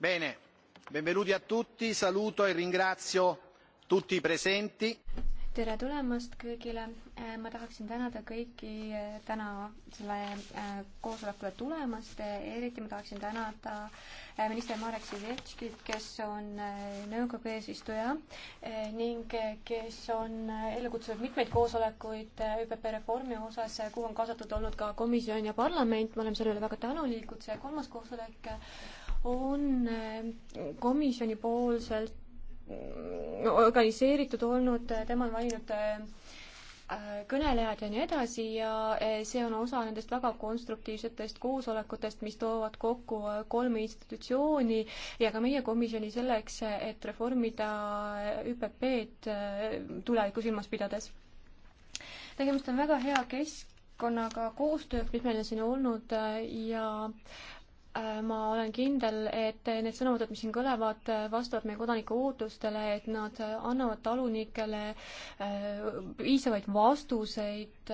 bene benvenuti a tutti saluto e ringrazio tutti i presenti tere tulemast kõigile eh, ma tahaksin tänada kõiki eh, täna selle eh, koosolekule tulemast eriti ma tahaksin tänada minister Marek Sivetškit kes on nõukogu eesistuja ning kes on ellu kutsunud mitmeid koosolekuid ÜPP reformi osas kuhu on kaasatud olnud ka komisjon ja parlament me oleme selle üle väga tänulikud see kolmas koosolek on äh, komisjoni poolselt mm, organiseeritud olnud, äh, tema on valinud äh, kõnelejad ja nii edasi ja see on osa nendest väga konstruktiivsetest koosolekutest, mis toovad kokku kolme institutsiooni ja ka meie komisjoni selleks, et reformida ÜPP-d tulevikku silmas pidades. tegemist on väga hea keskkonnaga koostööks, mis meil on siin olnud ja äh, Äh, ma olen kindel, et need sõnavõtud, mis siin kõlavad, äh, vastavad meie kodanike ootustele, et nad äh, annavad talunikele piisavaid vastuseid,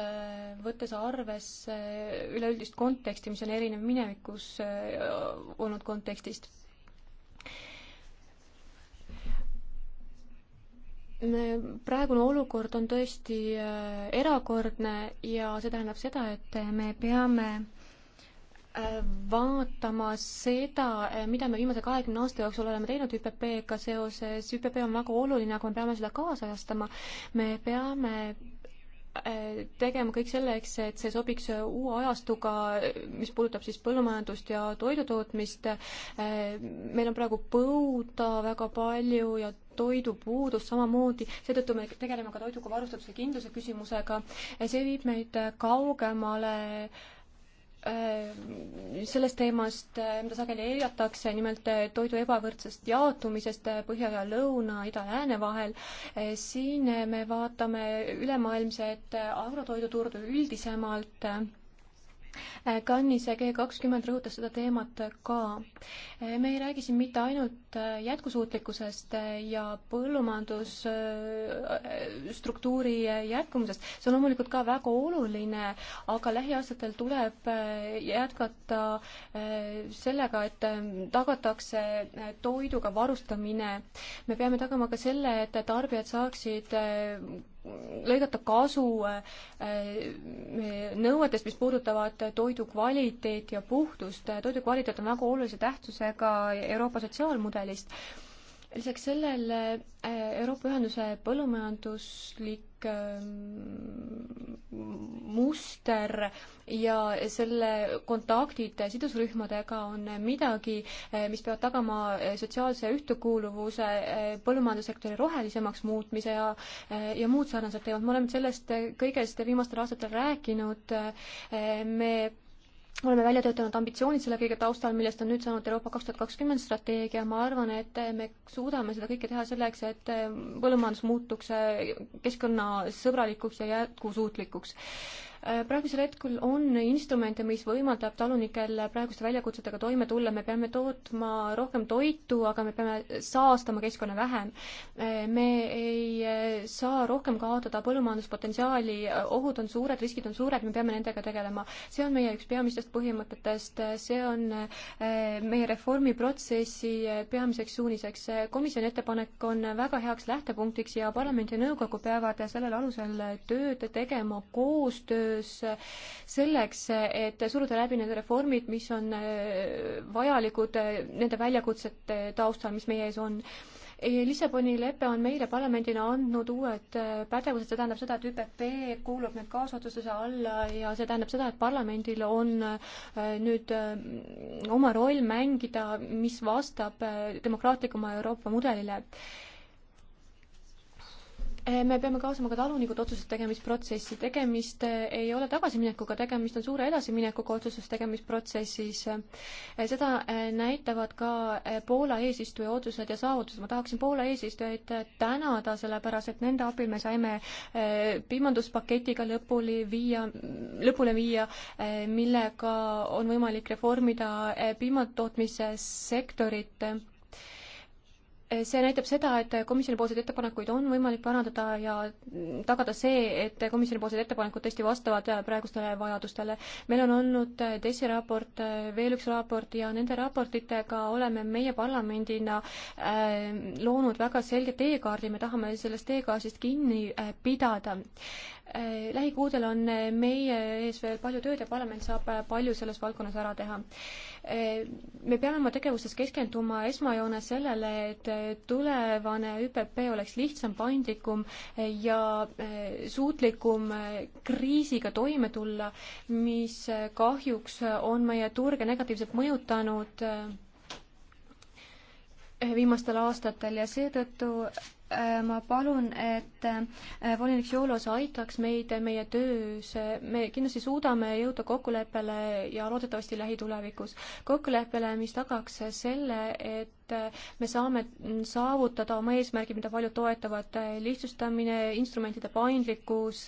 võttes arvesse üleüldist konteksti, mis on erinev minevikus olnud kontekstist praegune olukord on tõesti erakordne ja see tähendab seda, et me peame vaatama seda, mida me viimase kahekümne aasta jooksul oleme teinud ÜPP-ga seoses. ÜPP on väga oluline, aga me peame seda kaasajastama. me peame äh, tegema kõik selleks, et see sobiks uue ajastuga, mis puudutab siis põllumajandust ja toidutootmist. Äh, meil on praegu põuda väga palju ja toidupuudust samamoodi, seetõttu me tegeleme ka toiduga varustatuse kindluse küsimusega. see viib meid kaugemale äh, Äh, sellest teemast, äh, mida sageli eiratakse, nimelt äh, toidu ebavõrdsest jaotumisest põhja ja lõuna, ida, lääne vahel. siin me vaatame ülemaailmset agrotoiduturgu üldisemalt Cannes'is ja G kakskümmend rõhutas seda teemat ka. me ei räägi siin mitte ainult jätkusuutlikkusest ja põllumajandusstruktuuri jätkumisest, see on loomulikult ka väga oluline, aga lähiaastatel tuleb jätkata eh, sellega, et eh, tagatakse eh, toiduga varustamine. me peame tagama ka selle, et tarbijad saaksid lõigata kasu äh, äh, nõuetest, mis puudutavad toidu kvaliteeti ja puhtust. toidu kvaliteet on väga olulise tähtsusega Euroopa sotsiaalmudelist lisaks sellele äh, Euroopa Ühenduse põllumajanduslik ähm, muster ja selle kontaktid sidusrühmadega on midagi, äh, mis peavad tagama äh, sotsiaalse ühtekuuluvuse, põllumajandussektori rohelisemaks muutmise ja, ja muud sarnased teemad. me oleme sellest kõigest viimastel aastatel rääkinud. me oleme välja töötanud ambitsioonid selle kõige taustal, millest on nüüd saanud Euroopa kaks tuhat kakskümmend strateegia, ma arvan, et me suudame seda kõike teha selleks, et põllumajandus muutuks keskkonnasõbralikuks ja jätkusuutlikuks. Äh, praegusel hetkel on instrumente, mis võimaldab talunikel praeguste väljakutsetega toime tulla, me peame tootma rohkem toitu, aga me peame saastama keskkonna vähem. Äh, me ei äh, saa rohkem kaotada põllumajanduspotentsiaali, ohud on suured, riskid on suured, me peame nendega tegelema. see on meie üks peamistest põhimõtetest, see on meie reformiprotsessi peamiseks suuniseks. komisjoni ettepanek on väga heaks lähtepunktiks ja parlament ja nõukogu peavad sellel alusel tööd tegema koostöös koostöös selleks, et suruda läbi need reformid, mis on äh, vajalikud äh, nende väljakutsete taustal, mis meie ees on Lissaboni lepe on meile parlamendina andnud uued äh, pädevused, see tähendab seda, et ÜPP kuulub nüüd kaasotsustuse alla ja see tähendab seda, et parlamendil on nüüd oma roll mängida, mis vastab demokraatlikuma Euroopa mudelile. Eh, me peame kaasama ka talunikud otsuse tegemisprotsessi, tegemist eh, ei ole tagasiminekuga, tegemist on suure edasiminekuga otsuse tegemisprotsessis. Eh, seda näitavad ka Poola eesistuja otsused ja saavutused. ma tahaksin Poola eesistujaid tänada, sellepärast et nende abil me saime piimanduspaketiga lõpuni viia, lõpule viia, millega on võimalik reformida piimatootmissektorit see näitab seda, et komisjonipoolseid ettepanekuid on võimalik parandada ja tagada see, et komisjonipoolsed ettepanekud tõesti vastavad praegustele vajadustele. meil on olnud DESi raport, veel üks raport ja nende raportitega oleme meie parlamendina äh, loonud väga selge teekaardi, me tahame sellest teekaardist kinni äh, pidada. Äh, lähikuudel on äh, meie ees veel palju tööd ja parlament saab äh, palju selles valdkonnas ära teha. me peame oma tegevustes keskenduma esmajoones sellele, et tulevane ÜPP oleks lihtsam, paindlikum ja suutlikum kriisiga toime tulla, mis kahjuks on meie turge negatiivselt mõjutanud viimastel aastatel ja seetõttu äh, ma palun, et äh, volinik Šiolos aitaks meid meie töös, me kindlasti suudame jõuda kokkuleppele ja loodetavasti lähitulevikus kokkuleppele, mis tagaks selle, et äh, me saame saavutada oma eesmärgi, mida paljud toetavad, lihtsustamine, instrumentide paindlikkus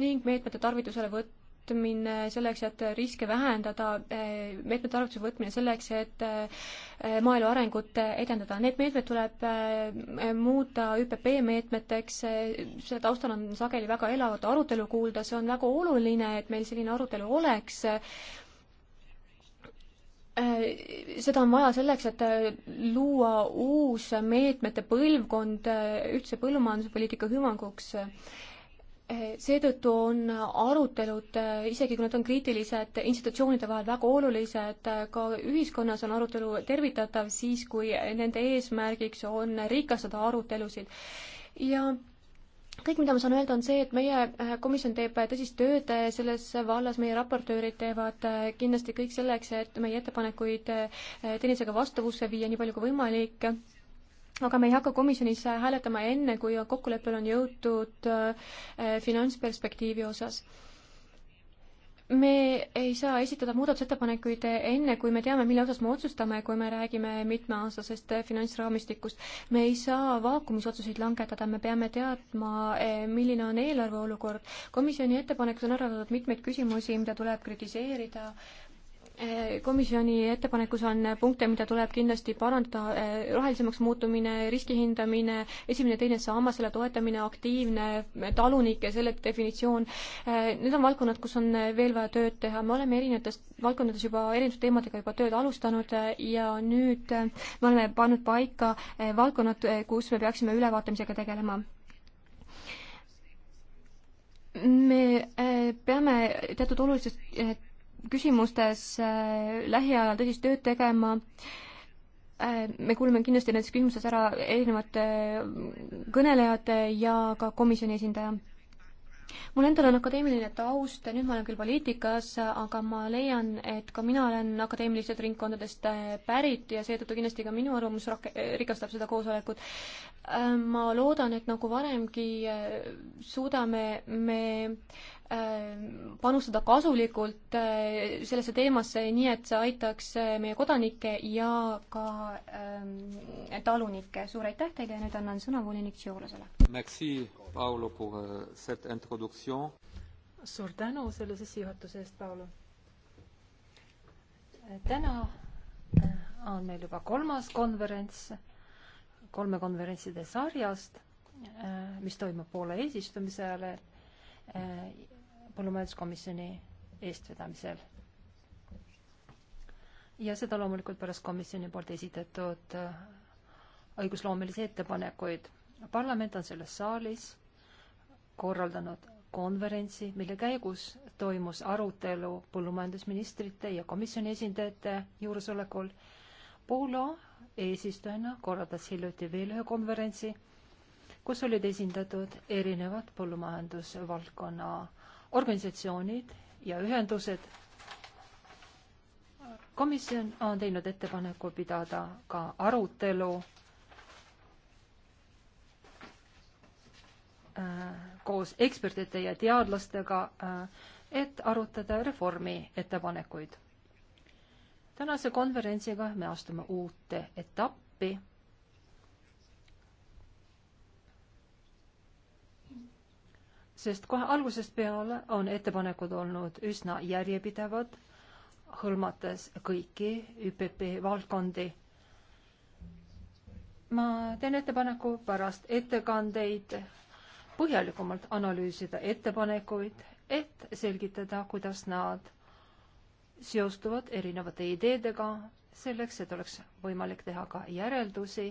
ning meetmete tarvitusele võtt-, võtmine selleks, et riske vähendada, eh, meetmete arvutuse võtmine selleks, et eh, maaelu arengut eh, edendada. Need meetmed tuleb muuta ÜPP meetmeteks, selle taustal on sageli väga elavat arutelu kuulda, see on väga oluline, et meil selline arutelu oleks seda on vaja selleks, et luua uus meetmete põlvkond ühtse põllumajanduspoliitika hüvanguks seetõttu on arutelud, isegi kui nad on kriitilised, institutsioonide vahel väga olulised, ka ühiskonnas on arutelu tervitatav siis, kui nende eesmärgiks on rikastada arutelusid. ja kõik, mida ma saan öelda, on see, et meie äh, komisjon teeb tõsist tööd äh, selles vallas, meie raportöörid teevad äh, kindlasti kõik selleks, et meie ettepanekuid teineteisega vastavusse viia nii palju kui võimalik aga me ei hakka komisjonis hääletama enne, kui kokkuleppel on jõutud äh, finantsperspektiivi osas. me ei saa esitada muudatusettepanekuid enne, kui me teame, mille osas me otsustame, kui me räägime mitmeaastasest finantsraamistikust. me ei saa vaakumis otsuseid langetada, me peame teadma, äh, milline on eelarve olukord. komisjoni ettepanekus on ära toodud mitmeid küsimusi, mida tuleb kritiseerida äh, komisjoni ettepanekus on punkte, mida tuleb kindlasti parandada, eh, rohelisemaks muutumine, riski hindamine, esimene, teine sammas, selle toetamine, aktiivne talunik ja selle definitsioon. Eh, need on valdkonnad, kus on veel vaja tööd teha, me oleme erinevates valdkondades juba erinevate teemadega juba tööd alustanud eh, ja nüüd me oleme pannud paika valdkonnad, kus me peaksime ülevaatamisega tegelema me peame teatud olulistest küsimustes äh, lähiajal tõsist tööd tegema. Äh, me kuulame kindlasti nendes küsimustes ära erinevate äh, kõnelejate ja ka komisjoni esindaja mul endal on akadeemiline taust, nüüd ma olen küll poliitikas, aga ma leian, et ka mina olen akadeemilistest ringkondadest pärit ja seetõttu kindlasti ka minu arvamus rak-, rikastab seda koosolekut. ma loodan, et nagu varemgi suudame me panustada kasulikult äh, sellesse teemasse, nii et see aitaks äh, meie kodanikke ja ka ähm, talunikke. suur aitäh teile ja nüüd annan sõna volinik Tšiolasele. Äh, suur tänu selle sissejuhatuse eest, Paolo. täna on meil juba kolmas konverents kolme konverentside sarjast, mis toimub Poola eesistumise ajal põllumajanduskomisjoni eestvedamisel. ja seda loomulikult pärast komisjoni poolt esitatud äh, õigusloomelisi ettepanekuid. parlament on selles saalis korraldanud konverentsi, mille käigus toimus arutelu põllumajandusministrite ja komisjoni esindajate juuresolekul. Poola eesistujana korraldas hiljuti veel ühe konverentsi, kus olid esindatud erinevad põllumajandusvaldkonna äh, organisatsioonid ja ühendused. komisjon on teinud ettepaneku pidada ka arutelu äh, koos ekspertide ja teadlastega, äh, et arutada reformi ettepanekuid. tänase konverentsiga me astume uute etappi sest kohe algusest peale on ettepanekud olnud üsna järjepidevad, hõlmates kõiki ÜPP valdkondi. ma teen ettepaneku pärast ettekandeid põhjalikumalt analüüsida ettepanekuid, et selgitada, kuidas nad seostuvad erinevate ideedega, selleks, et oleks võimalik teha ka järeldusi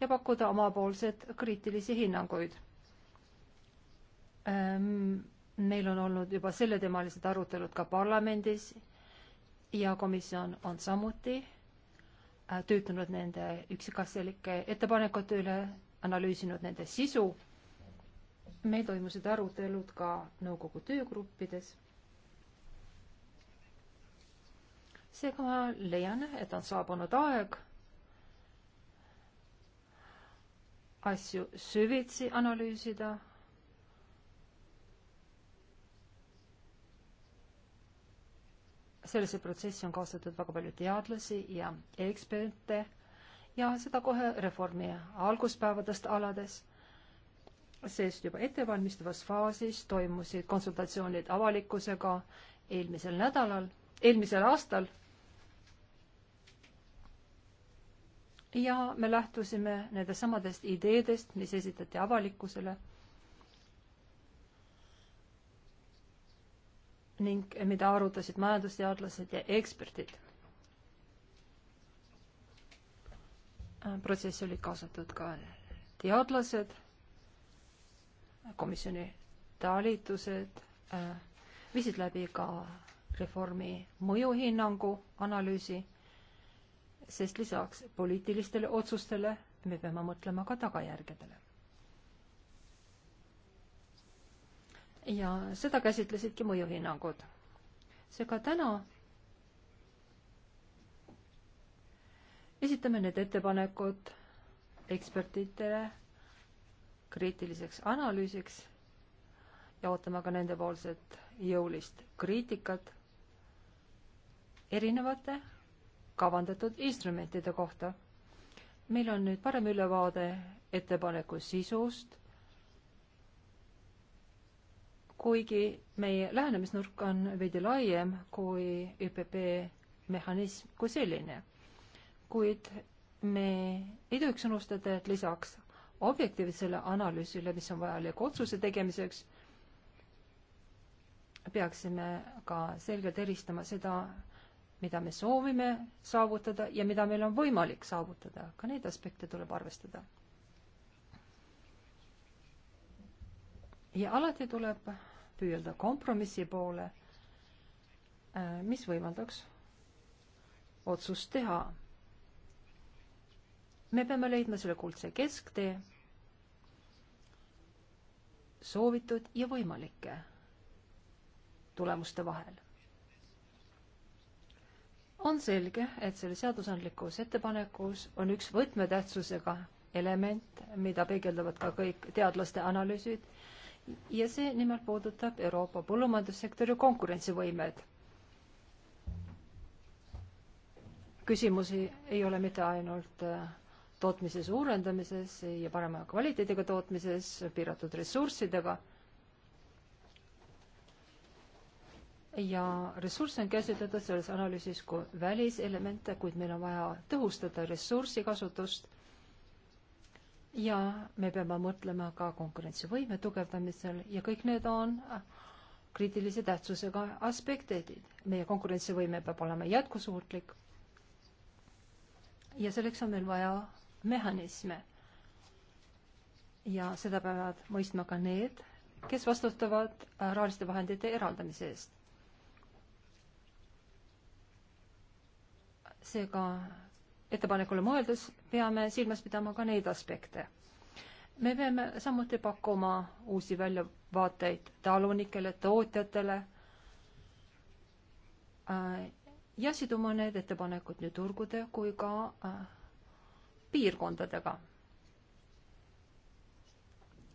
ja pakkuda omapoolsed kriitilisi hinnanguid Ehm, meil on olnud juba selleteemalised arutelud ka parlamendis ja komisjon on samuti äh, töötanud nende üksikasjalike ettepanekute üle, analüüsinud nende sisu. meil toimusid arutelud ka nõukogu töögruppides. seega ma leian, et on saabunud aeg asju süvitsi analüüsida sellesse protsessi on kaasatud väga palju teadlasi ja eksperte ja seda kohe reformi alguspäevadest alades, sest juba ettevalmistavas faasis toimusid konsultatsioonid avalikkusega eelmisel nädalal, eelmisel aastal. ja me lähtusime nendest samadest ideedest, mis esitati avalikkusele ning mida arutasid majandusteadlased ja eksperdid. protsessi olid kaasatud ka teadlased, komisjoni talitused äh,, viisid läbi ka reformi mõjuhinnangu analüüsi, sest lisaks poliitilistele otsustele me peame mõtlema ka tagajärgedele ja seda käsitlesidki mõjuhinnangud. seega täna esitame need ettepanekud ekspertidele kriitiliseks analüüsiks ja ootame ka nendepoolset jõulist kriitikat erinevate kavandatud instrumentide kohta. meil on nüüd parem ülevaade ettepaneku sisust kuigi meie lähenemisnurk on veidi laiem kui ÜPP mehhanism kui selline. kuid me ei tohiks unustada, et lisaks objektiivsele analüüsile, mis on vajalik otsuse tegemiseks, peaksime ka selgelt eristama seda, mida me soovime saavutada ja mida meil on võimalik saavutada. ka neid aspekte tuleb arvestada. ja alati tuleb püüelda kompromissi poole, äh, mis võimaldaks otsust teha. me peame leidma selle kuldse kesktee, soovitud ja võimalike tulemuste vahel. on selge, et selles seadusandlikus ettepanekus on üks võtmetähtsusega element, mida peegeldavad ka kõik teadlaste analüüsid ja see nimelt puudutab Euroopa põllumajandussektori konkurentsivõimet. küsimusi ei ole mitte ainult äh, tootmise suurendamises ja parema kvaliteediga tootmises, piiratud ressurssidega. ja ressursse on käsitletud selles analüüsis kui väliselemente, kuid meil on vaja tõhustada ressursikasutust ja me peame mõtlema ka konkurentsivõime tugevdamisel ja kõik need on kriitilise tähtsusega aspektid. meie konkurentsivõime peab olema jätkusuutlik. ja selleks on meil vaja mehhanisme. ja seda peavad mõistma ka need, kes vastutavad äh, rahaliste vahendite eraldamise eest. seega ettepanekule mõeldes peame silmas pidama ka neid aspekte. me peame samuti pakkuma uusi väljavaateid talunikele, tootjatele äh, ja siduma need ettepanekud nii turgude kui ka äh, piirkondadega.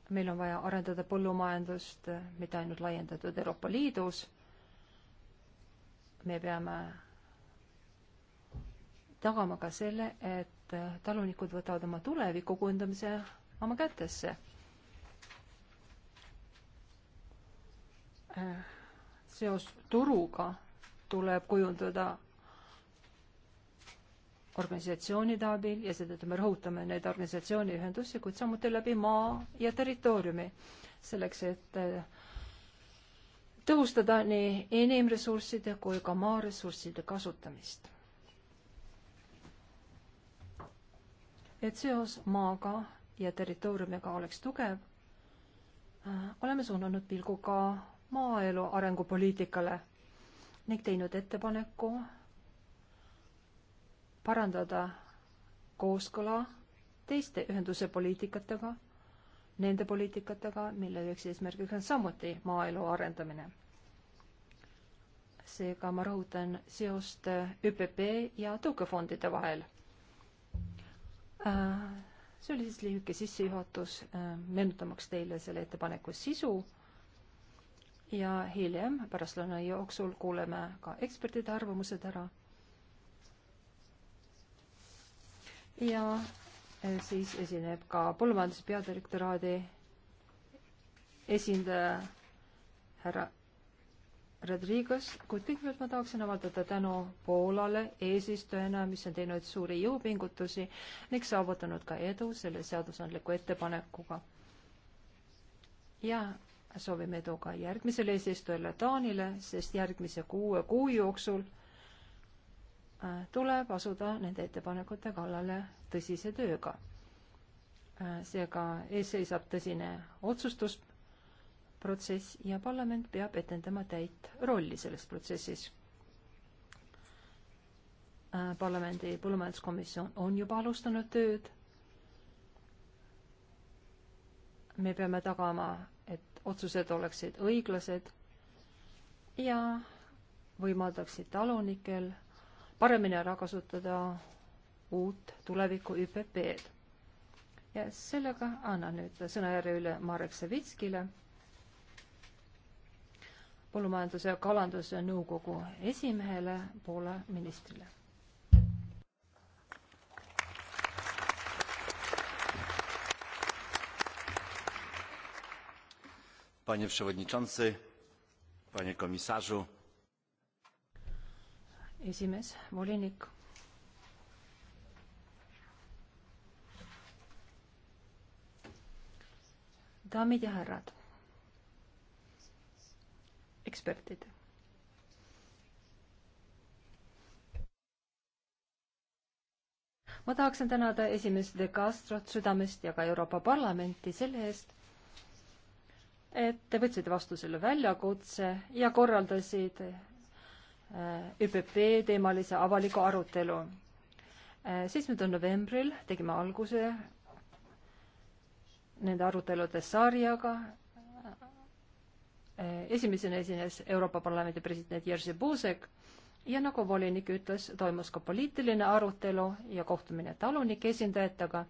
meil on vaja arendada põllumajandust mitte ainult laiendatud Euroopa Liidus, me peame tagama ka selle, et talunikud võtavad oma tuleviku kujundamise oma kätesse. seos turuga tuleb kujundada organisatsioonide abil ja seetõttu me rõhutame neid organisatsiooni ühendusi, kuid samuti läbi maa ja territooriumi, selleks et eh, tõhustada nii inimressursside kui ka maaressursside kasutamist et seos maaga ja territooriumiga oleks tugev, äh, oleme suunanud pilgu ka maaelu arengupoliitikale ning teinud ettepaneku parandada kooskõla teiste ühenduse poliitikatega, nende poliitikatega, mille üheks eesmärgiks on samuti maaelu arendamine. seega ma rõhutan seost ÜPP ja tõukefondide vahel Äh, see oli siis lühike sissejuhatus, äh, meenutamaks teile selle ettepaneku sisu. ja hiljem pärastlõuna jooksul kuuleme ka ekspertide arvamused ära. ja äh, siis esineb ka põllumajanduse peadirektoraadi esindaja härra Rodriguez, kuid kõigepealt ma tahaksin avaldada tänu Poolale eesistujana, mis on teinud suuri jõupingutusi ning saavutanud ka edu selle seadusandliku ettepanekuga. ja soovime edu ka järgmisele eesistujale Taanile, sest järgmise kuue kuu jooksul äh, tuleb asuda nende ettepanekute kallale tõsise tööga. Äh, seega ees seisab tõsine otsustus protsess ja parlament peab etendama täit rolli selles protsessis. Äh, parlamendi põllumajanduskomisjon on juba alustanud tööd. me peame tagama, et otsused oleksid õiglased ja võimaldaksid talunikel paremini ära kasutada uut tuleviku ÜPP-d. ja sellega annan nüüd sõnajärje üle Marek Savitskile põllumajanduse ja kalanduse nõukogu esimehele, Poola ministrile. Panie przewodniczący, panie komisarzu. esimees, volinik daamid ja härrad ekspertid. ma tahaksin tänada esimest De Castrot südamest ja ka Euroopa Parlamenti selle eest, et te võtsite vastu selle väljakutse ja korraldasid äh, ÜPP teemalise avaliku arutelu. Äh, seitsmendal novembril tegime alguse nende arutelude sarjaga Eh, esimesena esines Euroopa Parlamendi president Jerzy Buzek ja nagu volinik ütles, toimus ka poliitiline arutelu ja kohtumine talunike esindajatega.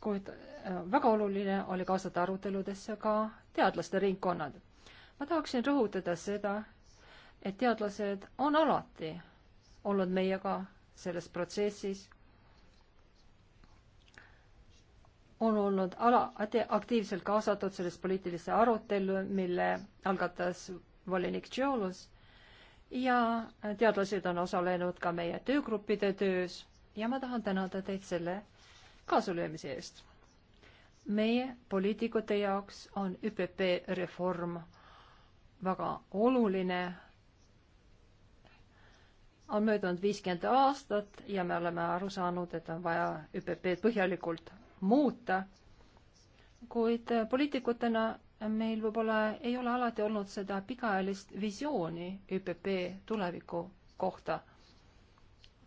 kuid eh, väga oluline oli kaasata aruteludesse ka teadlaste ringkonnad. ma tahaksin rõhutada seda, et teadlased on alati olnud meiega selles protsessis on olnud alati aktiivselt kaasatud sellesse poliitilisse arutellu, mille algatas volinik Tšiolos ja teadlased on osalenud ka meie töögruppide töös ja ma tahan tänada teid selle kaasalöömise eest. meie poliitikute jaoks on ÜPP reform väga oluline. on möödunud viiskümmend aastat ja me oleme aru saanud, et on vaja ÜPP-d põhjalikult muuta, kuid poliitikutena meil võib-olla ei ole alati olnud seda pikaajalist visiooni ÜPP tuleviku kohta,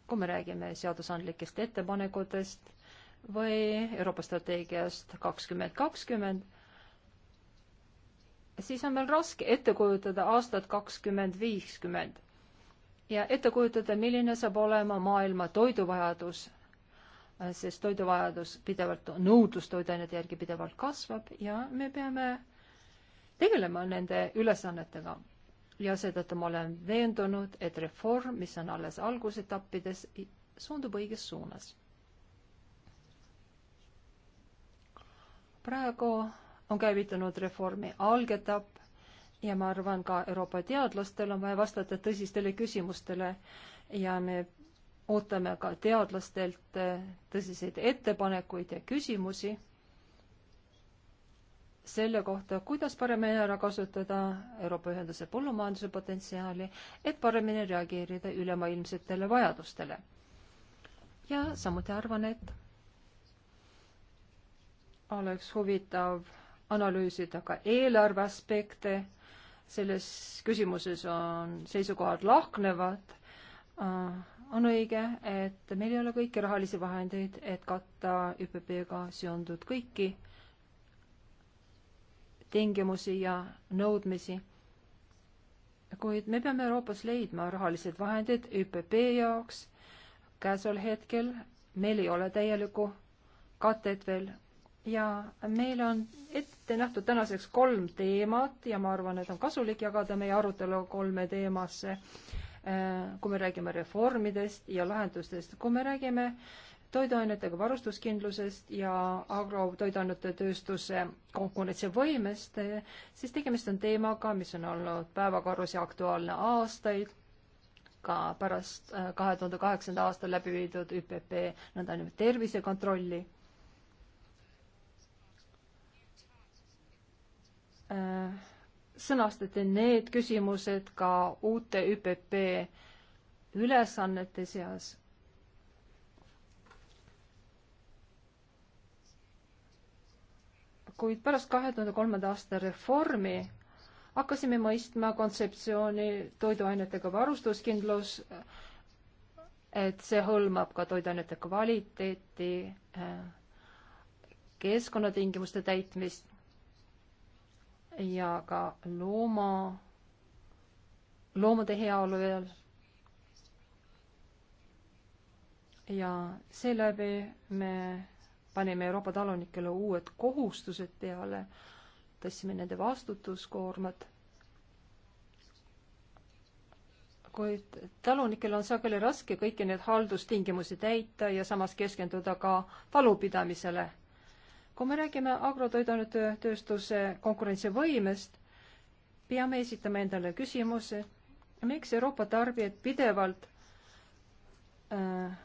kui me räägime seadusandlikest ettepanekutest või Euroopa strateegiast kakskümmend kakskümmend, siis on meil raske ette kujutada aastat kakskümmend viiskümmend ja ette kujutada, milline saab olema maailma toiduvajadus Äh, sest toiduvajadus pidevalt, nõudlus toiduainete järgi pidevalt kasvab ja me peame tegelema nende ülesannetega. ja seetõttu ma olen veendunud, et reform, mis on alles algusetappides, suundub õiges suunas. praegu on käivitunud reformi algetapp ja ma arvan, ka Euroopa teadlastel on vaja vastata tõsistele küsimustele ja me ootame ka teadlastelt eh, tõsiseid ettepanekuid ja küsimusi selle kohta, kuidas paremini ära kasutada Euroopa Ühenduse põllumajanduse potentsiaali, et paremini reageerida ülemaailmsetele vajadustele. ja samuti arvan, et oleks huvitav analüüsida ka eelarve aspekte, selles küsimuses on seisukohad lahknevad ah, on õige, et meil ei ole kõiki rahalisi vahendeid, et katta ÜPP-ga seondunud kõiki tingimusi ja nõudmisi. kuid me peame Euroopas leidma rahalised vahendid ÜPP jaoks. käesoleval hetkel meil ei ole täielikku katet veel ja meil on ette nähtud tänaseks kolm teemat ja ma arvan, et on kasulik jagada meie arutelu kolme teemasse Äh, kui me räägime reformidest ja lahendustest, kui me räägime toiduainetega varustuskindlusest ja agrotoiduainete tööstuse konkurentsivõimest, siis tegemist on teemaga, mis on olnud päevakorras ja aktuaalne aastaid, ka pärast äh, kahe tuhande kaheksanda aastal läbi viidud ÜPP nõndanimetatud tervisekontrolli äh, sõnastati need küsimused ka uute ÜPP ülesannete seas. kuid pärast kahe tuhande kolmanda aasta reformi hakkasime mõistma kontseptsiooni toiduainetega varustuskindlus, et see hõlmab ka toiduainete kvaliteeti, eh, keskkonnatingimuste täitmist ja ka looma, loomade heaolu veel. ja seeläbi me panime Euroopa talunikele uued kohustused peale, tõstsime nende vastutuskoormat. kuid talunikel on sageli raske kõiki neid haldustingimusi täita ja samas keskenduda ka talupidamisele kui me räägime agrotoiduainetööstuse konkurentsivõimest, peame esitama endale küsimuse, miks Euroopa tarbijad pidevalt äh,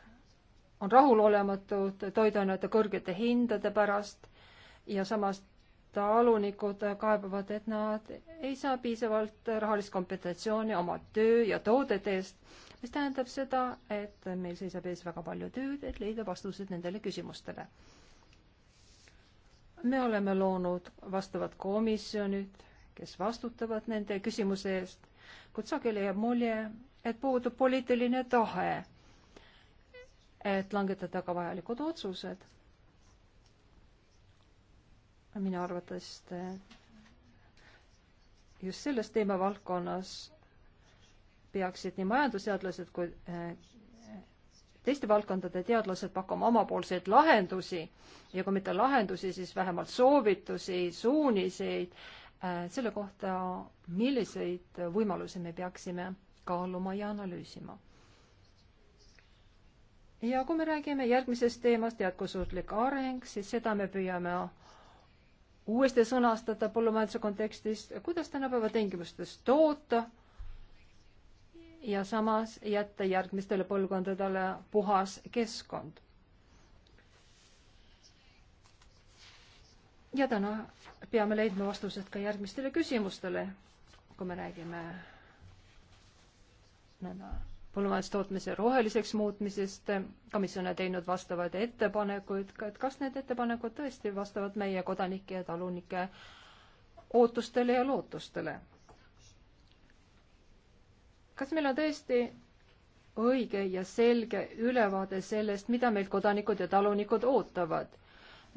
on rahulolematud toiduainete kõrgete hindade pärast ja samas talunikud kaebavad, et nad ei saa piisavalt rahalist kompensatsiooni oma töö ja toodete eest, mis tähendab seda, et meil seisab ees väga palju tööd, et leida vastused nendele küsimustele me oleme loonud vastavad komisjonid, kes vastutavad nende küsimuse eest, kuid sageli jääb mulje, et puudub poliitiline tahe, et langetada ka vajalikud otsused. minu arvates just selles teemavaldkonnas peaksid nii majandusteadlased kui eh, teiste valdkondade teadlased pakkuma omapoolseid lahendusi ja kui mitte lahendusi, siis vähemalt soovitusi, suuniseid äh, selle kohta, milliseid võimalusi me peaksime kaaluma ja analüüsima. ja kui me räägime järgmisest teemast, jätkusuutlik areng, siis seda me püüame uuesti sõnastada põllumajanduse kontekstis, kuidas tänapäeva tingimustes toota ja samas jätta järgmistele põlvkondadele puhas keskkond. ja täna peame leidma vastused ka järgmistele küsimustele, kui me räägime põllumajandustootmise roheliseks muutmisest. komisjon on teinud vastavaid ettepanekuid, et kas need ettepanekud tõesti vastavad meie kodanike ja talunike ootustele ja lootustele kas meil on tõesti õige ja selge ülevaade sellest, mida meilt kodanikud ja talunikud ootavad?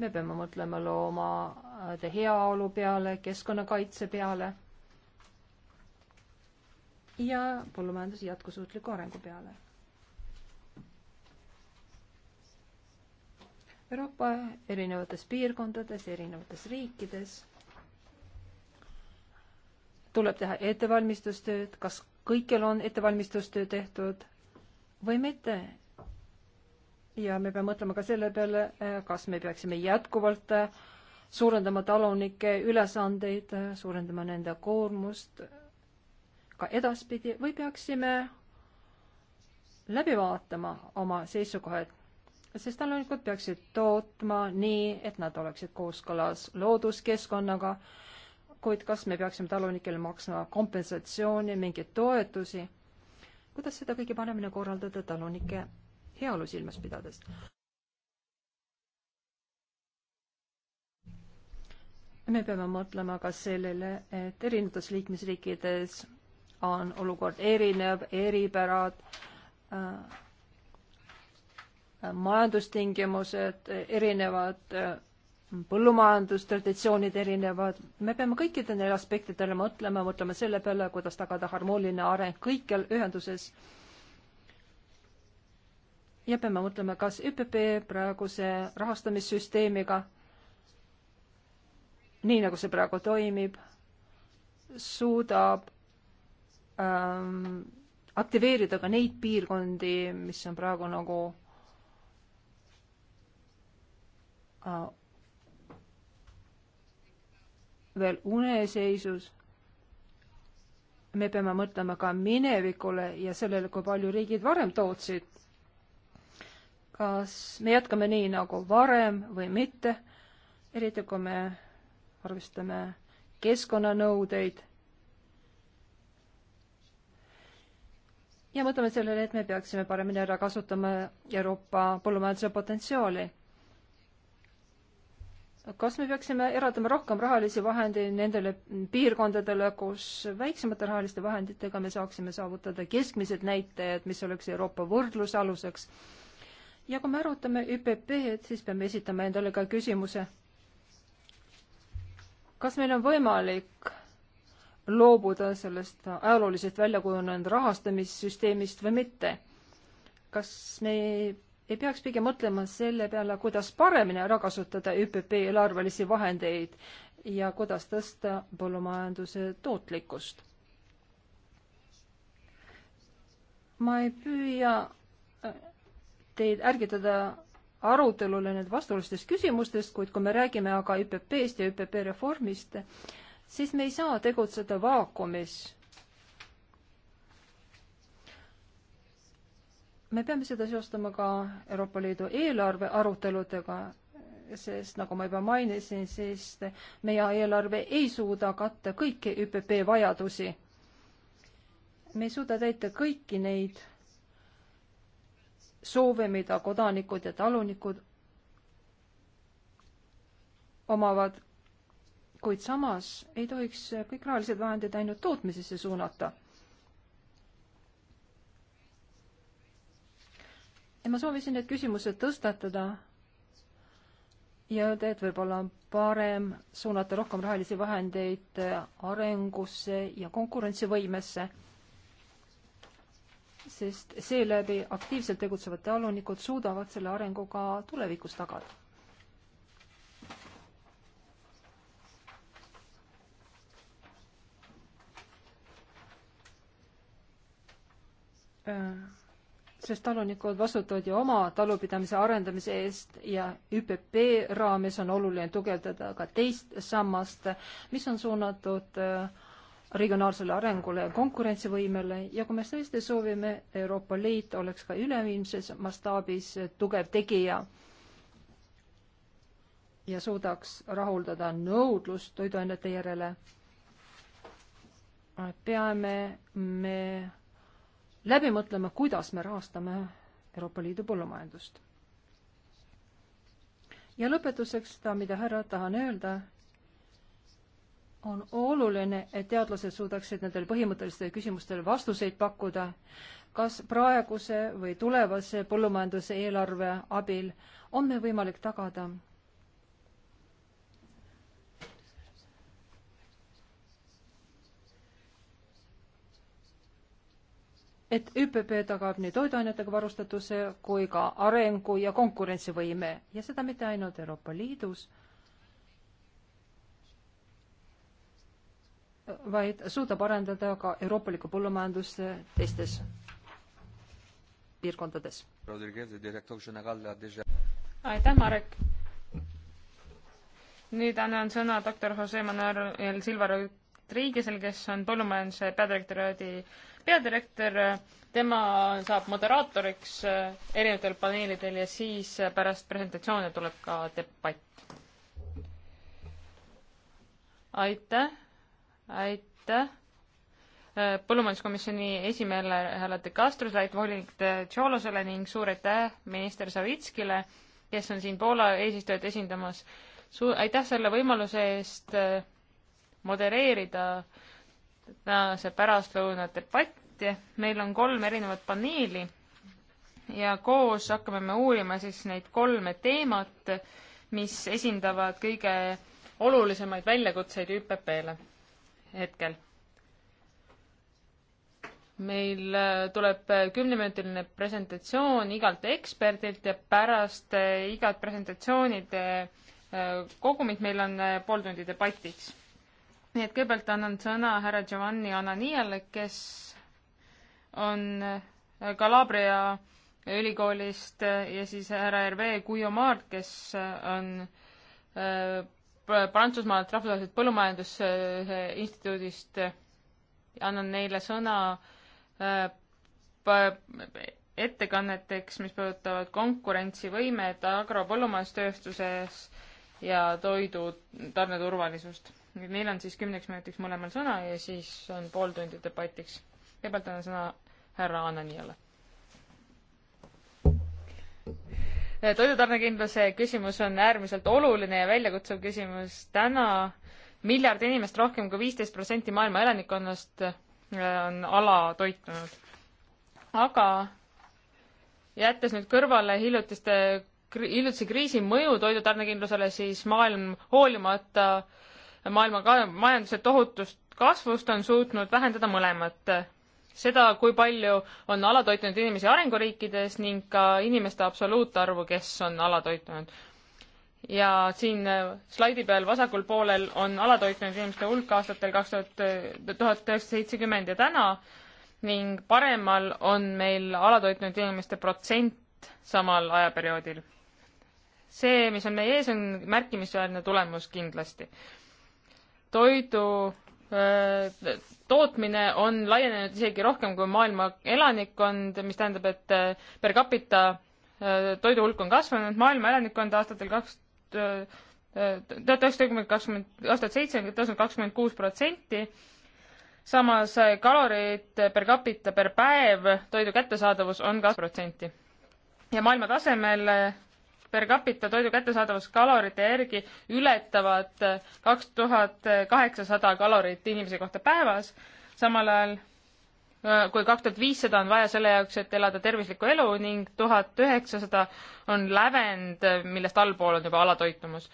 me peame mõtlema loomade heaolu peale, keskkonnakaitse peale ja põllumajanduse jätkusuutliku arengu peale. Euroopa erinevates piirkondades, erinevates riikides tuleb teha ettevalmistustööd, kas kõikjal on ettevalmistustöö tehtud või mitte. ja me peame mõtlema ka selle peale, eh, kas me peaksime jätkuvalt eh, suurendama talunike ülesandeid, eh, suurendama nende koormust ka edaspidi või peaksime läbi vaatama oma seisukohad, sest talunikud peaksid tootma nii, et nad oleksid kooskõlas looduskeskkonnaga kuid kas me peaksime talunikele maksma kompensatsiooni, mingeid toetusi? kuidas seda kõige paremini korraldada talunike heaolu silmas pidades? me peame mõtlema ka sellele, et erinevates liikmesriikides on olukord erinev, eripärad äh,, majandustingimused erinevad äh, põllumajandustraditsioonid erinevad, me peame kõikidele aspektidele mõtlema, mõtlema selle peale, kuidas tagada harmooniline areng kõikjal ühenduses. ja peame mõtlema, kas ÜPP praeguse rahastamissüsteemiga, nii nagu see praegu toimib, suudab ähm, aktiveerida ka neid piirkondi, mis on praegu nagu äh, veel uneseisus. me peame mõtlema ka minevikule ja sellele, kui palju riigid varem tootsid. kas me jätkame nii nagu varem või mitte, eriti kui me arvestame keskkonnanõudeid. ja mõtleme sellele, et me peaksime paremini ära kasutama Euroopa põllumajanduse potentsiaali kas me peaksime eraldama rohkem rahalisi vahendeid nendele piirkondadele, kus väiksemate rahaliste vahenditega me saaksime saavutada keskmised näitajad, mis oleks Euroopa võrdluse aluseks? ja kui me arutame ÜPP-d, siis peame esitama endale ka küsimuse, kas meil on võimalik loobuda sellest ajalooliselt välja kujunenud rahastamissüsteemist või mitte? kas me ei peaks pigem mõtlema selle peale, kuidas paremini ära kasutada ÜPP eelarvelisi vahendeid ja kuidas tõsta põllumajanduse tootlikkust. ma ei püüa äh, teid ärgitada arutelule nüüd vastuolustest küsimustest, kuid kui me räägime aga ÜPP-st ja ÜPP reformist, siis me ei saa tegutseda vaakumis me peame seda seostama ka Euroopa Liidu eelarve aruteludega, sest nagu ma juba mainisin, siis meie eelarve ei suuda katta kõiki ÜPP vajadusi. me ei suuda täita kõiki neid soove, mida kodanikud ja talunikud omavad, kuid samas ei tohiks kõik rahalised vahendid ainult tootmisesse suunata ma soovisin need küsimused tõstatada ja öelda, et võib-olla on parem suunata rohkem rahalisi vahendeid arengusse ja konkurentsivõimesse, sest seeläbi aktiivselt tegutsevad talunikud suudavad selle arengu ka tulevikus tagada. Uh... Äh sest talunikud vastutavad ju oma talupidamise arendamise eest ja ÜPP raames on oluline tugevdada ka teist sammast, mis on suunatud äh, regionaalsele arengule ja konkurentsivõimele ja kui me tõesti soovime, Euroopa Liit oleks ka üleilmses mastaabis tugev tegija ja suudaks rahuldada nõudlust toiduainete järele, peame me läbi mõtlema, kuidas me rahastame Euroopa Liidu põllumajandust. ja lõpetuseks seda, mida härra tahan öelda, on oluline, et teadlased suudaksid nendele põhimõttelistele küsimustele vastuseid pakkuda, kas praeguse või tulevase põllumajanduse eelarve abil on meil võimalik tagada et ÜPP tagab nii toiduainetega varustatuse kui ka arengu ja konkurentsivõime ja seda mitte ainult Euroopa Liidus, vaid suudab arendada ka euroopalikku põllumajandust teistes piirkondades. aitäh, Marek! nüüd annan sõna doktor Jose Manuel Silva Rodriguez'el, kes on põllumajanduse peadirektoraadi peadirektor, äh, tema saab moderaatoriks äh, erinevatel paneelidel ja siis äh, pärast presentatsioone tuleb ka debatt. aitäh, aitäh põllumajanduskomisjoni esimehele härra De Castrosele, volinik De Tšolosele ning suur aitäh minister Savitskile, kes on siin Poola eesistujat esindamas. suur aitäh selle võimaluse eest modereerida äh, tänase pärastlõuna debatti. meil on kolm erinevat paneeli ja koos hakkame me uurima siis neid kolme teemat, mis esindavad kõige olulisemaid väljakutseid ÜPP-le hetkel. meil äh, tuleb äh, kümneminutiline presentatsioon igalt eksperdilt ja pärast äh, igat presentatsioonide kogumit meil on pool tundi debatiks nii et kõigepealt annan sõna härra Giovanni Ananiale, kes on Calabria ülikoolist ja siis härra Hervé Guillomard, kes on äh, Prantsusmaalt Rahvusvahelisest Põllumajandusinstituudist. annan neile sõna äh, ettekanneteks, mis puudutavad konkurentsivõimet agropõllumajandustööstuses ja toidu tarneturvalisust Neil on siis kümneks minutiks mõlemal sõna ja siis on pool tundi debatiks. kõigepealt annan sõna härra Ananiale. toidutarnekindluse küsimus on äärmiselt oluline ja väljakutsuv küsimus. täna miljard inimest, rohkem kui viisteist protsenti maailma elanikkonnast äh, on alatoitunud. aga jättes nüüd kõrvale hiljutiste, hiljutise kriisi mõju toidutarnekindlusele, siis maailm hoolimata äh, maailma ka-, majanduse tohutust kasvust on suutnud vähendada mõlemat. seda, kui palju on alatoitunud inimesi arenguriikides ning ka inimeste absoluutarvu, kes on alatoitunud. ja siin äh, slaidi peal vasakul poolel on alatoitunud inimeste hulk aastatel kaks tuhat, tuhat üheksasada seitsekümmend ja täna ning paremal on meil alatoitunud inimeste protsent samal ajaperioodil. see, mis on meie ees, on märkimisväärne tulemus kindlasti toidu öö, tootmine on laienenud isegi rohkem kui maailma elanikkond, mis tähendab, et per capita toidu hulk on kasvanud, maailma elanikkond aastatel kaks, tuhat üheksasada kolmkümmend kakskümmend, aastat seitse on tõusnud kakskümmend kuus protsenti, samas kalorid per capita per päev, toidu kättesaadavus on kaks protsenti. ja maailma tasemel per capita toidu kättesaadavus kalorite järgi ületavad äh, kaks tuhat kaheksasada kalorit inimese kohta päevas, samal ajal äh, kui kaks tuhat viissada on vaja selle jaoks, et elada tervislikku elu ning tuhat üheksasada on lävend, äh, millest allpool on juba alatoitumus.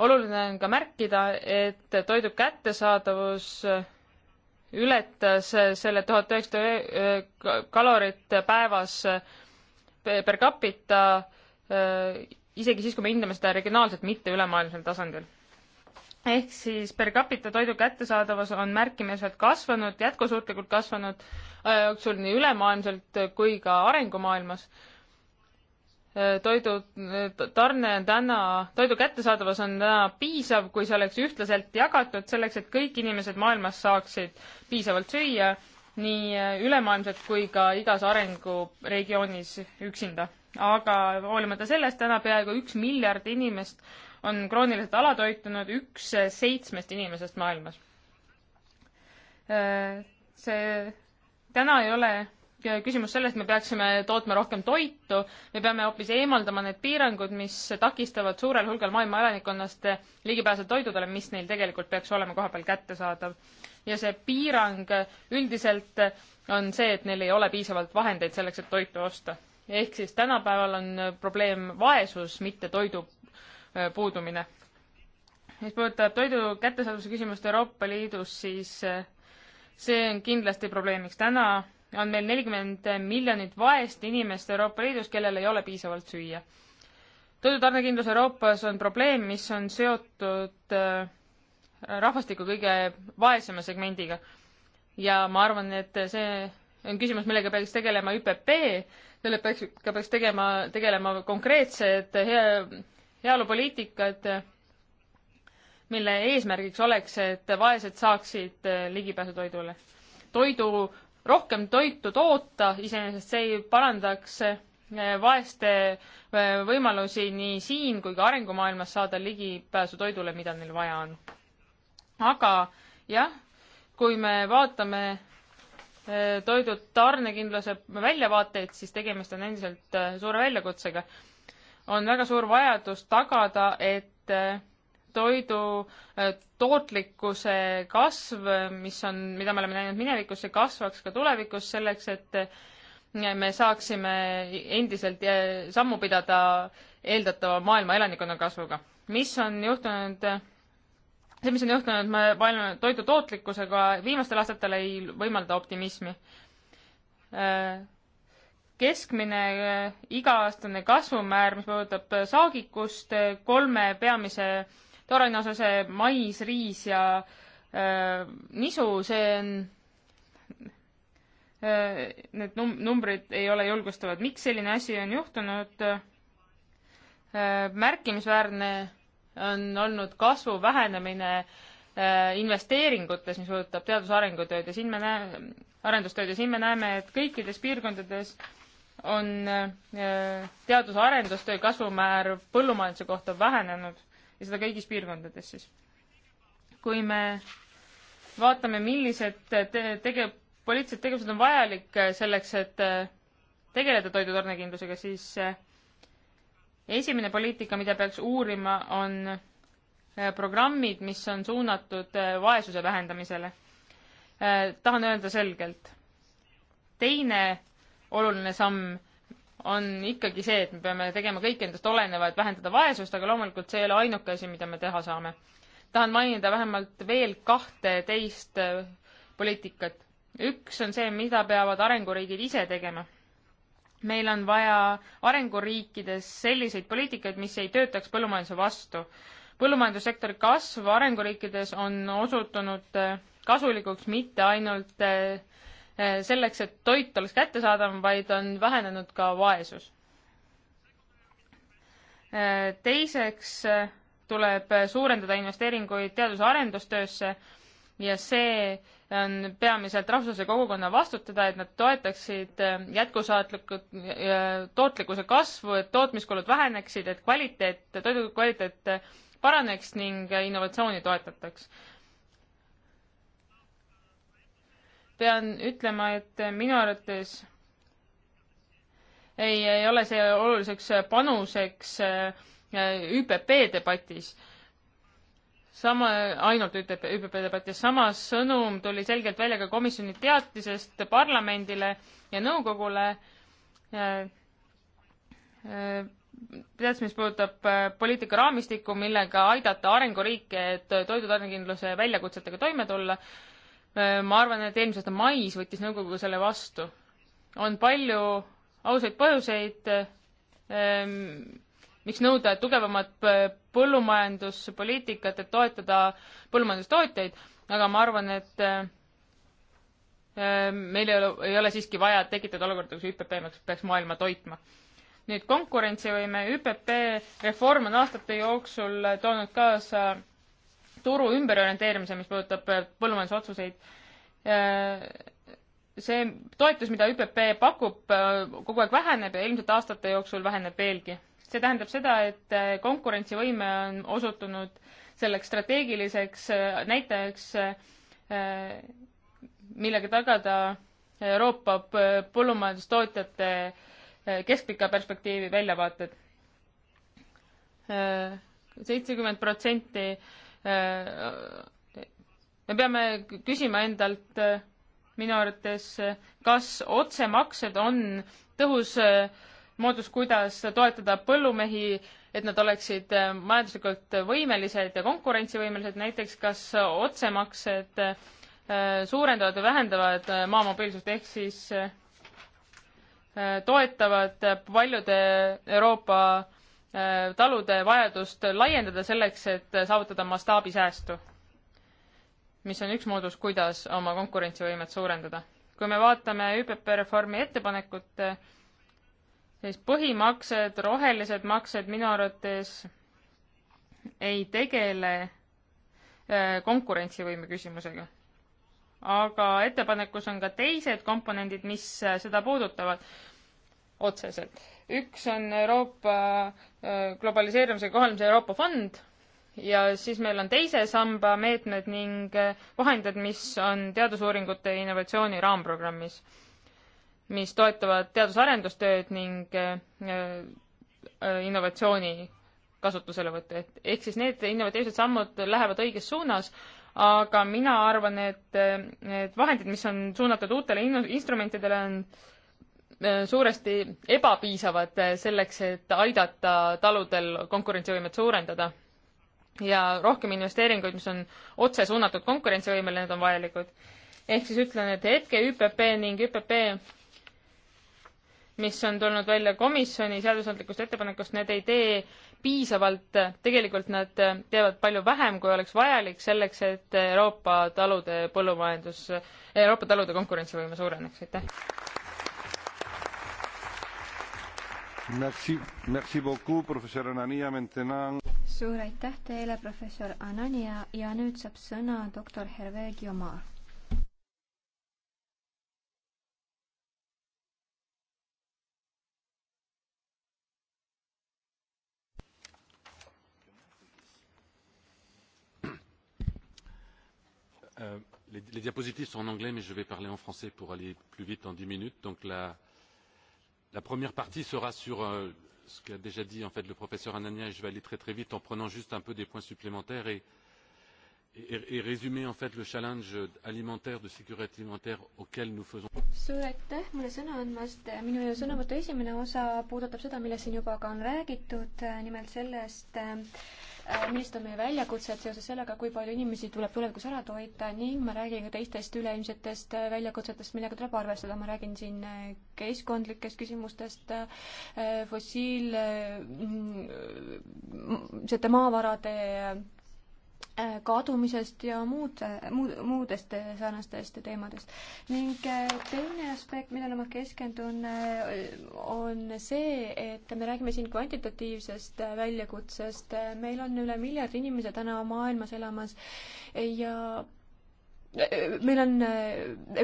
oluline on ka märkida, et toidu kättesaadavus ületas selle tuhat üheksasada kalorit päevas per capita Äh, isegi siis, kui me hindame seda regionaalselt, mitte ülemaailmsel tasandil. ehk siis per capita toidu kättesaadavus on märkimisväärselt kasvanud, jätkusuutlikult kasvanud aja jooksul nii ülemaailmselt kui ka arengumaailmas. Äh, toidu äh, tarne on täna, toidu kättesaadavus on täna piisav, kui see oleks ühtlaselt jagatud selleks, et kõik inimesed maailmas saaksid piisavalt süüa, nii ülemaailmselt kui ka igas arenguregioonis üksinda aga hoolimata sellest täna peaaegu üks miljard inimest on krooniliselt alatoitunud, üks seitsmest inimesest maailmas. see, täna ei ole küsimus selles, et me peaksime tootma rohkem toitu, me peame hoopis eemaldama need piirangud, mis takistavad suurel hulgal maailma elanikkonnast ligipääsu toidudele, mis neil tegelikult peaks olema kohapeal kättesaadav. ja see piirang üldiselt on see, et neil ei ole piisavalt vahendeid selleks, et toitu osta ehk siis tänapäeval on äh, probleem vaesus, mitte toidu äh, puudumine. mis puudutab toidu kättesaadavuse küsimust Euroopa Liidus, siis äh, see on kindlasti probleemiks. täna on meil nelikümmend miljonit vaest inimest Euroopa Liidus, kellel ei ole piisavalt süüa. toidutarnekindlus Euroopas on probleem, mis on seotud rahvastiku kõige vaesema segmendiga. ja ma arvan, et see on küsimus, millega peaks tegelema ÜPP, selle peaks, ka peaks tegema, tegelema konkreetsed hea, heaolupoliitikad, mille eesmärgiks oleks, et vaesed saaksid eh, ligipääsu toidule. toidu, rohkem toitu toota, iseenesest see ei parandaks eh, vaeste eh, võimalusi nii siin kui ka arengumaailmas saada ligipääsu toidule, mida neil vaja on. aga jah, kui me vaatame toidu tarnekindluse väljavaateid, siis tegemist on endiselt äh, suure väljakutsega. on väga suur vajadus tagada, et äh, toidu äh, tootlikkuse kasv, mis on, mida me oleme näinud minevikus, see kasvaks ka tulevikus selleks, et me saaksime endiselt sammu pidada eeldatava maailma elanikkonna kasvuga. mis on juhtunud see, mis on juhtunud maailma toidu tootlikkusega viimastel aastatel, ei võimalda optimismi. keskmine iga-aastane kasvumäär, mis puudutab saagikust, kolme peamise tooraine osas, mais, riis ja äh, nisu, see on äh, Need num-, numbrid ei ole julgustavad. miks selline asi on juhtunud? Äh, märkimisväärne on olnud kasvu vähenemine äh, investeeringutes, mis puudutab teadus-arengutööd ja siin me näe-, arendustööd ja siin me näeme, et kõikides piirkondades on äh, teadus-arendustöö kasvumäär põllumajanduse kohta vähenenud ja seda kõigis piirkondades siis. kui me vaatame, millised te-, tege-, poliitilised tegevused on vajalik selleks, et äh, tegeleda toidutarnekindlusega, siis esimene poliitika, mida peaks uurima, on äh, programmid, mis on suunatud äh, vaesuse vähendamisele. Äh, tahan öelda selgelt. teine oluline samm on ikkagi see, et me peame tegema kõik endast oleneva, et vähendada vaesust, aga loomulikult see ei ole ainuke asi, mida me teha saame. tahan mainida vähemalt veel kahteteist poliitikat. üks on see, mida peavad arenguriigid ise tegema meil on vaja arenguriikides selliseid poliitikaid, mis ei töötaks põllumajanduse vastu. põllumajandussektori kasv arenguriikides on osutunud äh, kasulikuks mitte ainult äh, äh, selleks, et toit oleks kättesaadav, vaid on vähenenud ka vaesus. teiseks tuleb suurendada investeeringuid teadus- ja arendustöösse ja see on peamiselt rahvusvahelise kogukonna vastutada, et nad toetaksid äh, jätkusaatliku äh, tootlikkuse kasvu, et tootmiskulud väheneksid, et kvaliteet, toidu kvaliteet paraneks ning innovatsiooni toetataks. pean ütlema, et minu arvates ei, ei ole see oluliseks panuseks äh, ÜPP debatis sama, ainult ÜTP, ÜPP debatis, sama sõnum tuli selgelt välja ka komisjoni teatisest parlamendile ja nõukogule. teatis, mis puudutab äh, poliitika raamistikku, millega aidata arenguriike, et toidutarnekindluse väljakutsetega toime tulla. Äh, ma arvan, et eelmise aasta mais võttis nõukogu selle vastu. on palju ausaid põhjuseid äh, miks nõuda tugevamat põllumajanduspoliitikat, et toetada põllumajandustootjaid, aga ma arvan, et äh, äh, meil ei ole, ei ole siiski vaja tekitada olukorda, kus ÜPP peaks maailma toitma. nüüd konkurentsivõime, ÜPP reform on aastate jooksul toonud kaasa turu ümberorienteerimise, mis puudutab põllumajandusotsuseid äh, see toetus, mida ÜPP pakub, kogu aeg väheneb ja ilmselt aastate jooksul väheneb veelgi see tähendab seda, et äh, konkurentsivõime on osutunud selleks strateegiliseks äh, näitajaks, äh, millega tagada Euroopa põllumajandustootjate keskpika perspektiivi väljavaated. seitsekümmend protsenti me peame küsima endalt minu arvates, kas otsemaksed on tõhus moodus, kuidas toetada põllumehi, et nad oleksid äh, majanduslikult võimelised ja konkurentsivõimelised, näiteks kas otsemaksed äh, suurendavad või vähendavad äh, maa mobiilsust, ehk siis toetavad paljude Euroopa talude vajadust laiendada selleks, et saavutada mastaabisäästu, mis on üks moodus, kuidas oma konkurentsivõimet suurendada. kui me vaatame ÜPP reformi ettepanekut, siis põhimaksed, rohelised maksed minu arvates ei tegele äh, konkurentsivõime küsimusega. aga ettepanekus on ka teised komponendid, mis äh, seda puudutavad otseselt. üks on Euroopa äh, globaliseerumise kohanemise Euroopa fond ja siis meil on teise samba meetmed ning vahendid, mis on teadusuuringute ja innovatsiooni raamprogrammis mis toetavad teadus-arendustööd ning äh, äh, innovatsiooni kasutuselevõttu, et ehk siis need innovatiivsed sammud lähevad õiges suunas, aga mina arvan, et need vahendid, mis on suunatud uutele instrumentidele, on äh, suuresti ebapiisavad selleks, et aidata taludel konkurentsivõimet suurendada. ja rohkem investeeringuid, mis on otse suunatud konkurentsivõimele, need on vajalikud. ehk siis ütlen, et hetke ÜPP ning ÜPP mis on tulnud välja komisjoni seadusandlikust ettepanekust, need ei tee piisavalt, tegelikult nad teevad palju vähem, kui oleks vajalik selleks, et Euroopa talude põllumajandus, Euroopa talude konkurentsivõime suureneks, aitäh. Merci, merci beaucoup, professor Anania Mentenan. suur aitäh teile, professor Anania ja nüüd saab sõna doktor Hervé Guillaumard. Euh, les, les diapositives sont en anglais, mais je vais parler en français pour aller plus vite en dix minutes. Donc la, la première partie sera sur euh, ce qu'a déjà dit en fait le professeur Anania, et je vais aller très très vite en prenant juste un peu des points supplémentaires et, et, et résumer en fait le challenge alimentaire de sécurité alimentaire auquel nous faisons. suur aitäh mulle sõna andmast, minu sõnavõtu esimene osa puudutab seda, millest siin juba ka on räägitud, nimelt sellest äh, millised on meie väljakutsed seoses sellega, kui palju inimesi tuleb tulevikus ära toita ning ma räägin ka teistest üleilmsetest väljakutsetest, millega tuleb arvestada, ma räägin siin keskkondlikest küsimustest, fossiilsete maavarade Äh, kadumisest ja muud, muud, muudest äh, sarnastest teemadest. ning äh, teine aspekt, millele ma keskendun, on see, et me räägime siin kvantitatiivsest väljakutsest. meil on üle miljard inimese täna maailmas elamas ja meil on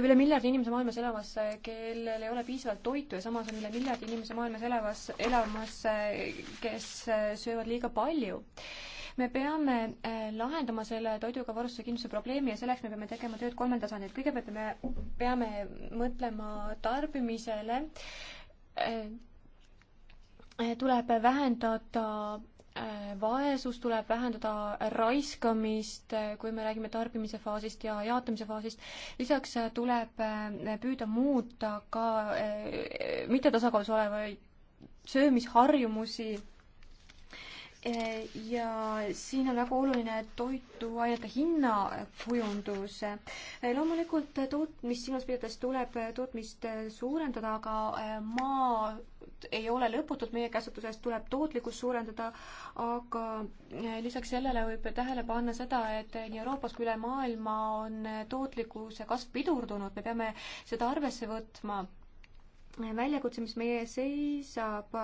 üle miljardi inimese maailmas elamas, kellel ei ole piisavalt toitu ja samas on üle miljardi inimese maailmas elavas, elamas, kes söövad liiga palju me peame eh, lahendama selle toiduga varustuse kindluse probleemi ja selleks me peame tegema tööd kolmel tasandil. kõigepealt me peame mõtlema tarbimisele, eh, tuleb vähendada eh, vaesust, tuleb vähendada raiskamist, kui me räägime tarbimise faasist ja jaotamise faasist. lisaks tuleb püüda muuta ka mittetasakaalus olevaid söömisharjumusi Eh, ja siin on väga oluline toiduainete hinnakujundus. Eh, loomulikult tootmist silmas pidades tuleb tootmist suurendada, aga eh, maad ei ole lõputult meie käsutuses, tuleb tootlikkust suurendada, aga lisaks sellele võib tähele panna seda, et nii Euroopas kui üle maailma on tootlikkuse kasv pidurdunud, me peame seda arvesse võtma väljakutse, mis meie ees seisab,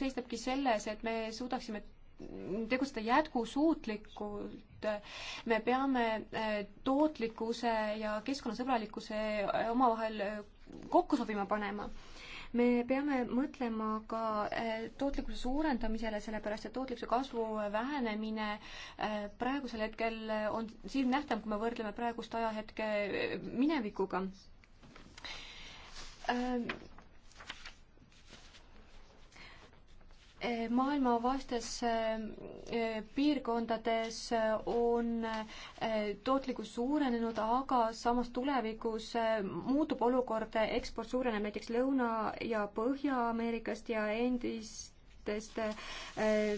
seisnebki selles, et me suudaksime tegutseda jätkusuutlikult. me peame äh, tootlikkuse ja keskkonnasõbralikkuse äh, omavahel äh, kokku sobima panema me peame mõtlema ka tootlikkuse suurendamisele, sellepärast et tootlikkuse kasvu vähenemine praegusel hetkel on silmnähtav, kui me võrdleme praegust ajahetke minevikuga maailma vastes äh, äh, piirkondades äh, on tootlikkus suurenenud, aga samas tulevikus muutub olukord, eksport suureneb näiteks Lõuna- ja Põhja-Ameerikast ja endis teistest äh,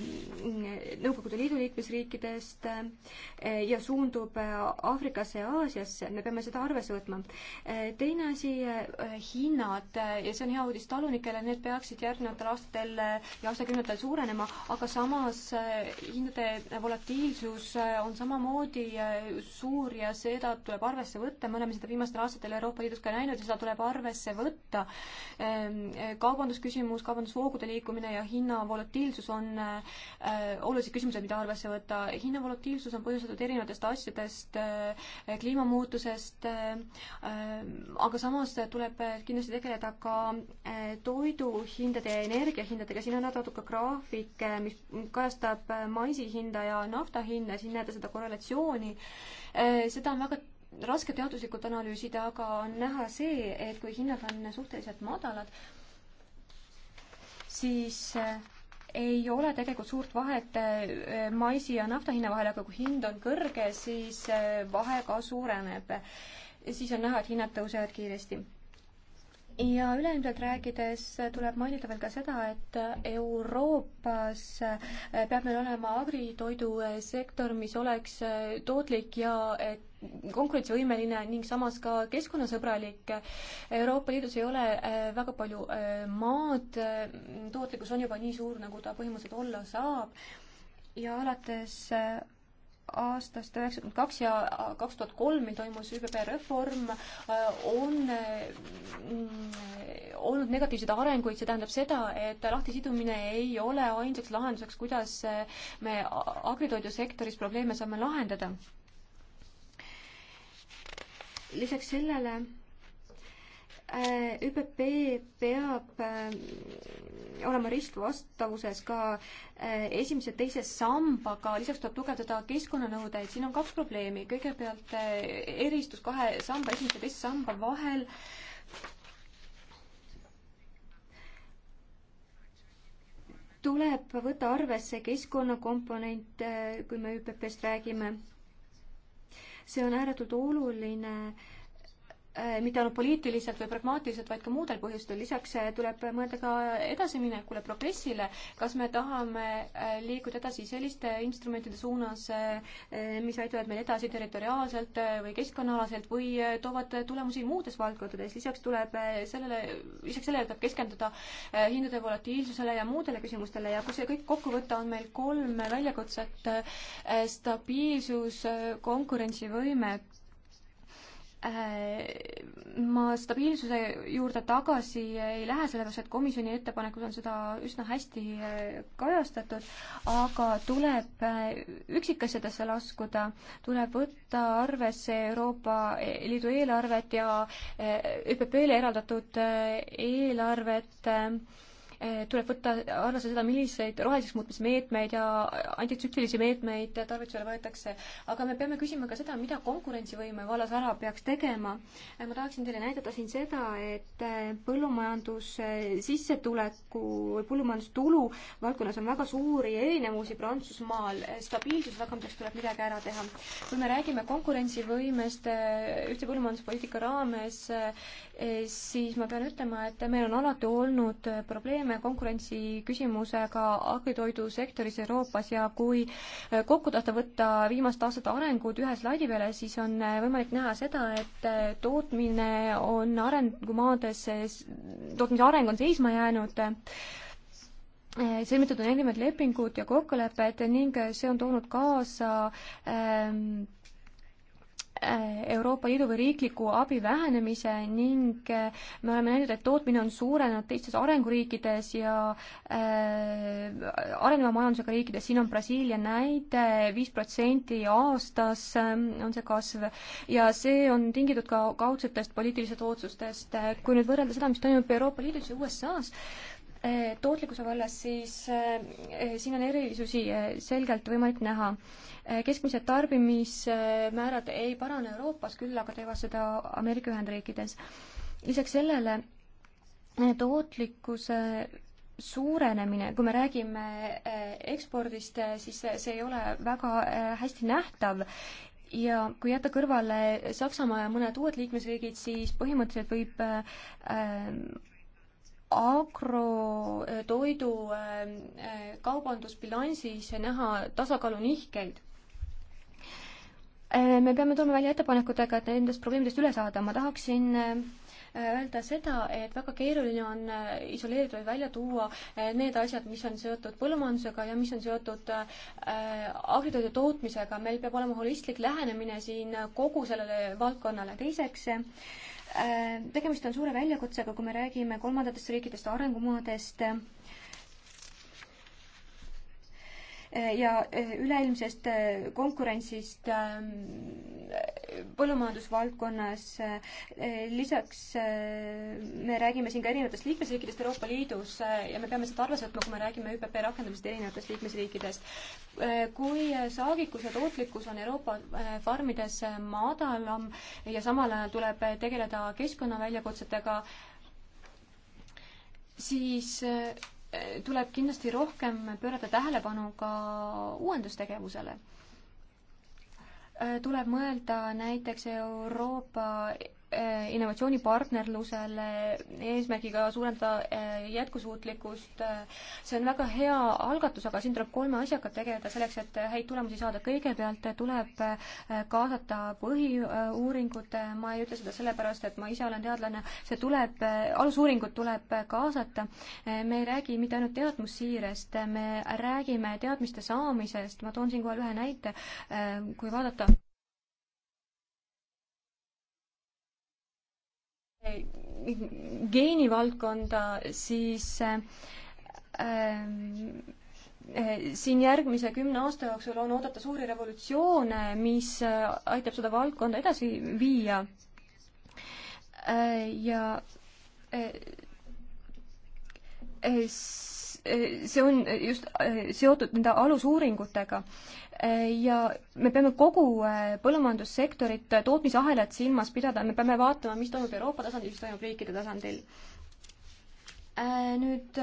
Nõukogude Liidu liikmesriikidest äh, ja suundub äh, Aafrikasse ja Aasiasse, me peame seda arvesse võtma. teine asi, hinnad ja see on hea uudis talunikele, need peaksid järgnevatel aastatel ja aastakümnetel suurenema, aga samas hindade volatiilsus on samamoodi suur ja seda tuleb arvesse võtta, me oleme seda viimastel aastatel Euroopa Liidus ka näinud ja seda tuleb arvesse võtta. kaubandusküsimus, kaubandusvoogude liikumine ja hinnad hinna volatiilsus on äh, olulised küsimused, mida arvesse võtta. hinna volatiilsus on põhjustatud erinevatest asjadest äh,, kliimamuutusest äh, äh,, aga samas tuleb kindlasti tegeleda ka äh, toiduhindade ja energiahindadega, siin on näidatud ka graafik, äh, mis kajastab äh, maisi hinda ja nafta hinda, siin näete seda korrelatsiooni äh,, seda on väga raske teaduslikult analüüsida, aga on näha see, et kui hinnad on suhteliselt madalad, siis eh, ei ole tegelikult suurt vahet eh, maisi ja nafta hinna vahel, aga kui hind on kõrge, siis eh, vahe ka suureneb. siis on näha, et hinnad tõusevad kiiresti. ja üleilmselt rääkides tuleb mainida veel ka seda, et Euroopas peab meil olema agritoidusektor, mis oleks tootlik ja et konkurentsivõimeline ning samas ka keskkonnasõbralik. Euroopa Liidus ei ole äh, väga palju äh, maad, äh, tootlikkus on juba nii suur, nagu ta põhimõtteliselt olla saab ja alates aastast üheksakümmend kaks ja kaks tuhat kolm, mil toimus ÜBB reform, on olnud negatiivseid arenguid, see tähendab seda, et lahtisidumine ei ole ainsaks lahenduseks, kuidas me agritoidusektoris probleeme saame lahendada lisaks sellele äh, ÜPP peab äh, olema ristvastavuses ka äh, esimese ja teise sambaga, lisaks tuleb tugevdada keskkonnanõudeid, siin on kaks probleemi, kõigepealt eristus kahe samba, esimese ja teise samba vahel, tuleb võtta arvesse keskkonnakomponent, kui me ÜPP-st räägime see on ääretult oluline Äh, mitte ainult poliitiliselt või pragmaatiliselt, vaid ka muudel põhjustel. lisaks äh, tuleb mõelda ka edasiminekule, progressile. kas me tahame äh, liikuda edasi selliste instrumentide suunas, mis aitavad meil edasi territoriaalselt või keskkonnaalaselt või toovad tulemusi muudes valdkondades. lisaks tuleb sellele, lisaks sellele tuleb keskenduda hindade volatiilsusele ja muudele küsimustele ja kui see kõik kokku võtta, on meil kolm väljakutset. stabiilsus, konkurentsivõime Äh, ma stabiilsuse juurde tagasi ei lähe, sellepärast et komisjoni ettepanekus on seda üsna hästi äh, kajastatud, aga tuleb äh, üksikasjadesse laskuda, tuleb võtta arvesse Euroopa Liidu eelarvet ja ÜPP-le eraldatud eelarvet tuleb võtta arvesse seda, milliseid roheliseks muutmise meetmeid ja antitsüklilisi meetmeid tarvitusele võetakse. aga me peame küsima ka seda, mida konkurentsivõime vallas ära peaks tegema. ma tahaksin teile näidata siin seda, et põllumajandussissetuleku või põllumajandustulu valdkonnas on väga suuri erinevusi Prantsusmaal. stabiilsuse tagamiseks tuleb midagi ära teha. kui me räägime konkurentsivõimest eh, ühtse põllumajanduspoliitika raames, eh, siis ma pean ütlema, et meil on alati olnud probleem probleeme konkurentsi küsimusega agritoidusektoris Euroopas ja kui äh, kokku tahta võtta viimaste aastate arengud ühe slaidi peale, siis on äh, võimalik näha seda, et äh, tootmine on arengumaades, tootmise areng on seisma jäänud sõlmitud on erinevad lepingud ja kokkulepped ning see on toonud kaasa ähm, Eh, Euroopa Liidu või riikliku abi vähenemise ning eh, me oleme näinud, et tootmine on suurenenud teistes arenguriikides ja eh, areneva majandusega riikides, siin on Brasiilia näide, viis protsenti aastas on see kasv ja see on tingitud ka kaudsetest poliitilistest otsustest. kui nüüd võrrelda seda, mis toimub Euroopa Liidus ja USA-s, tootlikkuse vallas, siis siin on erisusi selgelt võimalik näha Äh, keskmised tarbimismäärad ei parane Euroopas, küll aga teevad seda Ameerika Ühendriikides. lisaks sellele äh, tootlikkuse suurenemine, kui me räägime äh, ekspordist, siis see ei ole väga hästi nähtav ja kui jätta kõrvale Saksamaa ja mõned uued liikmesriigid, siis põhimõtteliselt võib äh, agrotoidu äh, kaubandusbilansis näha tasakaalunihkeid Äh, me peame tulema välja ettepanekutega, et nendest probleemidest üle saada, ma tahaksin äh, öelda seda, et väga keeruline on äh, isoleerida või välja tuua need asjad, mis on seotud põllumajandusega ja mis on seotud agritoidu tootmisega, meil peab olema holistlik lähenemine siin kogu sellele valdkonnale, teiseks tegemist on suure väljakutsega, kui me räägime kolmandatest riikidest, arengumaadest ja eh, üleilmsest eh, konkurentsist ehm, põllumajandusvaldkonnas. Eh, lisaks me räägime siin ka erinevatest liikmesriikidest Euroopa Liidus ja me peame seda arvesse võtma, kui me räägime ÜPP rakendamisest erinevatest liikmesriikidest. kui saagikus ja tootlikkus on Euroopa farmides madalam ja samal ajal tuleb tegeleda keskkonnaväljakutsetega, siis tuleb kindlasti rohkem pöörata tähelepanu ka uuendustegevusele. Äh, tuleb mõelda näiteks Euroopa Eh, innovatsioonipartnerlusele eesmärgiga suurendada eh, jätkusuutlikkust. see on väga hea algatus, aga siin tuleb kolme asjaga tegeleda selleks, et häid tulemusi saada. kõigepealt tuleb eh, kaasata põhiuuringud, ma ei ütle seda sellepärast, et ma ise olen teadlane, see tuleb, alusuuringud tuleb kaasata. me ei räägi mitte ainult teadmussiirest, me räägime teadmiste saamisest, ma toon siinkohal ühe näite, kui vaadata geenivaldkonda, siis ähm, äh, siin järgmise kümne aasta jooksul on oodata suuri revolutsioone, mis äh, aitab seda valdkonda edasi viia. Äh, ja see on just äh, seotud nende alusuuringutega äh, ja me peame kogu äh, põllumajandussektorit, tootmisahelat silmas pidada, me peame vaatama, mis toimub Euroopa tasandil, mis toimub riikide tasandil. Nüüd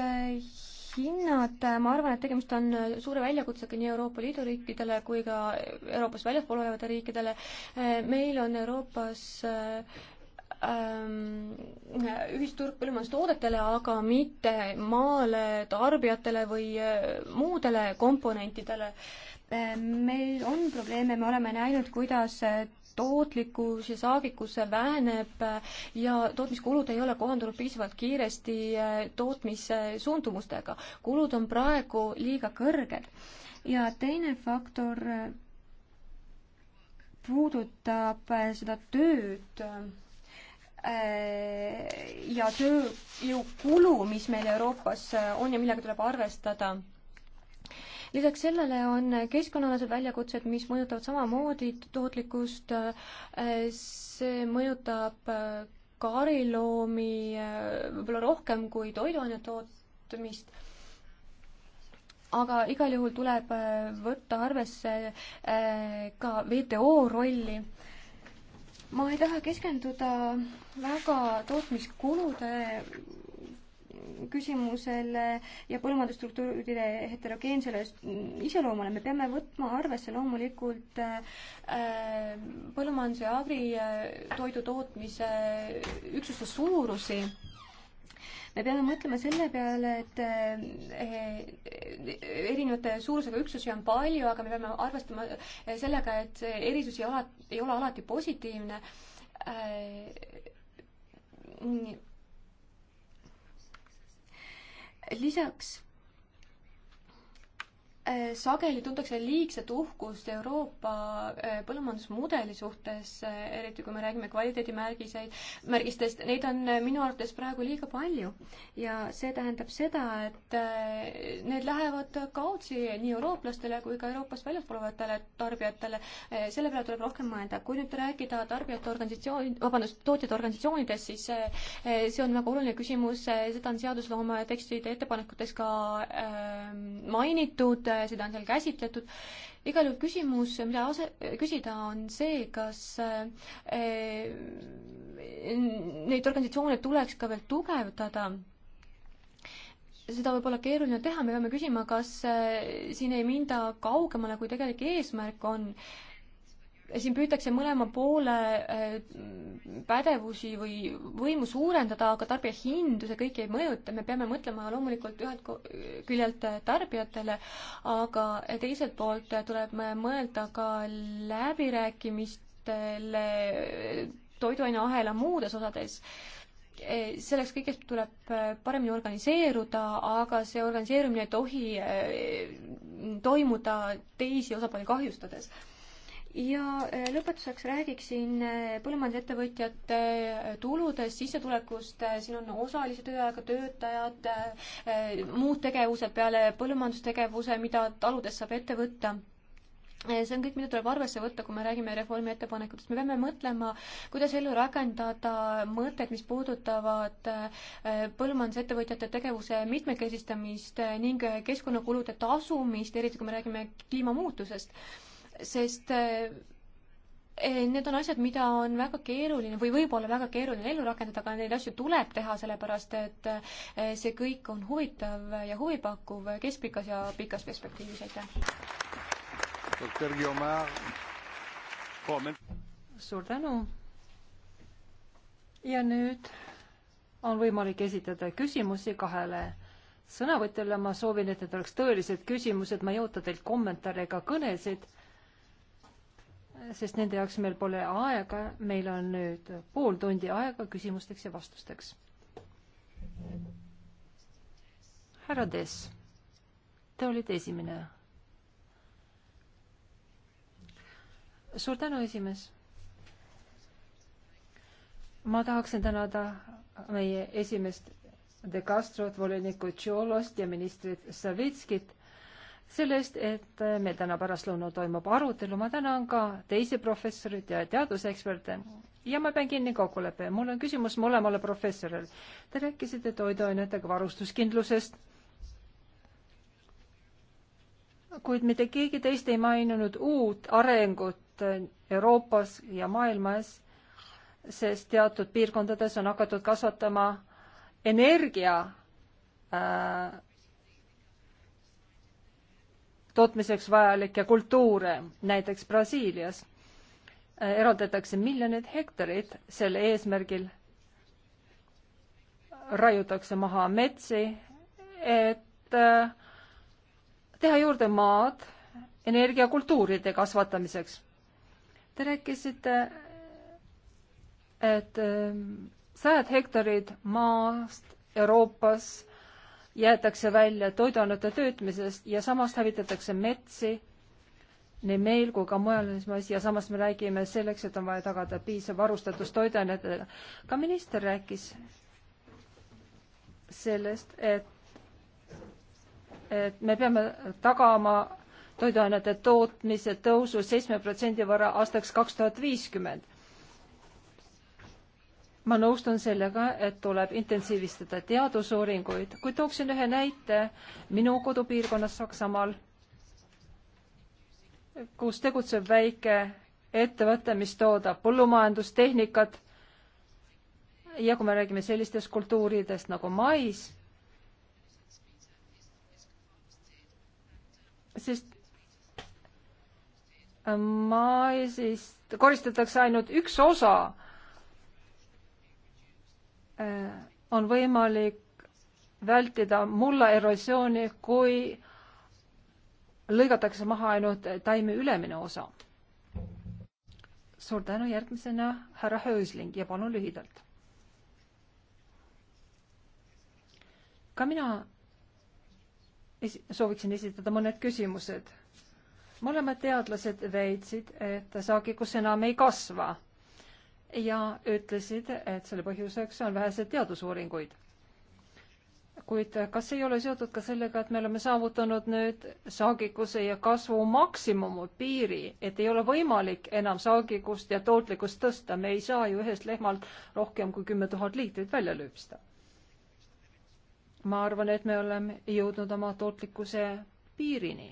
hinnad, ma arvan, et tegemist on suure väljakutsega nii Euroopa Liidu riikidele kui ka Euroopast väljaspool olevatele riikidele. meil on Euroopas Ähm, ühisturg põllumajandustoodetele, aga mitte maale, tarbijatele või äh, muudele komponentidele. Äh, meil on probleeme, me oleme näinud, kuidas äh, tootlikkus ja saagikus väheneb ja tootmiskulud ei ole kohandunud piisavalt kiiresti tootmissuundumustega. kulud on praegu liiga kõrged. ja teine faktor puudutab seda tööd Äh, ja tööjõukulu, mis meil Euroopas äh, on ja millega tuleb arvestada. lisaks sellele on keskkonnaalased väljakutsed, mis mõjutavad samamoodi tootlikkust, äh, see mõjutab kariloomi võib-olla rohkem kui toiduaine tootmist aga igal juhul tuleb võtta arvesse ka WTO rolli ma ei taha keskenduda väga tootmiskulude küsimusele ja põllumajandusstruktuuride heterogeensele iseloomule, me peame võtma arvesse loomulikult äh, põllumajanduse ja agritoidu tootmise üksuste suurusi me peame mõtlema selle peale, et eh, erinevate suurusega üksusi on palju, aga me peame arvestama sellega, et erisusi ala, ei ole alati positiivne äh, lisaks Äh, sageli tuntakse liigset uhkust Euroopa äh, põllumajandusmudeli suhtes, äh, eriti kui me räägime kvaliteedimärgiseid, märgistest, neid on minu arvates praegu liiga palju. ja see tähendab seda, et need lähevad kaotsi nii eurooplastele kui ka Euroopast väljaspool olevatele tarbijatele. selle peale tuleb rohkem mõelda. kui nüüd rääkida tarbijate organisatsioon, vabandust, tootjate organisatsioonidest, siis see on väga oluline küsimus, seda on seadusloome tekstide ettepanekutes ka mainitud Äh, seda on seal käsitletud. igal juhul küsimus, mida ase-, küsida, on see, kas äh, neid organisatsioone tuleks ka veel tugevdada seda võib olla keeruline teha, me peame küsima, kas äh, siin ei minda kaugemale, kui tegelik eesmärk on siin püütakse mõlema poole äh, pädevusi või võimu suurendada, aga tarbija hindu see kõik ei mõjuta, me peame mõtlema loomulikult ühelt küljelt äh, tarbijatele, aga äh, teiselt poolt tuleb mõelda ka läbirääkimistele toiduaineahela muudes osades selleks kõigeks tuleb paremini organiseeruda, aga see organiseerumine ei tohi toimuda teisi osapooli kahjustades ja äh, lõpetuseks räägiksin äh, põllumajandusettevõtjate äh, tuludest, sissetulekust, siin on osalise tööajaga töötajad, muud tegevused peale põllumajandustegevuse, mida taludes saab ette võtta see on kõik, mida tuleb arvesse võtta, kui me räägime reformi ettepanekutest, me peame mõtlema, kuidas ellu rakendada mõtted, mis puudutavad põllumajandusettevõtjate tegevuse mitmekesistamist ning keskkonnakulude tasumist, eriti kui me räägime kliimamuutusest sest eh, eh, need on asjad, mida on väga keeruline või võib-olla väga keeruline ellu rakendada, aga neid asju tuleb teha, sellepärast et eh, see kõik on huvitav ja huvipakkuv keskpikas ja pikas perspektiivis, aitäh! suur tänu! ja nüüd on võimalik esitada küsimusi kahele sõnavõtjale, ma soovin, et need oleks tõelised küsimused, ma ei oota teilt kommentaare ega kõnesid sest nende jaoks meil pole aega, meil on nüüd pool tundi aega küsimusteks ja vastusteks. härra Dess, te olite esimene. suur tänu, esimees. ma tahaksin tänada meie esimest De Castrot, volinikku Tšolost ja ministrit Savitskit selle eest, et meil täna pärastlõunal toimub arutelu, ma tänan ka teisi professoreid ja teaduseksperte ja ma pean kinni kokkuleppe. mul on küsimus mõlemale professorile. Te rääkisite toiduainetega varustuskindlusest, kuid mitte keegi teist ei maininud uut arengut Euroopas ja maailmas, sest teatud piirkondades on hakatud kasvatama energia äh, tootmiseks vajalikke kultuure, näiteks Brasiilias eraldatakse miljoneid hektareid selle eesmärgil, raiutakse maha metsi, et äh, teha juurde maad energiakultuuride kasvatamiseks. Te rääkisite, et äh, sajad hektarid maast Euroopas jäetakse välja toiduainete töötmisest ja samas hävitatakse metsi nii meil kui ka mujal maailmas ja samas me räägime selleks, et on vaja tagada piisav varustatus toiduainetega. ka minister rääkis sellest, et, et me peame tagama toiduainete tootmise tõusu seitsme protsendi võrra aastaks kaks tuhat viiskümmend ma nõustun sellega, et tuleb intensiivistada teadusuuringuid, kuid tooksin ühe näite minu kodupiirkonnas Saksamaal, kus tegutseb väike ettevõte, mis toodab põllumajandustehnikat ja kui me räägime sellistest kultuuridest nagu mais, sest maisist koristatakse ainult üks osa Äh, on võimalik vältida mulla erosiooni, kui lõigatakse maha ainult taime ülemine osa. suur tänu, järgmisena härra Höösling ja palun lühidalt. ka mina esi-, sooviksin esitada mõned küsimused. mõlemad teadlased väitsid, et saagikus enam ei kasva ja ütlesid, et selle põhjuseks on vähesed teadusuuringuid. kuid kas ei ole seotud ka sellega, et me oleme saavutanud nüüd saagikuse ja kasvu maksimumu piiri, et ei ole võimalik enam saagikust ja tootlikkust tõsta, me ei saa ju ühest lehmalt rohkem kui kümme tuhat liitrit välja lüpsta. ma arvan, et me oleme jõudnud oma tootlikkuse piirini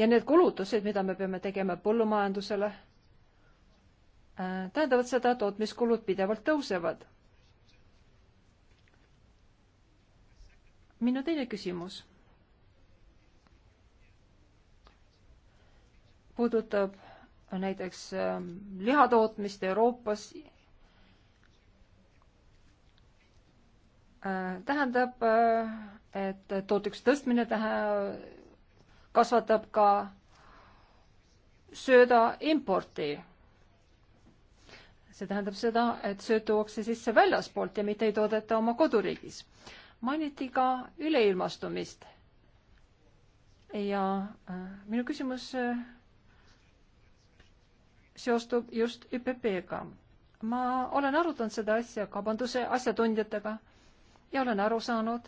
ja need kulutused, mida me peame tegema põllumajandusele, äh, tähendavad seda, et tootmiskulud pidevalt tõusevad. minu teine küsimus puudutab näiteks ähm, lihatootmist Euroopas äh, tähendab, äh, et tootlikkuse tõstmine tähe-, kasvatab ka sööda importi. see tähendab seda, et sööt tuuakse sisse väljaspoolt ja mitte ei toodeta oma koduriigis. mainiti ka üleilmastumist. ja äh, minu küsimus äh, seostub just ÜPP-ga. ma olen arutanud seda asja kaubanduse asjatundjatega ja olen aru saanud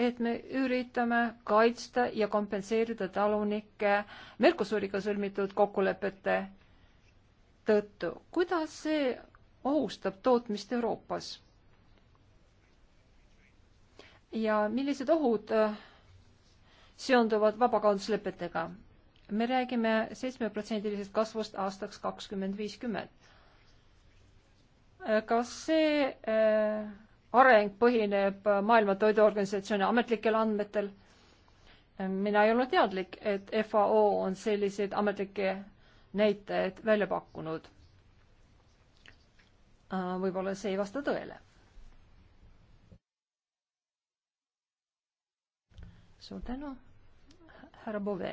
et me üritame kaitsta ja kompenseerida talunike Mercosuriga sõlmitud kokkulepete tõttu. kuidas see ohustab tootmist Euroopas? ja millised ohud äh, seonduvad vabakaubanduslepetega? me räägime seitsmeprotsendilisest kasvust aastaks kakskümmend viiskümmend. Äh, kas see äh, areng põhineb Maailma Toiduorganisatsiooni ametlikel andmetel. mina ei olnud teadlik, et FAO on selliseid ametlikke näitajaid välja pakkunud. Äh, võib-olla see ei vasta tõele. suur tänu, härra Bove.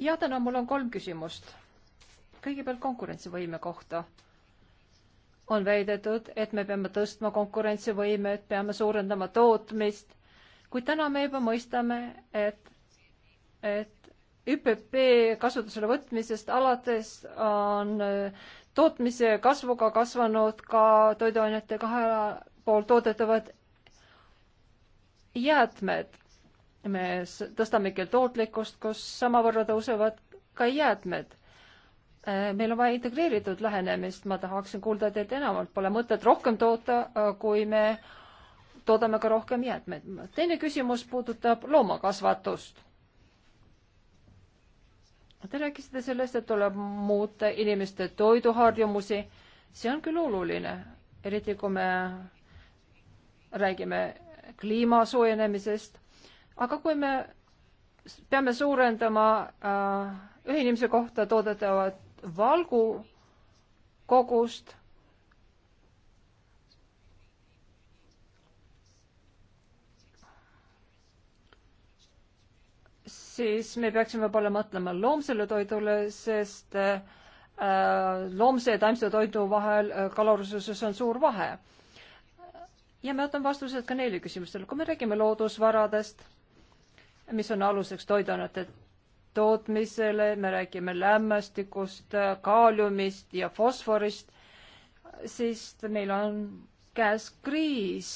ja täna mul on kolm küsimust kõigepealt konkurentsivõime kohta. on väidetud, et me peame tõstma konkurentsivõimet, peame suurendama tootmist, kuid täna me juba mõistame, et, et ÜPP kasutusele võtmisest alates on äh, tootmise kasvuga kasvanud ka toiduainete kahe pool toodetavad jäätmed. me tõstame küll tootlikkust, kus samavõrra tõusevad ka jäätmed Äh, meil on vaja integreeritud lähenemist, ma tahaksin kuulda teilt enamalt, pole mõtet rohkem toota, äh, kui me toodame ka rohkem jäätmeid. teine küsimus puudutab loomakasvatust. Te rääkisite sellest, et tuleb muuta inimeste toiduharjumusi. see on küll oluline, eriti kui me räägime kliima soojenemisest. aga kui me peame suurendama äh, ühe inimese kohta toodetavat valgu kogust. siis me peaksime võib-olla mõtlema loomsele toidule, sest äh, loomse ja taimse toidu vahel äh, kalorisuses on suur vahe. ja me võtame vastused ka neile küsimustele, kui me räägime loodusvaradest, mis on aluseks toiduainete tootmisele, me räägime lämmastikust, kaaliumist ja fosforist, siis meil on käes kriis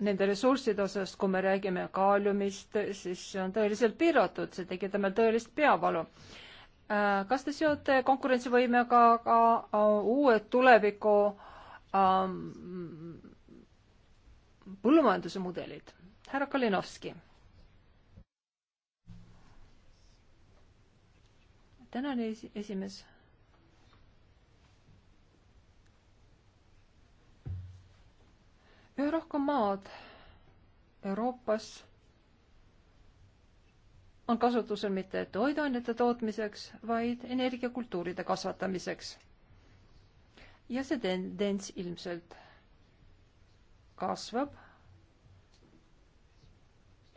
nende ressursside osas, kui me räägime kaaliumist, siis see on tõeliselt piiratud, see tekitab meil tõelist peavalu. Äh, kas te seote konkurentsivõimega ka uued tuleviku ähm, põllumajanduse mudelid? härra Kalinovski tänan, esimees. üha rohkem maad Euroopas on kasutusel mitte toiduainete tootmiseks, vaid energiakultuuride kasvatamiseks. ja see tendents ilmselt kasvab.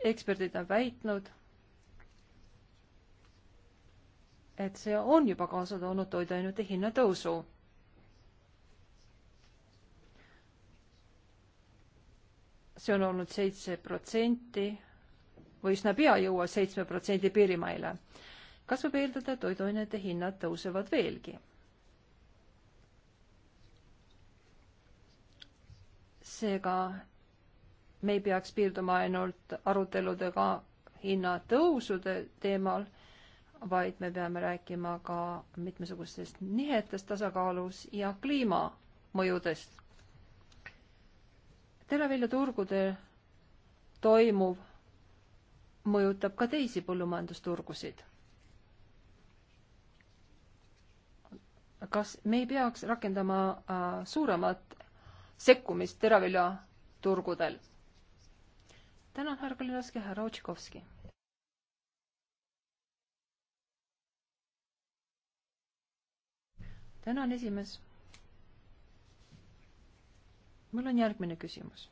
eksperdid on väitnud et see on juba kaasa toonud toiduainete hinnatõusu see on olnud seitse protsenti või üsna pea jõuab seitsme protsendi piirimaile. kas võib eeldada, et toiduainete hinnad tõusevad veelgi? seega me ei peaks piirduma ainult aruteludega hinnatõusude teemal vaid me peame rääkima ka mitmesugustest nihetest tasakaalus ja kliimamõjudest. teraviljaturgudel toimuv mõjutab ka teisi põllumajandusturgusid. kas me ei peaks rakendama äh, suuremat sekkumist teraviljaturgudel? tänan, härra Kalinaski, härra Otsikovski tänan, esimees. mul on järgmine küsimus.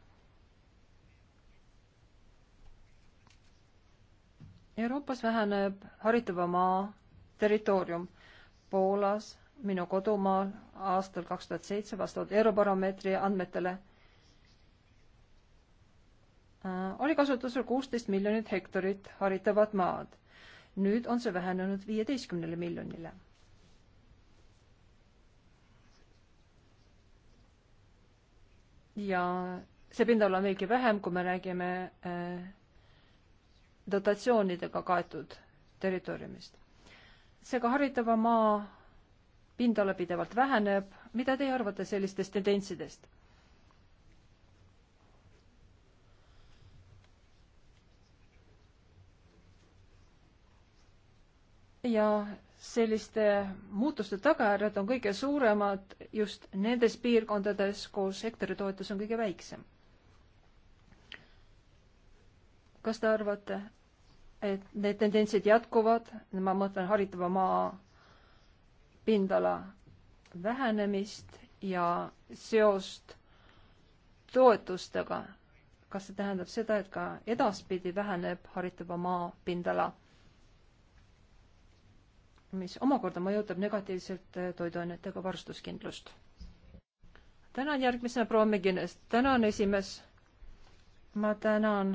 Euroopas väheneb haritava maa territoorium Poolas, minu kodumaal aastal kaks tuhat seitse vastavalt Eurobaromeetri andmetele äh, oli kasutusel kuusteist miljonit hektarit haritavat maad. nüüd on see vähenenud viieteistkümnele miljonile ja see pindala on veelgi vähem, kui me räägime äh, dotatsioonidega kaetud territooriumist. seega haritava maa pindala pidevalt väheneb. mida teie arvate sellistest tendentsidest? ja selliste muutuste tagajärjed on kõige suuremad just nendes piirkondades, kus hektari toetus on kõige väiksem. kas te arvate, et need tendentsid jätkuvad, ma mõtlen haritava maa pindala vähenemist ja seost toetustega, kas see tähendab seda, et ka edaspidi väheneb haritava maa pindala? mis omakorda mõjutab negatiivselt äh, toiduainetega varustuskindlust. tänan järgmisena proua Meginest, tänan esimees. ma tänan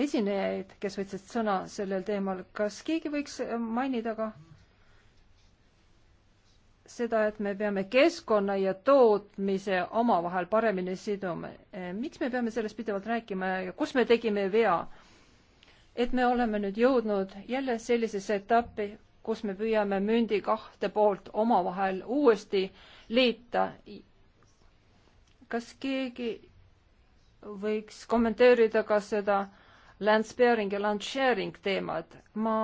esinejaid, kes võtsid sõna sellel teemal. kas keegi võiks mainida ka seda, et me peame keskkonna ja tootmise omavahel paremini siduma? Äh, miks me peame sellest pidevalt rääkima ja kus me tegime vea? et me oleme nüüd jõudnud jälle sellisesse etappi, kus me püüame mündi kahte poolt omavahel uuesti liita. kas keegi võiks kommenteerida ka seda land sparing ja land sharing teemat? ma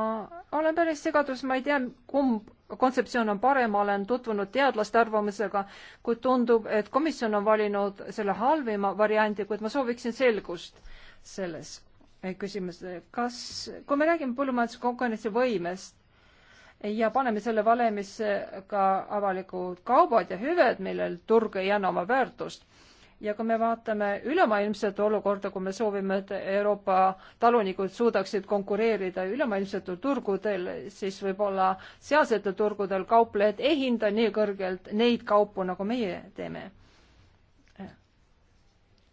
olen päris segadus, ma ei tea, kumb kontseptsioon on parem, ma olen tutvunud teadlaste arvamusega, kuid tundub, et komisjon on valinud selle halvima variandi, kuid ma sooviksin selgust selles küsimuses. kas, kui me räägime põllumajanduse konkurentsivõimest, ja paneme selle valemisse ka avalikud kaubad ja hüved, millel turg ei anna oma väärtust. ja kui me vaatame ülemaailmset olukorda, kui me soovime, et Euroopa talunikud suudaksid konkureerida ülemaailmsetel turgudel, siis võib-olla sealsetel turgudel kauplejad ei hinda nii kõrgelt neid kaupu, nagu meie teeme.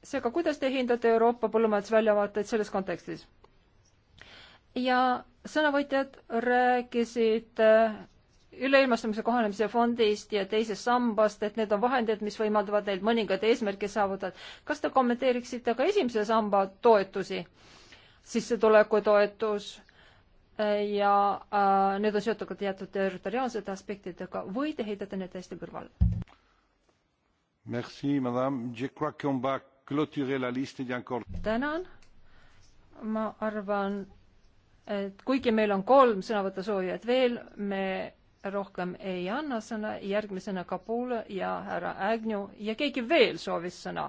seega, kuidas te hindate Euroopa põllumajandusväljavaateid selles kontekstis? ja sõnavõtjad rääkisid äh, üleilmastumise kohanemise fondist ja teisest sambast, et need on vahendid, mis võimaldavad neil mõningaid eesmärke saavutada. kas te kommenteeriksite ka esimese samba toetusi, sissetulekutoetus äh, ja äh, need on seotud ka teatud territoriaalsete aspektidega või te heidate need täiesti kõrvale? tänan, ma arvan, et kuigi meil on kolm sõnavõtusoovijat veel, me rohkem ei anna sõna, järgmisena Kabul ja härra Agnew ja keegi veel soovis sõna.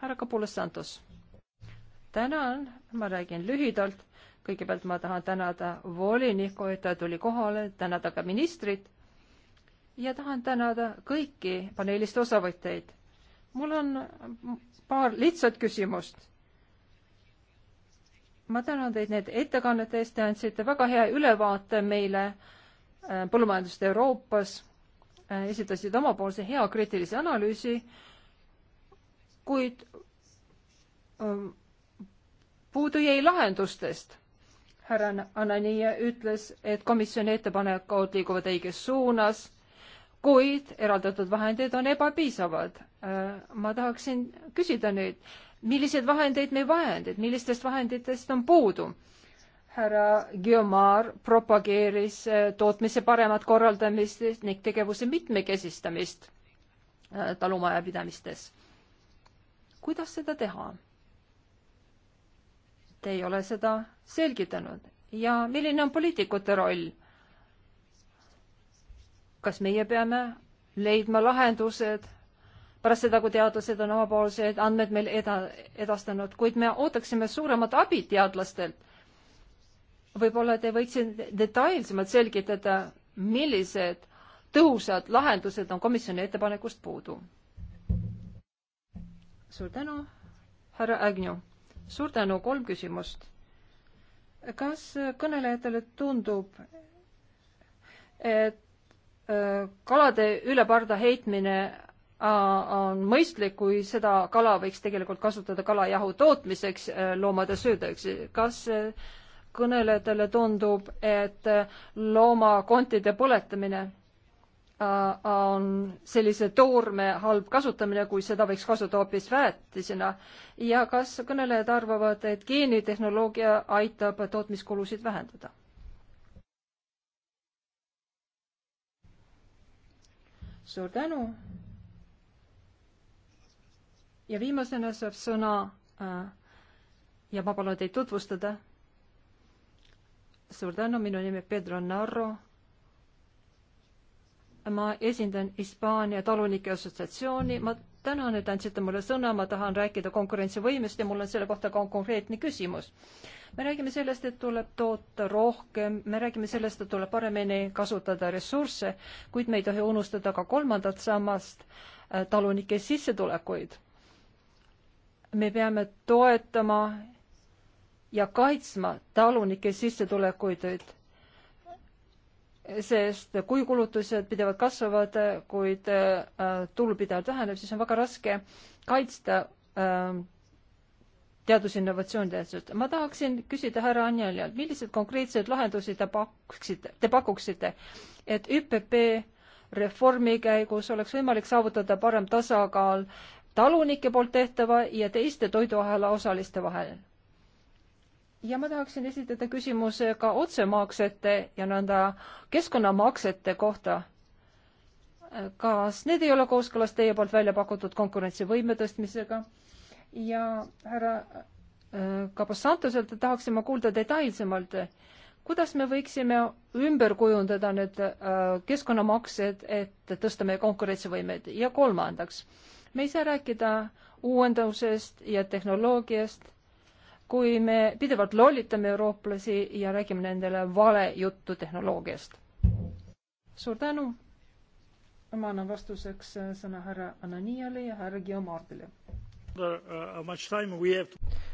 härra Kabulas Santos. tänan, ma räägin lühidalt. kõigepealt ma tahan tänada volinikku, et ta tuli kohale, tänada ka ministrit ja tahan tänada kõiki paneelist osavõtjaid. mul on paar lihtsat küsimust ma tänan teid nende ettekannete eest, te andsite väga hea ülevaate meile äh, põllumajandust Euroopas, äh, esitasid omapoolse hea kriitilise analüüsi, kuid ähm, puudu jäi lahendustest. härra Anania ütles, et komisjoni ettepanekud liiguvad õiges suunas, kuid eraldatud vahendid on ebapiisavad. Äh, ma tahaksin küsida nüüd milliseid vahendeid me vahendid, millistest vahenditest on puudu? härra Guillaumar propageeris äh, tootmise paremat korraldamist ning tegevuse mitmekesistamist äh, talumajapidamistes. kuidas seda teha? Te ei ole seda selgitanud ja milline on poliitikute roll? kas meie peame leidma lahendused pärast seda, kui teadlased on omapoolsed andmed meile eda-, edastanud, kuid me ootaksime suuremat abi teadlastelt. võib-olla te võiksite detailsemalt selgitada, millised tõhusad lahendused on komisjoni ettepanekust puudu. suur tänu, härra Ägnu. suur tänu, kolm küsimust. kas kõnelejatele tundub, et äh, kalade üle parda heitmine on mõistlik, kui seda kala võiks tegelikult kasutada kalajahu tootmiseks äh, loomade söödaks. kas äh, kõnelejatele tundub, et äh, loomakontide põletamine on sellise toorme halb kasutamine, kui seda võiks kasutada hoopis väetisena ja kas kõnelejad arvavad, et geenitehnoloogia aitab tootmiskulusid vähendada? suur tänu ja viimasena saab sõna äh, ja ma palun teid tutvustada. suur tänu, minu nimi Pedro Narro. ma esindan Hispaania Talunike Assotsiatsiooni, ma tänan, et andsite mulle sõna, ma tahan rääkida konkurentsivõimest ja mul on selle kohta ka konkreetne küsimus. me räägime sellest, et tuleb toota rohkem, me räägime sellest, et tuleb paremini kasutada ressursse, kuid me ei tohi unustada ka kolmandat sammast, äh, talunike sissetulekuid me peame toetama ja kaitsma talunike sissetulekuid, sest kui kulutused pidevalt kasvavad, kuid äh, tulu pidevalt väheneb, siis on väga raske kaitsta äh, teadusinnovatsiooni tähtsust. ma tahaksin küsida härra Anjaljalt, millised konkreetsed lahendusi te pakuksite, te pakuksite, et ÜPP reformi käigus oleks võimalik saavutada parem tasakaal äh, talunike poolt tehtava ja teiste toiduahela osaliste vahel. ja ma tahaksin esitada küsimuse ka otsemaksete ja nõnda keskkonnamaksete kohta. kas need ei ole kooskõlas teie poolt välja pakutud konkurentsivõime tõstmisega? ja härra äh, Kaposantoselt tahaksin ma kuulda detailsemalt, kuidas me võiksime ümber kujundada need äh, keskkonnamaksed, et tõsta meie konkurentsivõimed ja kolmandaks äh, me ei saa rääkida uuendusest ja tehnoloogiast, kui me pidevalt lollitame eurooplasi ja räägime nendele vale juttu tehnoloogiast. suur tänu. ma annan vastuseks äh, sõna härra Ananiale ja härra Geomardile. Uh,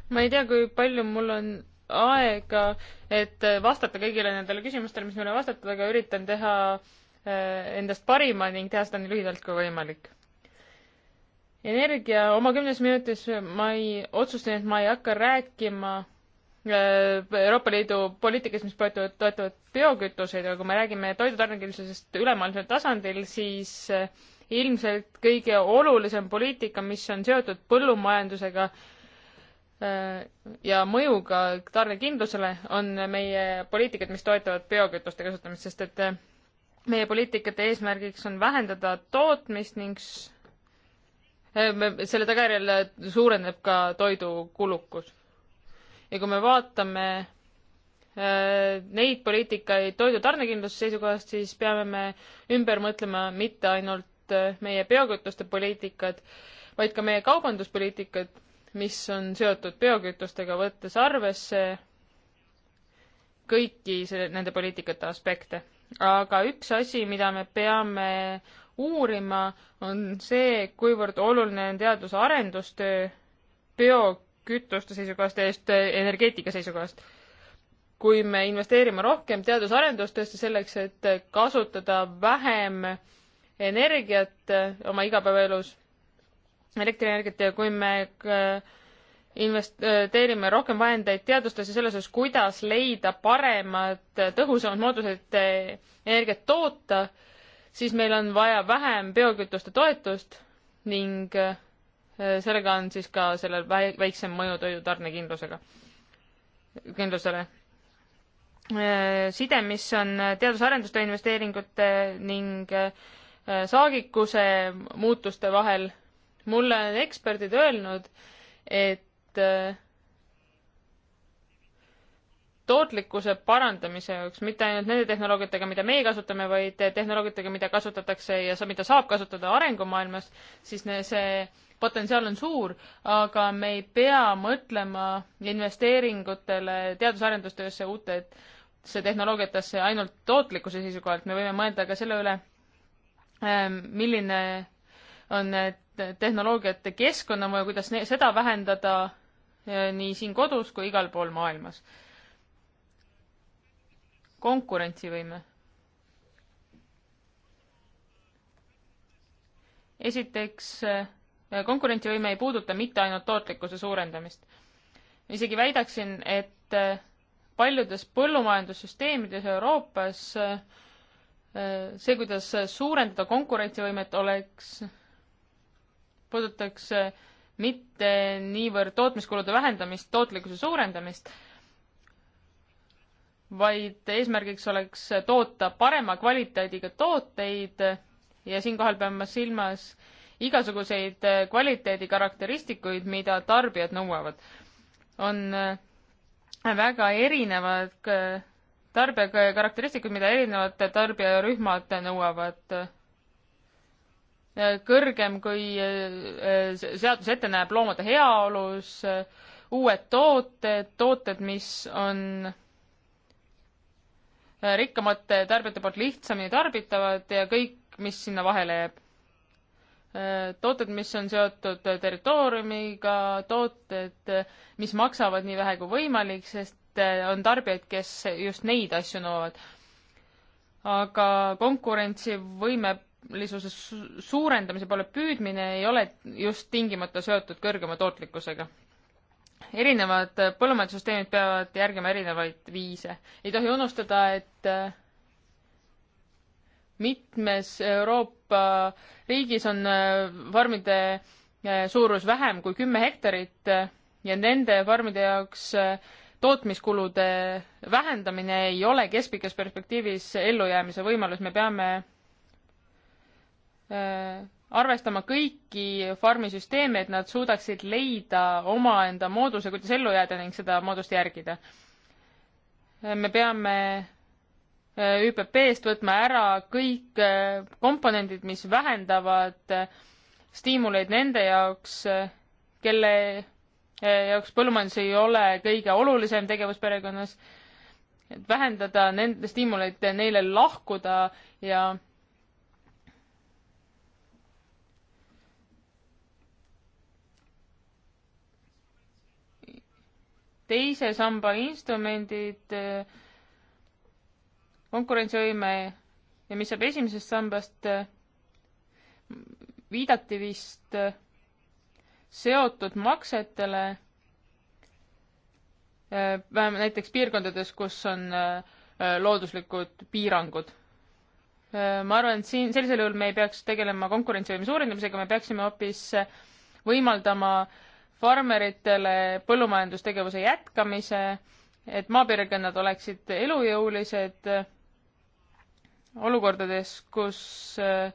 ma ei tea, kui palju mul on aega, et äh, vastata kõigile nendele küsimustele, mis mulle vastatud, aga üritan teha äh, endast parima ning teha seda nii lühidalt kui võimalik energia, oma kümnes minutis ma ei, otsustasin, et ma ei hakka rääkima äh, Euroopa Liidu poliitikast, mis toetuvad, toetavad biokütuseid, aga kui me räägime toidutarnekindlusest ülemaailmsel tasandil, siis äh, ilmselt kõige olulisem poliitika, mis on seotud põllumajandusega äh, ja mõjuga tarnekindlusele, on meie poliitikad, mis toetavad biokütuste kasutamist, sest et meie poliitikate eesmärgiks on vähendada tootmist ning selle tagajärjel suureneb ka toidukulukus. ja kui me vaatame äh, neid poliitikaid toidu tarnekindluse seisukohast, siis peame me ümber mõtlema mitte ainult äh, meie biokütuste poliitikad, vaid ka meie kaubanduspoliitikad, mis on seotud biokütustega, võttes arvesse kõiki selle, nende poliitikate aspekte. aga üks asi, mida me peame uurima, on see, kuivõrd oluline on teaduse arendustöö biokütuste seisukohast ja just energeetika seisukohast. kui me investeerime rohkem teadus-arendustöösse selleks, et kasutada vähem energiat oma igapäevaelus, elektrienergiat ja kui me investeerime rohkem vahendeid teadustesse selles osas, kuidas leida paremad, tõhusamad moodused eh, energiat toota, siis meil on vaja vähem biokütuste toetust ning äh, sellega on siis ka sellel väiksem mõju toidu tarnekindlusega, kindlusele. Äh, side, mis on teadus-arenduste investeeringute ning äh, saagikuse muutuste vahel. mulle on eksperdid öelnud, et tootlikkuse parandamise jaoks, mitte ainult nende tehnoloogiatega, mida meie kasutame, vaid tehnoloogiatega, mida kasutatakse ja mida saab kasutada arengumaailmas, siis see potentsiaal on suur, aga me ei pea mõtlema investeeringutele teadus-arendustöösse, uutesse tehnoloogiatesse ainult tootlikkuse seisukohalt, me võime mõelda ka selle üle, ähm, milline on tehnoloogiate keskkonnamõju, kuidas seda vähendada äh, nii siin kodus kui igal pool maailmas konkurentsivõime. esiteks, äh, konkurentsivõime ei puuduta mitte ainult tootlikkuse suurendamist. isegi väidaksin, et äh, paljudes põllumajandussüsteemides Euroopas äh, see, kuidas suurendada konkurentsivõimet, oleks, puudutaks mitte niivõrd tootmiskulude vähendamist, tootlikkuse suurendamist, vaid eesmärgiks oleks toota parema kvaliteediga tooteid ja siinkohal pean ma silmas igasuguseid kvaliteedikarakteristikuid, mida tarbijad nõuavad. on väga erinevad tarbija karakteristikud, mida erinevad tarbijarühmad nõuavad. kõrgem kui seadus ette näeb loomade heaolus, uued tooted, tooted, mis on Äh, rikkamate tarbijate poolt lihtsamini tarbitavad ja kõik, mis sinna vahele jääb. Äh, tooted, mis on seotud territooriumiga, tooted, mis maksavad nii vähe kui võimalik, sest äh, on tarbijaid, kes just neid asju nõuavad. aga konkurentsivõimelisuse suurendamise poole püüdmine ei ole just tingimata seotud kõrgema tootlikkusega erinevad põllumajandussüsteemid peavad järgima erinevaid viise. ei tohi unustada, et äh, mitmes Euroopa riigis on äh, farmide äh, suurus vähem kui kümme hektarit ja nende farmide jaoks tootmiskulude vähendamine ei ole keskpikas perspektiivis ellujäämise võimalus, me peame arvestama kõiki farmi süsteeme, et nad suudaksid leida omaenda mooduse, kuidas ellu jääda ning seda moodust järgida. me peame eh, ÜPP-st võtma ära kõik eh, komponendid, mis vähendavad eh, stiimuleid nende jaoks, kelle jaoks põllumajandus ei ole kõige olulisem tegevus perekonnas, et vähendada nende stiimuleid neile lahkuda ja teise samba instrumendid, konkurentsivõime ja mis saab esimesest sambast, viidati vist seotud maksetele, vähemalt näiteks piirkondades, kus on äh, looduslikud piirangud. Äh, ma arvan, et siin sellisel juhul me ei peaks tegelema konkurentsivõime suurendamisega, me peaksime hoopis võimaldama äh, farmeritele põllumajandustegevuse jätkamise, et maapiirkonnad oleksid elujõulised olukordades, kus äh,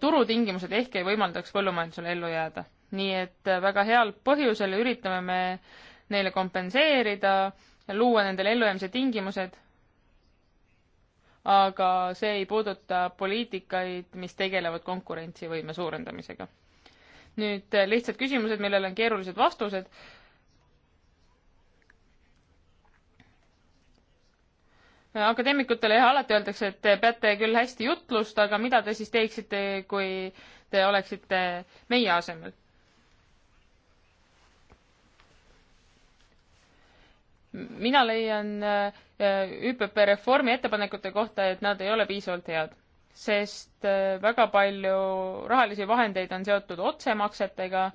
turutingimused ehk ei võimaldaks põllumajandusel ellu jääda. nii et äh, väga heal põhjusel üritame me neile kompenseerida, luua nendele ellujäämise tingimused, aga see ei puuduta poliitikaid, mis tegelevad konkurentsivõime suurendamisega nüüd eh, lihtsad küsimused, millele on keerulised vastused. Eh, akadeemikutele jah, alati öeldakse, et te peate küll hästi jutlust, aga mida te siis teeksite, kui te oleksite meie asemel? mina leian eh, ÜPP reformi ettepanekute kohta, et nad ei ole piisavalt head sest äh, väga palju rahalisi vahendeid on seotud otsemaksetega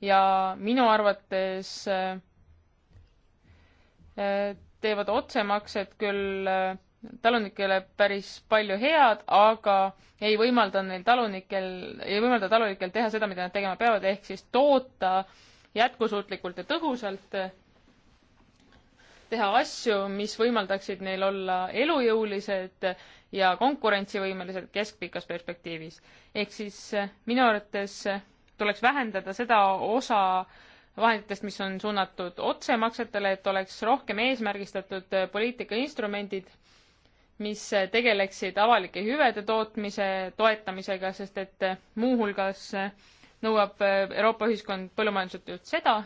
ja minu arvates äh, äh, teevad otsemaksed küll talunikele päris palju head, aga ei võimalda neil talunikel, ei võimalda talunikel teha seda, mida nad tegema peavad, ehk siis toota jätkusuutlikult ja tõhusalt teha asju, mis võimaldaksid neil olla elujõulised ja konkurentsivõimelised keskpikas perspektiivis. ehk siis eh, minu arvates eh, tuleks vähendada seda osa vahenditest, mis on suunatud otsemaksetele, et oleks rohkem eesmärgistatud eh, poliitikainstrumendid, mis tegeleksid avalike hüvede tootmise toetamisega, sest et muuhulgas nõuab Euroopa ühiskond põllumajanduselt just seda,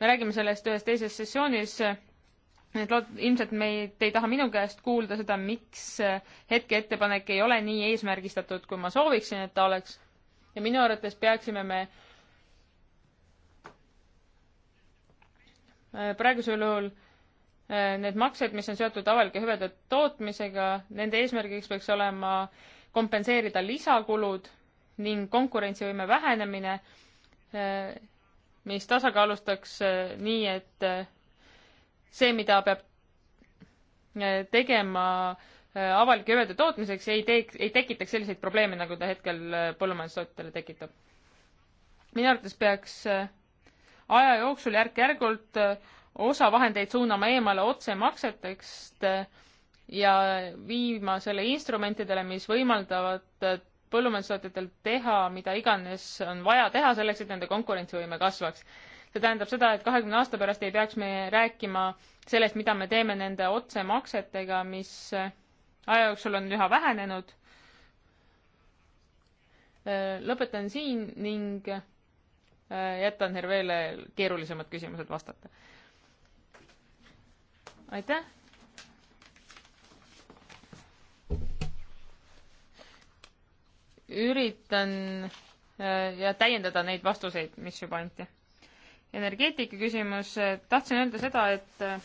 me räägime sellest ühes teises sessioonis, et lood-, ilmselt meid, te ei taha minu käest kuulda seda, miks hetkeettepanek ei ole nii eesmärgistatud, kui ma sooviksin, et ta oleks. ja minu arvates peaksime me äh, praegusel juhul äh, need maksed, mis on seotud avalike hüvede tootmisega, nende eesmärgiks peaks olema kompenseerida lisakulud ning konkurentsivõime vähenemine äh, mis tasakaalustaks äh, nii, et äh, see, mida peab äh, tegema avalike hüvede tootmiseks, ei teeks, ei tekitaks selliseid probleeme, nagu ta hetkel põllumajandustootjatele tekitab. minu arvates peaks aja jooksul järk-järgult osa vahendeid suunama eemale otsemaksetest ja viima selle instrumentidele, mis võimaldavad põllumajandustootjatel teha mida iganes on vaja teha selleks, et nende konkurentsivõime kasvaks. see tähendab seda, et kahekümne aasta pärast ei peaks me rääkima sellest, mida me teeme nende otsemaksetega, mis aja jooksul on üha vähenenud. lõpetan siin ning äh, jätan Hervele keerulisemad küsimused vastata. aitäh üritan äh, ja täiendada neid vastuseid, mis juba anti. energeetika küsimus, äh, tahtsin öelda seda, et äh,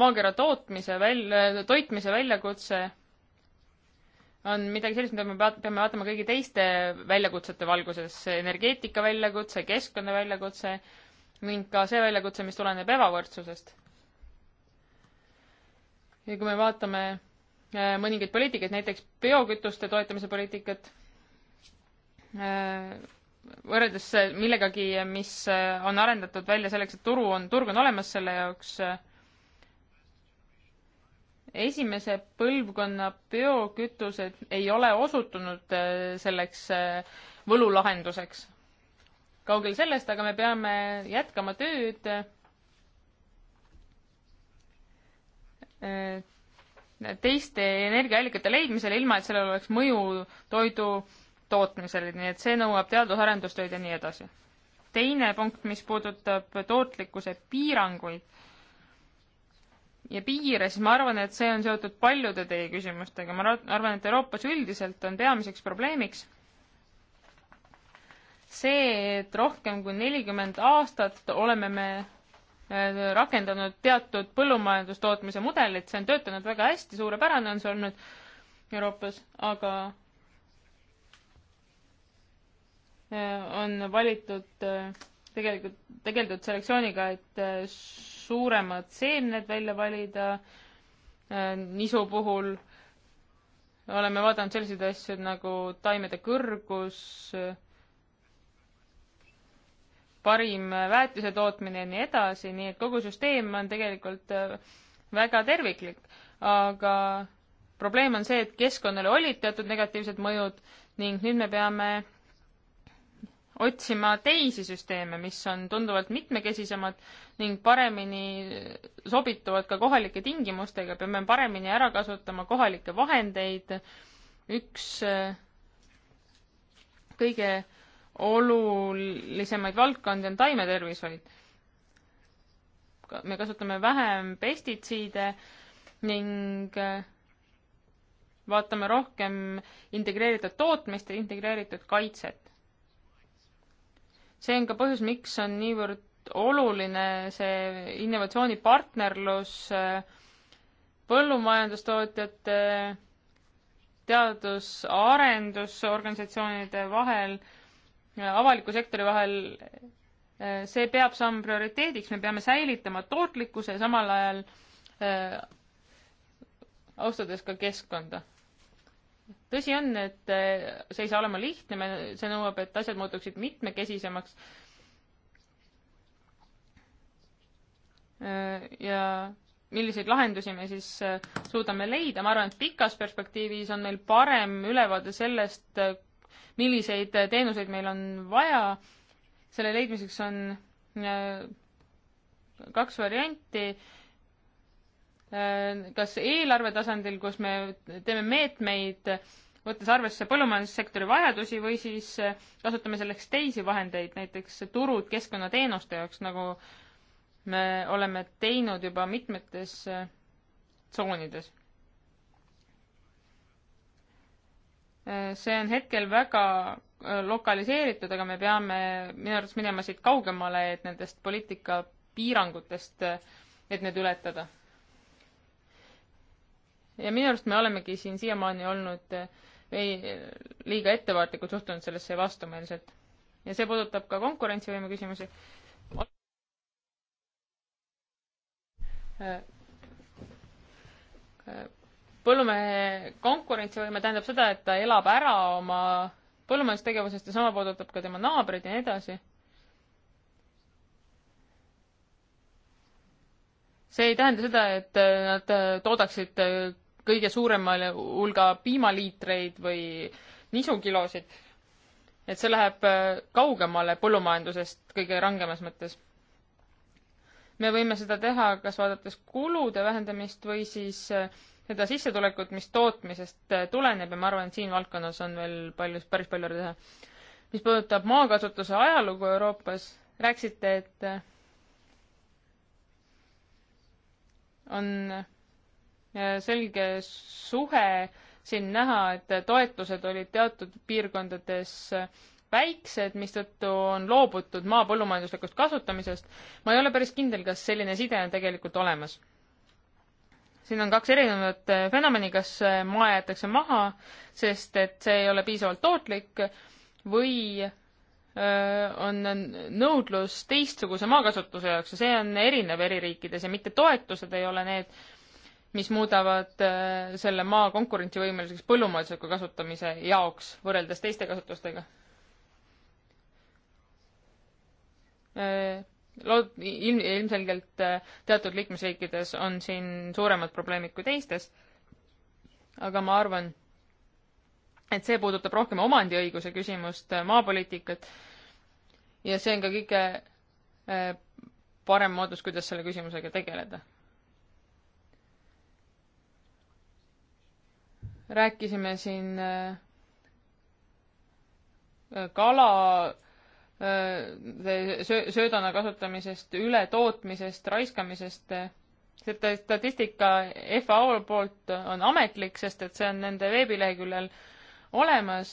maakera tootmise välja, toitmise väljakutse on midagi sellist, mida me peame vaatama kõigi teiste väljakutsete valguses, energeetika väljakutse, keskkonna väljakutse ning ka see väljakutse, mis tuleneb ebavõrdsusest ja kui me vaatame äh, mõningaid poliitikaid, näiteks biokütuste toetamise poliitikat, äh, võrreldes äh, millegagi, mis on arendatud välja selleks, et turu on, turg on olemas selle jaoks, esimese põlvkonna biokütused ei ole osutunud selleks võlulahenduseks. kaugel sellest, aga me peame jätkama tööd Äh, teiste energiaallikate leidmisele, ilma et sellel oleks mõju toidu tootmisele, nii et see nõuab teadus-arendustöid ja nii edasi. teine punkt, mis puudutab tootlikkuse piiranguid ja piire, siis ma arvan, et see on seotud paljude teie küsimustega, ma arvan, et Euroopas üldiselt on peamiseks probleemiks see, et rohkem kui nelikümmend aastat oleme me Äh, rakendanud teatud põllumajandustootmise mudelit, see on töötanud väga hästi, suurepärane on see olnud Euroopas, aga äh, on valitud äh, tegelikult, tegeldud selektsiooniga, et suuremad seemned välja valida, nisu puhul oleme vaadanud selliseid asju nagu taimede kõrgus, parim äh, väetise tootmine ja nii edasi, nii et kogu süsteem on tegelikult äh, väga terviklik. aga probleem on see, et keskkonnale olid teatud negatiivsed mõjud ning nüüd me peame otsima teisi süsteeme, mis on tunduvalt mitmekesisemad ning paremini sobituvad ka kohalike tingimustega, peame paremini ära kasutama kohalikke vahendeid. üks äh, kõige olulisemaid valdkondi on taimetervishoid. me kasutame vähem pestitsiide ning äh, vaatame rohkem integreeritud tootmist ja integreeritud kaitset. see on ka põhjus, miks on niivõrd oluline see innovatsioonipartnerlus äh, põllumajandustootjate teadus-arendusorganisatsioonide vahel avaliku sektori vahel, eh, see peab saama prioriteediks, me peame säilitama tootlikkuse ja samal ajal äh, austades ka keskkonda. tõsi on, et äh, see ei saa olema lihtne, me, see nõuab, et asjad muutuksid mitmekesisemaks äh,. ja milliseid lahendusi me siis suudame leida, ma arvan, et pikas perspektiivis on meil parem ülevaade sellest, milliseid teenuseid meil on vaja. selle leidmiseks on äh, kaks varianti. Äh, kas eelarve tasandil, kus me teeme meetmeid, võttes arvesse põllumajandussektori vajadusi või siis äh, kasutame selleks teisi vahendeid, näiteks turud keskkonnateenuste jaoks, nagu me oleme teinud juba mitmetes tsoonides Äh, see on hetkel väga äh, lokaliseeritud, aga me peame minu arvates minema siit kaugemale, et nendest poliitika piirangutest, äh, et need ületada. ja minu arust me olemegi siin siiamaani olnud ei, liiga ettevaatlikult suhtunud sellesse vastumeelselt. ja see puudutab ka konkurentsivõime küsimusi põllumehe konkurentsivõime tähendab seda, et ta elab ära oma põllumajandustegevusest ja sama puudutab ka tema naabreid ja nii edasi. see ei tähenda seda, et äh, nad äh, toodaksid äh, kõige suuremal hulga piimaliitreid või nisukilosid. et see läheb kaugemale põllumajandusest kõige rangemas mõttes. me võime seda teha kas vaadates kulude vähendamist või siis äh, seda sissetulekut, mis tootmisest äh, tuleneb ja ma arvan, et siin valdkonnas on veel palju, päris palju teha. mis puudutab maakasutuse ajalugu Euroopas, rääkisite, et äh, on äh, selge suhe siin näha, et toetused olid teatud piirkondades väiksed, mistõttu on loobutud maa põllumajanduslikust kasutamisest. ma ei ole päris kindel, kas selline side on tegelikult olemas siin on kaks erinevat eh, fenomeni, kas eh, maa jäetakse maha, sest et see ei ole piisavalt tootlik või eh, on nõudlus teistsuguse maakasutuse jaoks ja see on erinev eri riikides ja mitte toetused ei ole need, mis muudavad selle maa konkurentsivõimeliseks põllumajandusliku kasutamise jaoks võrreldes teiste kasutustega lood-, ilm-, ilmselgelt äh, teatud liikmesriikides on siin suuremad probleemid kui teistes, aga ma arvan, et see puudutab rohkem omandiõiguse küsimust, äh, maapoliitikat ja see on ka kõige äh, parem moodus, kuidas selle küsimusega tegeleda. rääkisime siin kala Äh, söödana kasutamisest, ületootmisest, raiskamisest. see statistika FAO poolt on ametlik, sest et see on nende veebileheküljel olemas.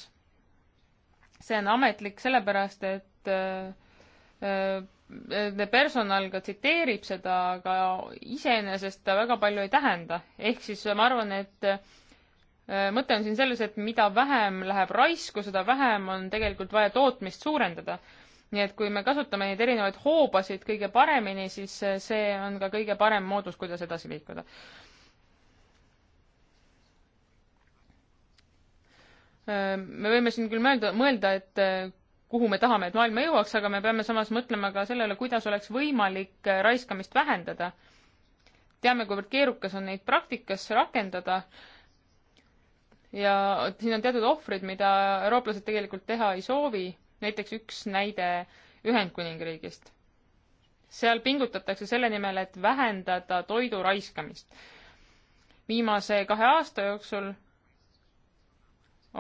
see on ametlik sellepärast, et nende äh, äh, personal ka tsiteerib seda, aga iseenesest ta väga palju ei tähenda. ehk siis ma arvan, et Äh, mõte on siin selles, et mida vähem läheb raisku, seda vähem on tegelikult vaja tootmist suurendada. nii et kui me kasutame neid erinevaid hoobasid kõige paremini, siis äh, see on ka kõige parem moodus, kuidas edasi liikuda. Äh, me võime siin küll mõelda, mõelda, et kuhu me tahame, et maailma jõuaks, aga me peame samas mõtlema ka sellele, kuidas oleks võimalik raiskamist vähendada. teame, kuivõrd keerukas on neid praktikasse rakendada ja siin on teatud ohvrid, mida eurooplased tegelikult teha ei soovi, näiteks üks näide Ühendkuningriigist. seal pingutatakse selle nimel, et vähendada toidu raiskamist. viimase kahe aasta jooksul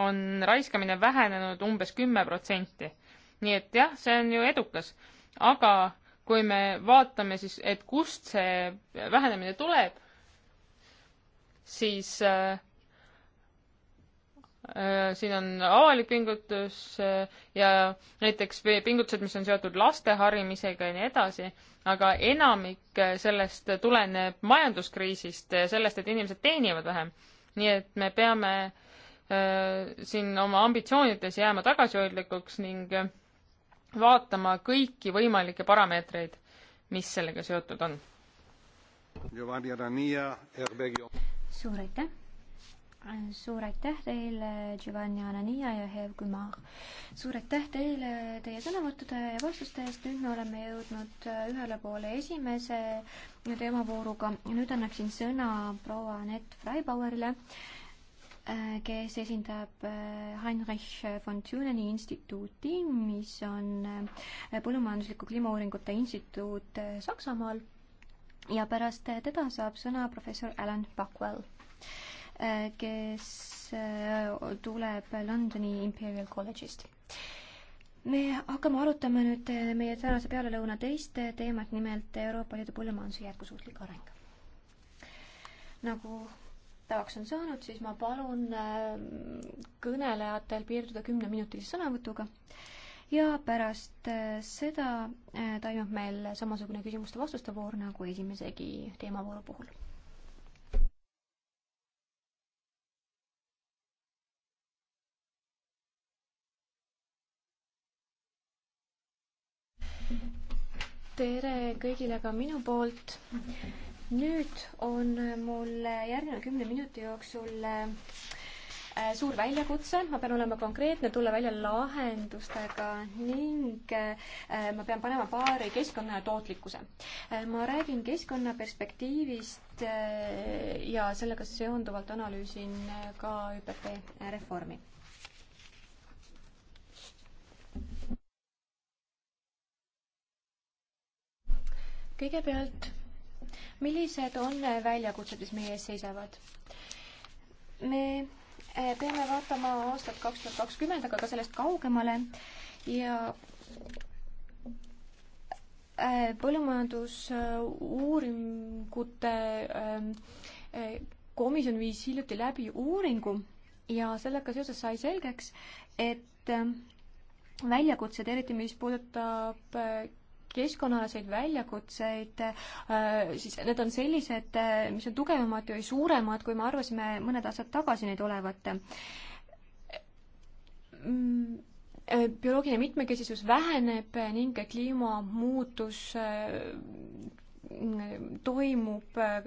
on raiskamine vähenenud umbes kümme protsenti. nii et jah, see on ju edukas, aga kui me vaatame siis, et kust see vähenemine tuleb, siis äh, Äh, siin on avalik pingutus äh, ja näiteks pingutused, mis on seotud laste harimisega ja nii edasi, aga enamik äh, sellest tuleneb majanduskriisist ja sellest, et inimesed teenivad vähem. nii et me peame siin oma ambitsioonides jääma tagasihoidlikuks ning vaatama kõiki võimalikke parameetreid, mis sellega seotud on. suur aitäh! suur aitäh teile, Giovanni Anania ja Hev Kümar. suur aitäh teile teie sõnavõttude ja vastuste eest, nüüd me oleme jõudnud äh, ühele poole esimese äh, teemavooruga. nüüd annaksin sõna proua Anett Freibauerile, äh, kes esindab Heinrich von Thüneni instituuti, mis on Põllumajandusliku Kliimauuringute Instituut Saksamaal ja pärast teda saab sõna professor Alan Buckwell Äh, kes äh, tuleb Londoni Imperial College'ist me hakkame arutama nüüd äh, meie tänase pealelõuna teist teemat, nimelt Euroopa Liidu põllumajanduse jätkusuutlik areng. nagu tavaks on saanud, siis ma palun kõnelejatel piirduda kümneminutilise sõnavõtuga ja pärast seda toimub meil samasugune küsimuste-vastuste voor nagu esimesegi teemavooru puhul tere kõigile ka minu poolt. nüüd on mul järgneva kümne minuti jooksul äh, suur väljakutse, ma pean olema konkreetne, tulla välja lahendustega ning äh, ma pean panema paari keskkonna ja tootlikkuse. Äh, ma räägin keskkonna perspektiivist ja sellega seonduvalt analüüsin ka ÜPP reformi kõigepealt, millised on väljakutsed, mis meie ees seisavad? me eh, peame vaatama aastat kaks tuhat kakskümmend, aga ka sellest kaugemale ja eh, põllumajandusuuringute eh, komisjon viis hiljuti läbi uuringu ja sellega seoses sai selgeks, et väljakutsed, eriti mis puudutab keskkonnaalaseid väljakutseid, äh, siis need on sellised, äh, mis on tugevamad või suuremad, kui me arvasime mõned aastad tagasi neid olevat. Mm, äh, bioloogiline mitmekesisus väheneb ning kliimamuutus toimub äh,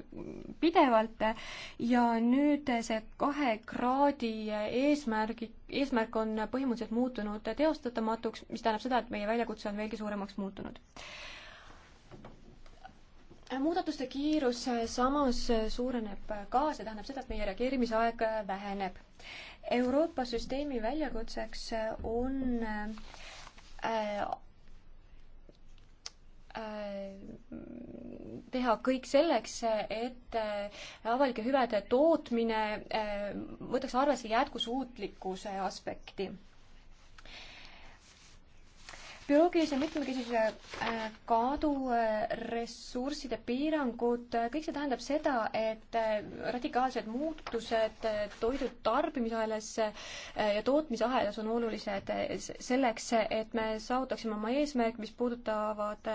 pidevalt ja nüüd see kahe kraadi eesmärgi, eesmärk on põhimõtteliselt muutunud teostatamatuks, mis tähendab seda, et meie väljakutse on veelgi suuremaks muutunud muudatuste kiirus samas suureneb ka, see tähendab seda, et meie reageerimisaeg väheneb. Euroopa süsteemi väljakutseks on äh, Äh, teha kõik selleks, et äh, avalike hüvede tootmine äh, võtaks arvesse jätkusuutlikkuse aspekti bioloogilise mitmekesisuse äh, kadu, äh, ressursside piirangud, äh, kõik see tähendab seda, et radikaalsed muutused toidu tarbimisahelas ja tootmisahelas on olulised selleks, et me saavutaksime oma eesmärk, mis puudutavad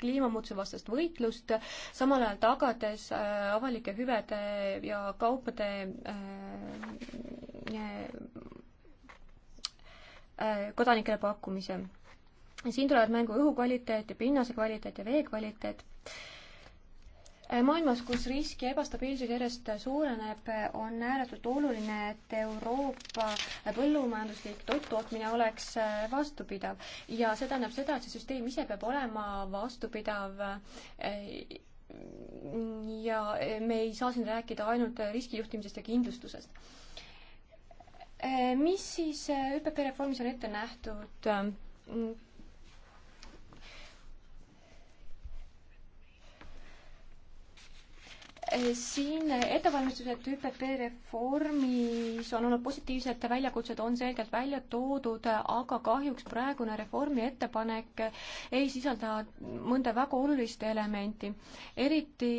kliimamuutuse vastast võitlust, samal ajal tagades avalike hüvede ja kaupade kodanikele pakkumise siin tulevad mängu õhukvaliteet ja pinnase kvaliteet ja vee kvaliteet. Äh, maailmas, kus risk ja ebastabiilsus järjest suureneb, on ääretult oluline, et Euroopa põllumajanduslik toittootmine oleks äh, vastupidav ja see tähendab seda, et see süsteem ise peab olema vastupidav äh, ja me ei saa siin rääkida ainult riskijuhtimisest ja kindlustusest mis siis ÜPP reformis on ette nähtud? siin ettevalmistused ÜPP reformis on olnud positiivsed, väljakutsed on selgelt välja toodud, aga kahjuks praegune reformi ettepanek ei sisalda mõnda väga olulist elementi. eriti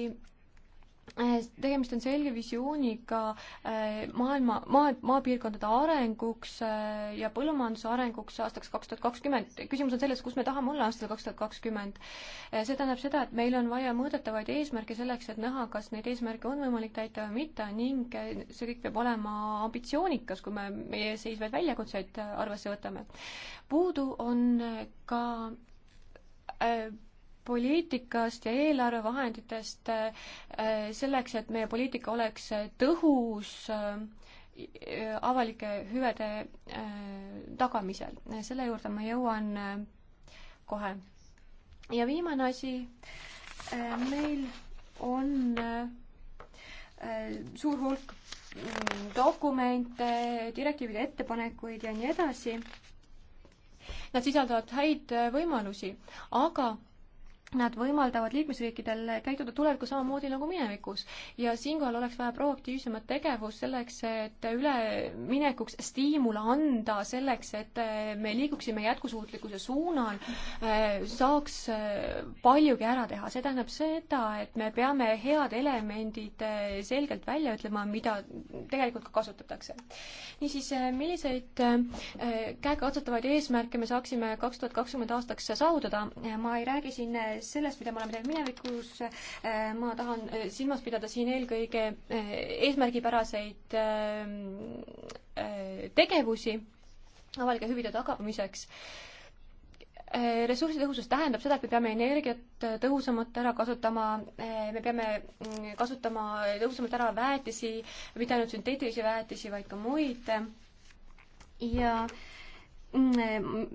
Äh, tegemist on selge visiooniga äh, maailma, maa, maapiirkondade arenguks äh, ja põllumajanduse arenguks aastaks kaks tuhat kakskümmend. küsimus on selles, kus me tahame olla aastal kaks tuhat kakskümmend. see tähendab seda, et meil on vaja mõõdetavaid eesmärke selleks, et näha, kas neid eesmärke on võimalik täita või mitte ning see kõik peab olema ambitsioonikas, kui me meie ees seisvaid väljakutseid arvesse võtame. puudu on ka äh, poliitikast ja eelarvevahenditest äh, selleks, et meie poliitika oleks tõhus äh, avalike hüvede äh, tagamisel. selle juurde ma jõuan kohe. ja viimane asi, meil on suur hulk mm, dokumente, direktiivide ettepanekuid ja nii edasi. Nad sisaldavad häid võimalusi, aga Nad võimaldavad liikmesriikidel käituda tulevikus samamoodi nagu minevikus ja siinkohal oleks vaja proaktiivsemat tegevust selleks, et üleminekuks stiimul anda, selleks, et me liiguksime jätkusuutlikkuse suunal, saaks paljugi ära teha. see tähendab seda, et me peame head elemendid selgelt välja ütlema, mida tegelikult ka kasutatakse. niisiis, milliseid käegakatsutavaid eesmärke me saaksime kaks tuhat kakskümmend aastaks saavutada? ma ei räägi siin sellest, mida me oleme teinud minevikus. Äh, ma tahan äh, silmas pidada siin eelkõige äh, eesmärgipäraseid ähm, tegevusi avalike hüvide tagamiseks ressursitõhusus tähendab seda, et me peame energiat tõhusamalt ära kasutama, me peame mm, kasutama tõhusamalt ära väetisi, mitte ainult sünteetilisi väetisi, vaid ka muid. ja äh, Mm,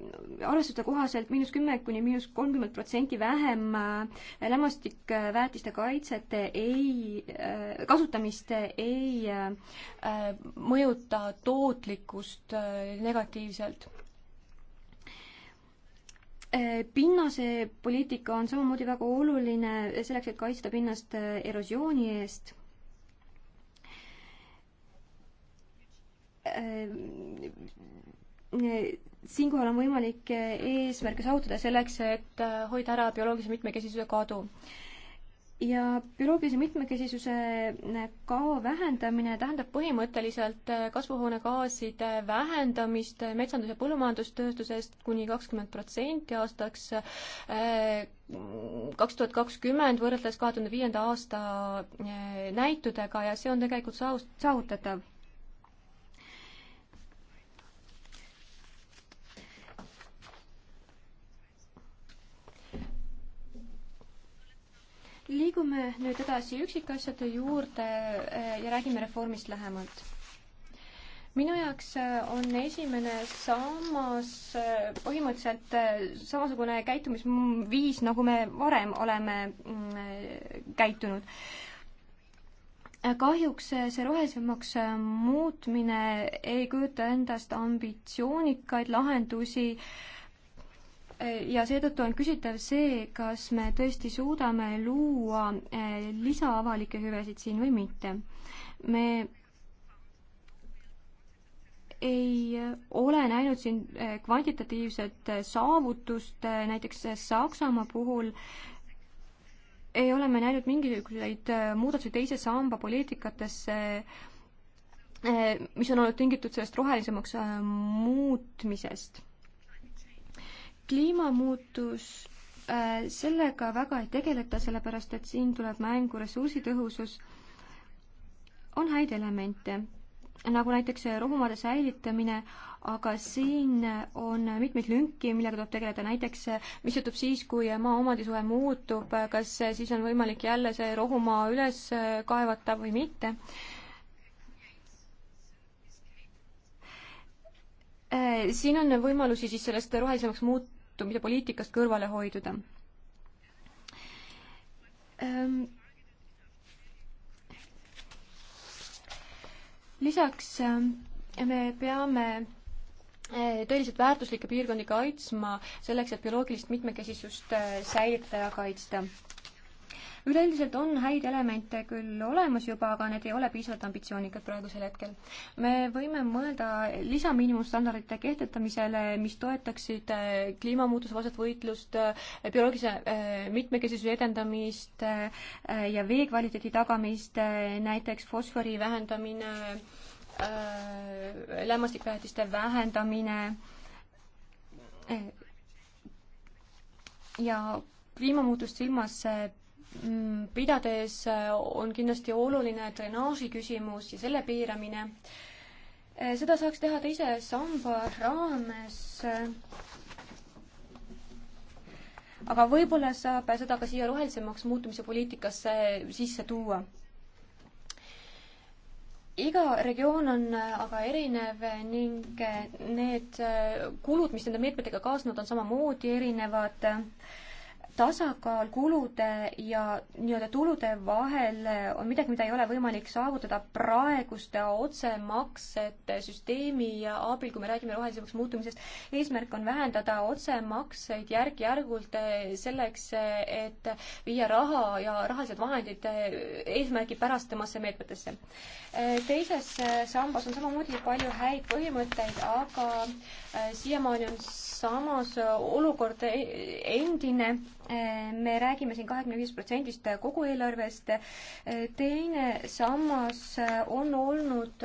arvestuste kohaselt miinus kümme kuni miinus kolmkümmend protsenti vähem äh, lämmastikväetiste äh, kaitset ei, äh, kasutamist ei mõjuta tootlikkust negatiivselt. pinnase poliitika on samamoodi väga oluline selleks, et kaitsta pinnast erosiooni eest siinkohal on võimalik eesmärke saavutada selleks, et äh, hoida ära bioloogilise mitmekesisuse kadu. ja bioloogilise mitmekesisuse äh, kao vähendamine tähendab põhimõtteliselt äh, kasvuhoonegaaside vähendamist metsandus- ja põllumajandustööstusest kuni kakskümmend protsenti aastaks kaks tuhat kakskümmend võrreldes kahe tuhande viienda aasta näitudega ja see on tegelikult saavutatav liigume nüüd edasi üksikasjade juurde eh, ja räägime reformist lähemalt. minu jaoks eh, on esimene sammas eh, põhimõtteliselt samasugune käitumisviis, nagu me varem oleme mm, käitunud kahjuks see rohelisemaks muutmine ei kujuta endast ambitsioonikaid lahendusi äh, ja seetõttu on küsitav see, kas me tõesti suudame luua eh, lisaavalikke hüvesid siin või mitte. me ei ole näinud siin eh, kvantitatiivset saavutust, eh, näiteks Saksamaa puhul ei ole me näinud mingisuguseid muudatusi teise samba poliitikatesse, mis on olnud tingitud sellest rohelisemaks muutmisest kliimamuutus, äh, sellega väga ei tegeleta, sellepärast et siin tuleb mängu ressursitõhusus. on häid elemente, nagu näiteks rohumaade säilitamine, aga siin on mitmeid lünki, millega tuleb tegeleda, näiteks mis juhtub siis, kui maa omandisuhe muutub, kas siis on võimalik jälle see rohumaa üles kaevata või mitte äh, siin on võimalusi siis sellest rohelisemaks muut-, käitumise poliitikast kõrvale hoiduda. Ehm, lisaks ehm, me peame eh, tõeliselt väärtuslikke piirkondi kaitsma selleks, et bioloogilist mitmekesisust eh, säilitada ja kaitsta üleüldiselt on häid elemente küll olemas juba, aga need ei ole piisavalt ambitsioonikad praegusel hetkel. me võime mõelda lisamiinimumstandardite kehtestamisele, mis toetaksid äh, kliimamuutuse vastaselt võitlust, äh, bioloogilise äh, mitmekesisuse edendamist ja veekvaliteedi tagamist, näiteks fosfori vähendamine, lämmastikväetiste vähendamine ja kliimamuutust silmas Mm, pidades äh, on kindlasti oluline drenaaži küsimus ja selle piiramine. Äh, seda saaks teha teise samba raames. aga võib-olla saab seda ka siia rohelisemaks muutumise poliitikasse sisse tuua iga regioon on äh, aga erinev ning need kulud, mis nende meetmetega kaasnevad, on samamoodi erinevad tasakaal kulude ja nii-öelda tulude vahel on midagi, mida ei ole võimalik saavutada praeguste otsemaksete süsteemi abil, kui me räägime rohelisemaks muutumisest. eesmärk on vähendada otsemakseid järk-järgult eh, selleks, eh, et viia raha ja rahalised vahendid eh, eesmärgipärastemasse meetmetesse. teises sambas on samamoodi palju häid põhimõtteid, aga siiamaani on samas äh, olukord e-, endine, äh, me räägime siin kahekümne viiest protsendist kogu eelarvest, äh, teine sammas on olnud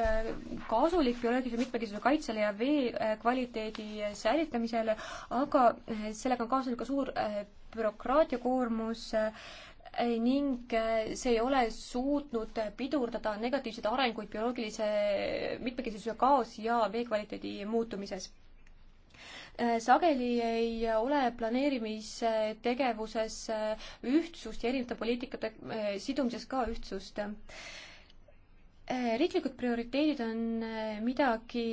kasulik bioloogilise mitmekesisuse kaitsele ja vee kvaliteedi säilitamisele, aga sellega on kaasnenud ka suur bürokraatia koormus ning see ei ole suutnud pidurdada negatiivseid arenguid bioloogilise mitmekesisuse kaos ja vee kvaliteedi muutumises Äh, sageli ei äh, ole planeerimistegevuses äh, ühtsust ja erinevate poliitikate sidumises ka ühtsust riiklikud prioriteedid on midagi,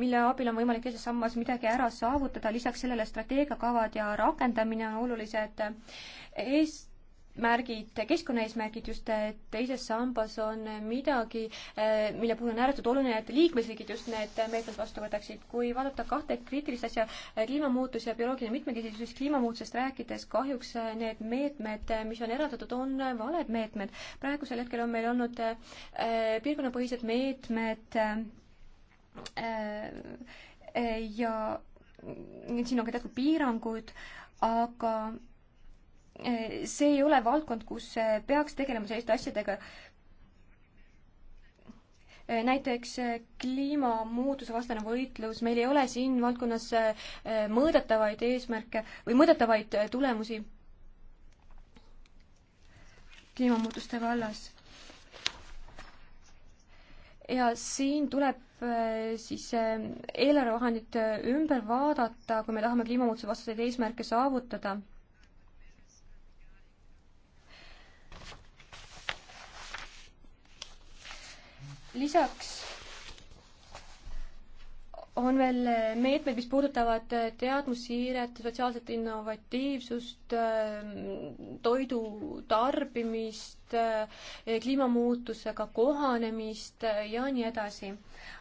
mille abil on võimalik teises sammas midagi ära saavutada, lisaks sellele strateegiakavad ja rakendamine on olulised. Eest-, märgid, keskkonnaeesmärgid just teises sambas on midagi, eh, mille puhul on ääretult oluline, et liikmesriigid just need meetmed vastu võtaksid. kui vaadata kahte kriitilist asja, eh, kliimamuutus ja bioloogiline mitmekesisus, siis kliimamuutusest rääkides kahjuks eh, need meetmed, mis on eraldatud, on valed meetmed. praegusel hetkel on meil olnud piirkonnapõhised meetmed ja siin on ka teatud piirangud, aga see ei ole valdkond, kus äh, peaks tegelema selliste asjadega. Äh, näiteks äh, kliimamuutuse vastane võitlus, meil ei ole siin valdkonnas mõõdetavaid eesmärke või mõõdetavaid tulemusi kliimamuutuste vallas. ja siin tuleb siis eelarvevahendid ümber vaadata, kui me tahame kliimamuutuse vastaseid eesmärke saavutada lisaks on veel meetmed, mis puudutavad teadmussiiret, sotsiaalset innovatiivsust, Äh, toidu tarbimist, äh, kliimamuutusega kohanemist äh, ja nii edasi.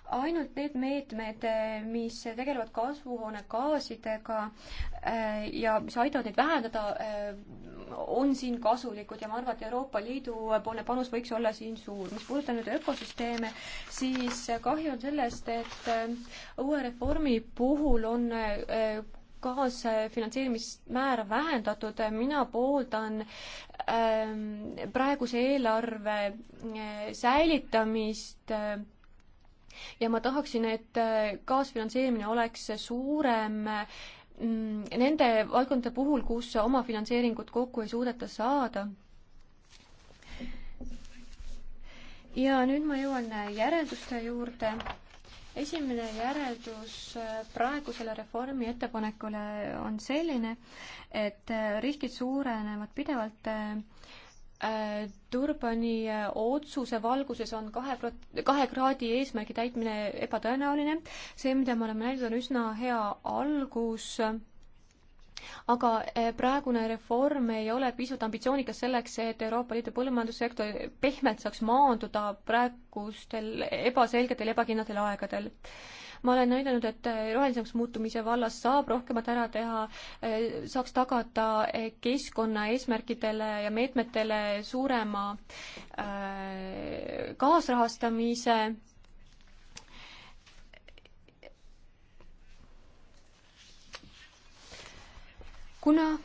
ainult need meetmed, mis tegelevad kasvuhoonegaasidega ja mis aitavad neid vähendada, on siin kasulikud ja ma arvan, et Euroopa Liidu poolne panus võiks olla siin suur. mis puudutab nüüd ökosüsteeme, siis kahju on sellest, et uue reformi puhul on kaasfinantseerimismäära vähendatud, mina pooldan ähm, praeguse eelarve äh, säilitamist äh, ja ma tahaksin, et äh, kaasfinantseerimine oleks suurem mm, nende valdkondade puhul, kus omafinantseeringut kokku ei suudeta saada ja nüüd ma jõuan äh, järelduste juurde esimene järeldus äh, praegusele reformi ettepanekule on selline, et äh, riskid suurenevad pidevalt äh, Durbani otsuse valguses on kahe prot-, kahe kraadi eesmärgi täitmine ebatõenäoline. see, mida me oleme näinud, on üsna hea algus aga eh, praegune reform ei ole pisut ambitsioonikas selleks, et Euroopa Liidu põllumajandussektor pehmelt saaks maanduda praegustel ebaselgetel, ebakindlatel aegadel. ma olen näidanud, et eh, rohelisemaks muutumise vallas saab rohkemat ära teha, eh, saaks tagada keskkonnaeesmärkidele ja meetmetele suurema kaasrahastamise kuna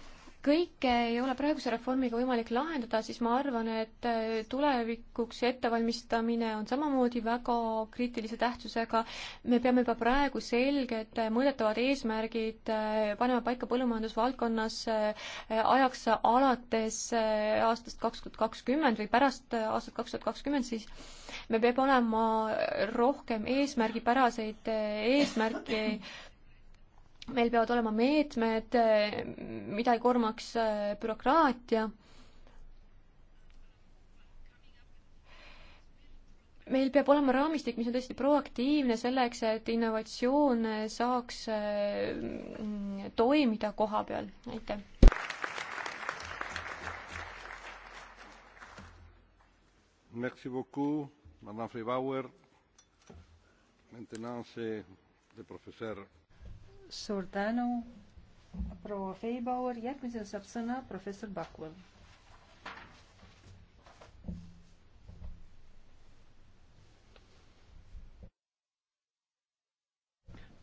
kõike ei ole praeguse reformiga võimalik lahendada, siis ma arvan, et äh, tulevikuks ettevalmistamine on samamoodi väga kriitilise tähtsusega. me peame juba praegu selged äh, mõõdetavad eesmärgid äh, panema paika põllumajandusvaldkonnas ajaks alates aastast kaks tuhat kakskümmend või pärast aastat kaks tuhat kakskümmend, siis me peab olema rohkem eesmärgipäraseid eesmärke meil peavad olema meetmed, mida ei koormaks äh, bürokraatia. meil peab olema raamistik, mis on tõesti proaktiivne selleks, et innovatsioon saaks äh, toimida koha peal, aitäh. Merci beaucoup, madame Freibauer. Maintenant c'est le professeur suur tänu, proua Feibauer, järgmisena saab sõna professor Bakul.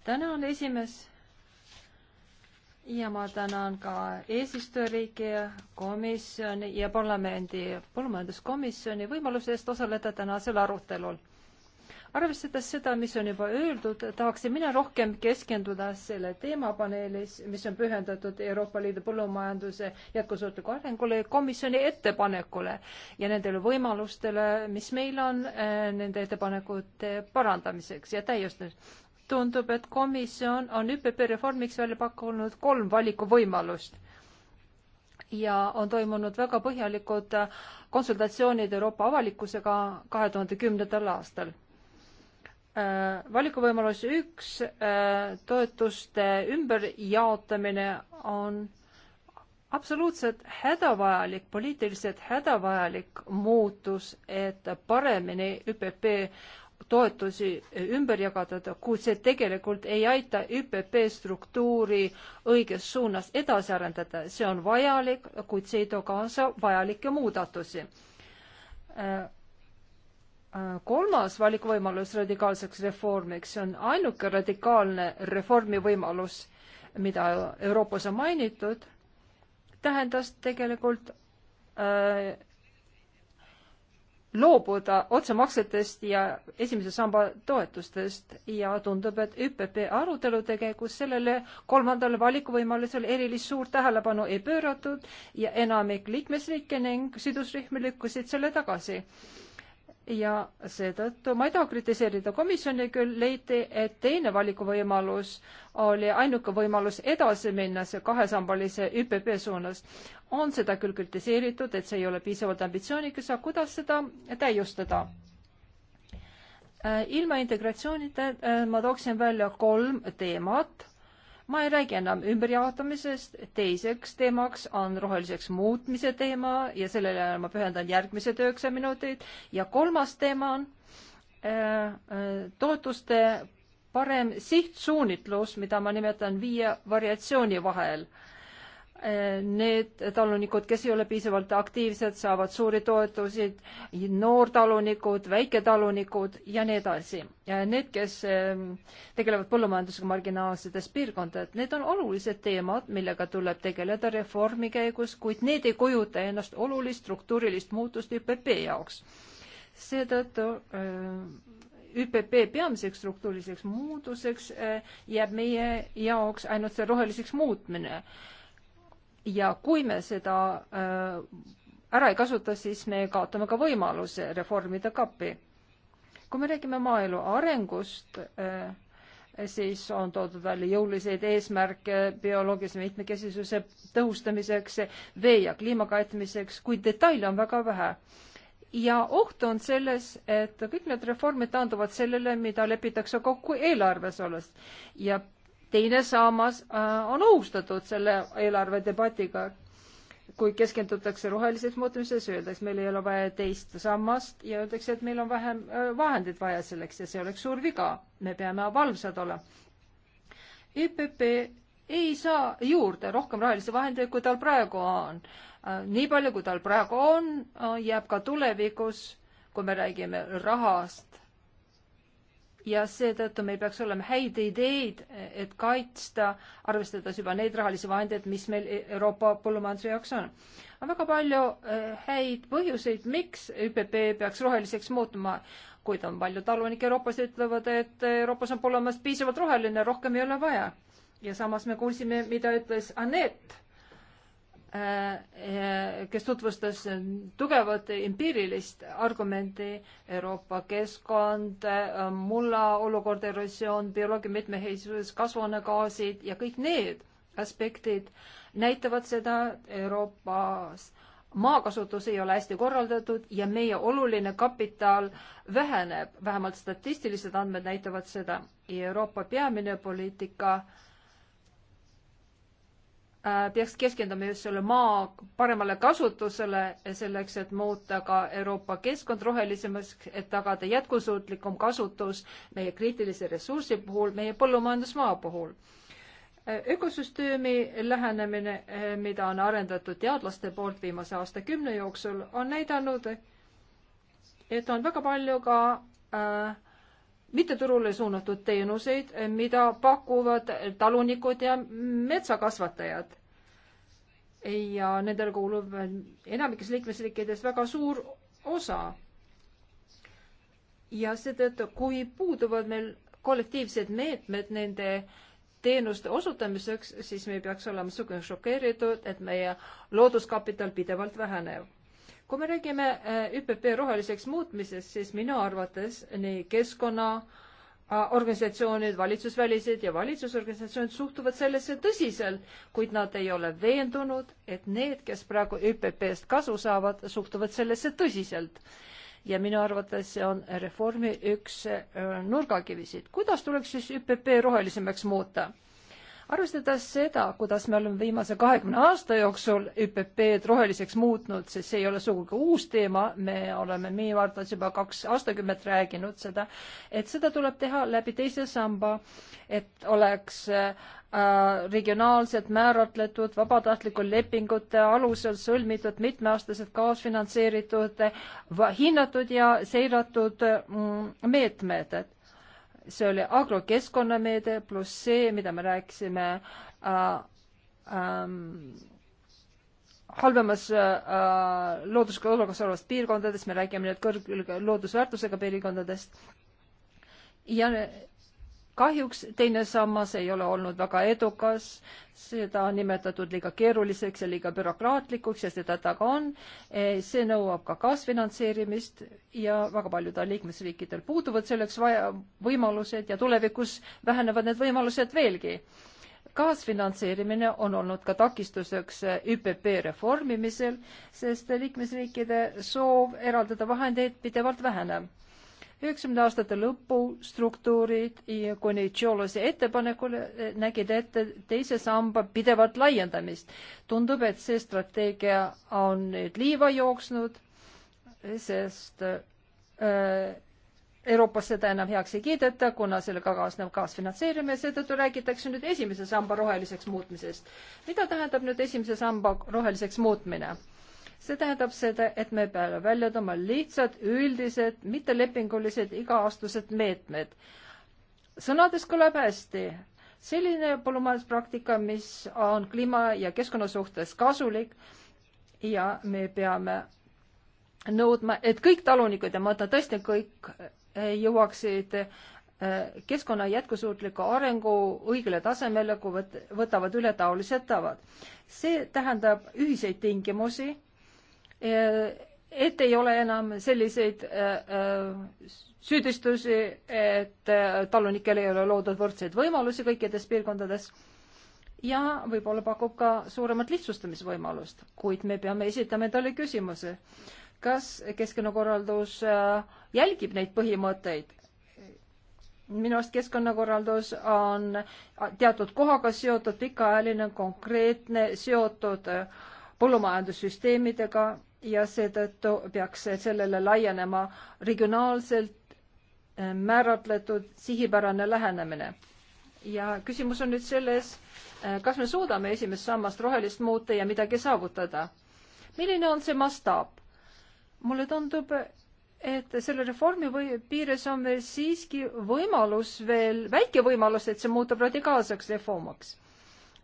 tänan, esimees. ja ma tänan ka eesistujariigi komisjoni ja parlamendi põllumajanduskomisjoni võimaluse eest osaleda tänasel arutelul arvestades seda, mis on juba öeldud, tahaksin mina rohkem keskenduda selle teemapaneelis, mis on pühendatud Euroopa Liidu põllumajanduse jätkusuutliku arengule ja komisjoni ettepanekule ja nendele võimalustele, mis meil on eh, nende ettepanekute parandamiseks ja täiustamiseks tundub, et komisjon on ÜPP reformiks välja pakkunud kolm valikuvõimalust ja on toimunud väga põhjalikud konsultatsioonid Euroopa avalikkusega kahe tuhande kümnendal aastal Äh, valikuvõimalus üks, äh, toetuste ümberjaotamine on absoluutselt hädavajalik, poliitiliselt hädavajalik muutus, et paremini ÜPP toetusi ümber jagada, kuid see tegelikult ei aita ÜPP struktuuri õiges suunas edasi arendada, see on vajalik, kuid see ei too kaasa vajalikke muudatusi äh, Äh, kolmas valikuvõimalus radikaalseks reformiks, see on ainuke radikaalne reformivõimalus, mida Euroopas on mainitud, tähendas tegelikult äh, loobuda otsemaksetest ja esimese samba toetustest ja tundub, et ÜPP arutelude käigus sellele kolmandale valikuvõimalusele erilist suurt tähelepanu ei pööratud ja enamik liikmesriike ning sidusrühmi lükkusid selle tagasi äh, ja seetõttu ma ei taha kritiseerida komisjoni, küll leiti, et teine valikuvõimalus oli ainuke võimalus edasi minna see kahesambalise ÜPP suunas. on seda küll kritiseeritud, et see ei ole piisavalt ambitsioonikas, aga kuidas seda täiustada? Äh, ilma integratsioonita äh, ma tooksin välja kolm teemat ma ei räägi enam ümberjaotamisest, teiseks teemaks on roheliseks muutmise teema ja sellele ma pühendan järgmised üheksa minutit ja kolmas teema on äh, äh toetuste parem sihtsuunitlus, mida ma nimetan viie variatsiooni vahel äh, Need talunikud, kes ei ole piisavalt aktiivsed, saavad suuri toetusi, noortalunikud, väiketalunikud ja nii edasi. ja need, kes ehm, tegelevad põllumajandusega marginaalsetes piirkondades, need on olulised teemad, millega tuleb tegeleda reformi käigus, kuid need ei kujuta ennast olulist struktuurilist muutust ÜPP jaoks. seetõttu ehm, ÜPP peamiseks struktuuriliseks muutuseks eh, jääb meie jaoks ainult see roheliseks muutmine ja kui me seda äh, ära ei kasuta, siis me kaotame ka võimaluse reformida kappi. kui me räägime maaelu arengust, äh, siis on toodud välja jõuliseid eesmärke bioloogilise mitmekesisuse tõhustamiseks, vee ja kliima kaetmiseks, kuid detaile on väga vähe ja oht on selles, et kõik need reformid taanduvad sellele, mida lepitakse kokku eelarves olles ja teine sammas äh, on ohustatud selle eelarvedebatiga. kui keskendutakse roheliseks muutumises, öeldakse, meil ei ole vaja teist sammast ja öeldakse, et meil on vähem äh, vahendeid vaja selleks ja see oleks suur viga. me peame valvsad olema. ÜPP e ei saa juurde rohkem rahalisi vahendeid, kui tal praegu on. Äh, nii palju, kui tal praegu on, jääb ka tulevikus, kui me räägime rahast ja seetõttu meil peaks olema häid ideid, et kaitsta, arvestades juba neid rahalisi vahendeid, mis meil e-, Euroopa põllumajanduse jaoks on. on väga palju äh, häid põhjuseid, miks ÜPP peaks roheliseks muutuma, kuid on palju talunikke Euroopas, ütlevad, et Euroopas on põllumajandus piisavalt roheline, rohkem ei ole vaja. ja samas me kuulsime, mida ütles Anett Äh, kes tutvustas tugevat empiirilist argumenti Euroopa keskkond, mulla olukord, erosioon, bioloogia mitmeheisus, kasvuhoonegaasid ja kõik need aspektid näitavad seda Euroopas maakasutus ei ole hästi korraldatud ja meie oluline kapital väheneb, vähemalt statistilised andmed näitavad seda. Euroopa peamine poliitika äh, Äh, peaks keskenduma just selle maa paremale kasutusele, selleks et muuta ka Euroopa keskkond rohelisemaks, et tagada jätkusuutlikum kasutus meie kriitilise ressursi puhul, meie põllumajandusmaa puhul. Äh, ökosüsteemi lähenemine, äh, mida on arendatud teadlaste poolt viimase aastakümne jooksul, on näidanud, et on väga palju ka äh, mitteturule suunatud teenuseid, mida pakuvad talunikud ja metsakasvatajad ja nendel kuulub enamikes liikmesriikides väga suur osa. ja seetõttu, kui puuduvad meil kollektiivsed meetmed nende teenuste osutamiseks, siis me ei peaks olema sugugi šokeeritud, et meie looduskapital pidevalt väheneb. kui me räägime äh, ÜPP roheliseks muutmisest, siis minu arvates nii keskkonna äh, Äh, organisatsioonid, valitsusvälised ja valitsusorganisatsioonid suhtuvad sellesse tõsiselt, kuid nad ei ole veendunud, et need, kes praegu ÜPP-st kasu saavad, suhtuvad sellesse tõsiselt. ja minu arvates see on reformi üks äh, nurgakivisid. kuidas tuleks siis ÜPP rohelisemaks muuta? arvestades seda, kuidas me oleme viimase kahekümne aasta jooksul ÜPP-d roheliseks muutnud, sest see ei ole sugugi uus teema, me oleme meie arvates juba kaks aastakümmet rääkinud seda, et seda tuleb teha läbi teise samba, et oleks äh, regionaalselt määratletud vabatahtlikul lepingute alusel sõlmitud mitmeaastased kaasfinantseeritud, hinnatud ja seiratud mm, meetmed see oli agrokeskkonnameede pluss see, mida me rääkisime äh, ähm, halvemas äh, loodusolukorras olevast piirkondadest, me räägime nüüd kõrg-, loodusväärtusega piirkondadest ja kahjuks teine sammas ei ole olnud väga edukas, seda on nimetatud liiga keeruliseks ja liiga bürokraatlikuks ja seda ta ka on. Eh, see nõuab ka kaasfinantseerimist ja väga paljudel liikmesriikidel puuduvad selleks vaja võimalused ja tulevikus vähenevad need võimalused veelgi kaasfinantseerimine on olnud ka takistuseks ÜPP reformimisel, sest liikmesriikide soov eraldada vahendeid pidevalt väheneb üheksakümnenda aastate lõpu struktuurid ja kuni Tšolose ettepanekule eh, nägid ette teise samba pidevat laiendamist. tundub, et see strateegia on nüüd liiva jooksnud, sest äh, Euroopas seda enam heaks ei kiideta, kuna sellega kaasneb kaasfinantseerimine, seetõttu räägitakse nüüd esimese samba roheliseks muutmisest. mida tähendab nüüd esimese samba roheliseks muutmine? see tähendab seda, et me peame välja tooma lihtsad, üldised, mittelepingulised iga-aastased meetmed. sõnades kõlab hästi, selline põllumajanduspraktika, mis on kliima ja keskkonna suhtes kasulik ja me peame nõudma, et kõik talunikud ja ma ütlen tõesti kõik eh, jõuaksid eh, keskkonna jätkusuutliku arengu õigele tasemele, kui võt-, võtavad üle taolised tavad. see tähendab ühiseid tingimusi Eh, et ei ole enam selliseid eh, eh, süüdistusi, et talunikel ei ole loodud võrdseid võimalusi kõikides piirkondades ja võib-olla pakub ka suuremat lihtsustamisvõimalust, kuid me peame esitama endale küsimuse, kas keskkonnakorraldus jälgib neid põhimõtteid? minu arust keskkonnakorraldus on teatud kohaga seotud, pikaajaline, konkreetne, seotud põllumajandussüsteemidega ja seetõttu peaks sellele laienema regionaalselt eh, määratletud sihipärane lähenemine. ja küsimus on nüüd selles, eh, kas me suudame esimest sammast rohelist muuta ja midagi saavutada. milline on see mastaap? mulle tundub, et selle reformi või piires on meil siiski võimalus veel, väike võimalus, et see muutub radikaalseks reformiks.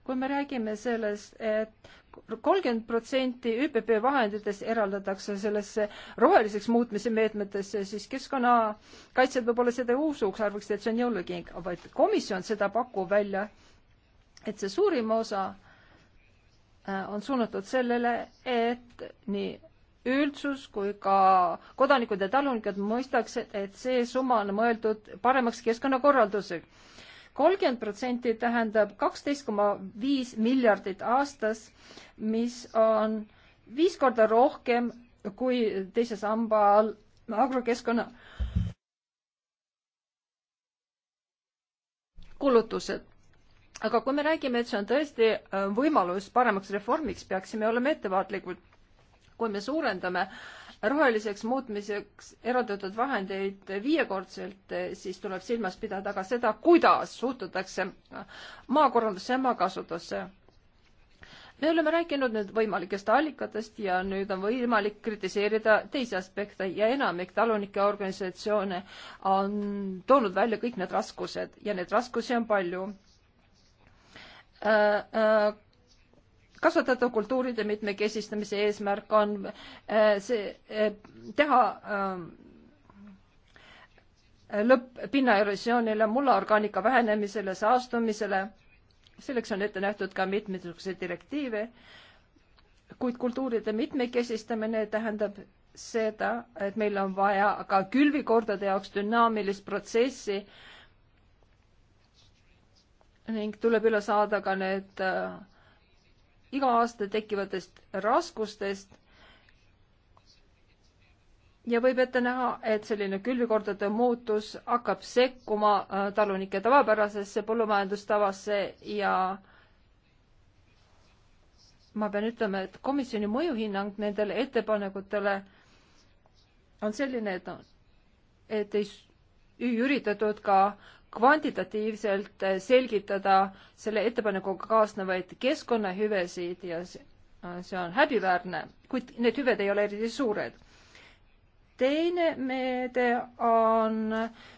kui me räägime sellest, et kolmkümmend protsenti ÜPP vahenditest eraldatakse sellesse roheliseks muutmise meetmetesse, siis keskkonnakaitse võib-olla seda usuks, arvaks, et see on jõuluking, vaid komisjon seda pakub välja, et see suurim osa äh, on suunatud sellele, et nii üldsus kui ka kodanikud ja talunikud mõistaksid, et see summa on mõeldud paremaks keskkonnakorralduseks kolmkümmend protsenti tähendab kaksteist koma viis miljardit aastas, mis on viis korda rohkem kui teise samba all agrokeskkonna kulutused. aga kui me räägime, et see on tõesti äh, võimalus paremaks reformiks, peaksime olema ettevaatlikud. kui me suurendame äh, roheliseks muutmiseks eraldatud vahendeid viiekordselt, siis tuleb silmas pidada ka seda, kuidas suhtutakse maakorraldusse ja maakasutusse. me oleme rääkinud nüüd võimalikest allikatest ja nüüd on võimalik kritiseerida teisi aspekte ja enamik talunike organisatsioone on toonud välja kõik need raskused ja neid raskusi on palju äh, äh, kasvatatav kultuuride mitmekesistamise eesmärk on äh, see äh, teha äh, lõpp pinnaerosioonile, mullaorgaanika vähenemisele, saastumisele. selleks on ette nähtud ka mitmesuguseid direktiive. kuid kultuuride mitmekesistamine tähendab seda, et meil on vaja ka külvikordade jaoks dünaamilist protsessi ning tuleb üle saada ka need äh, iga aasta tekkivatest raskustest ja võib ette näha, et selline külvikordade muutus hakkab sekkuma äh, talunike tavapärasesse põllumajandustavasse ja ma pean ütlema, et komisjoni mõjuhinnang nendele ettepanekutele on selline, et, et ei üritatud ka kvantitatiivselt selgitada selle ettepanekuga kaasnevaid keskkonnahüvesid ja see on häbiväärne, kuid need hüved ei ole eriti suured. teine meede on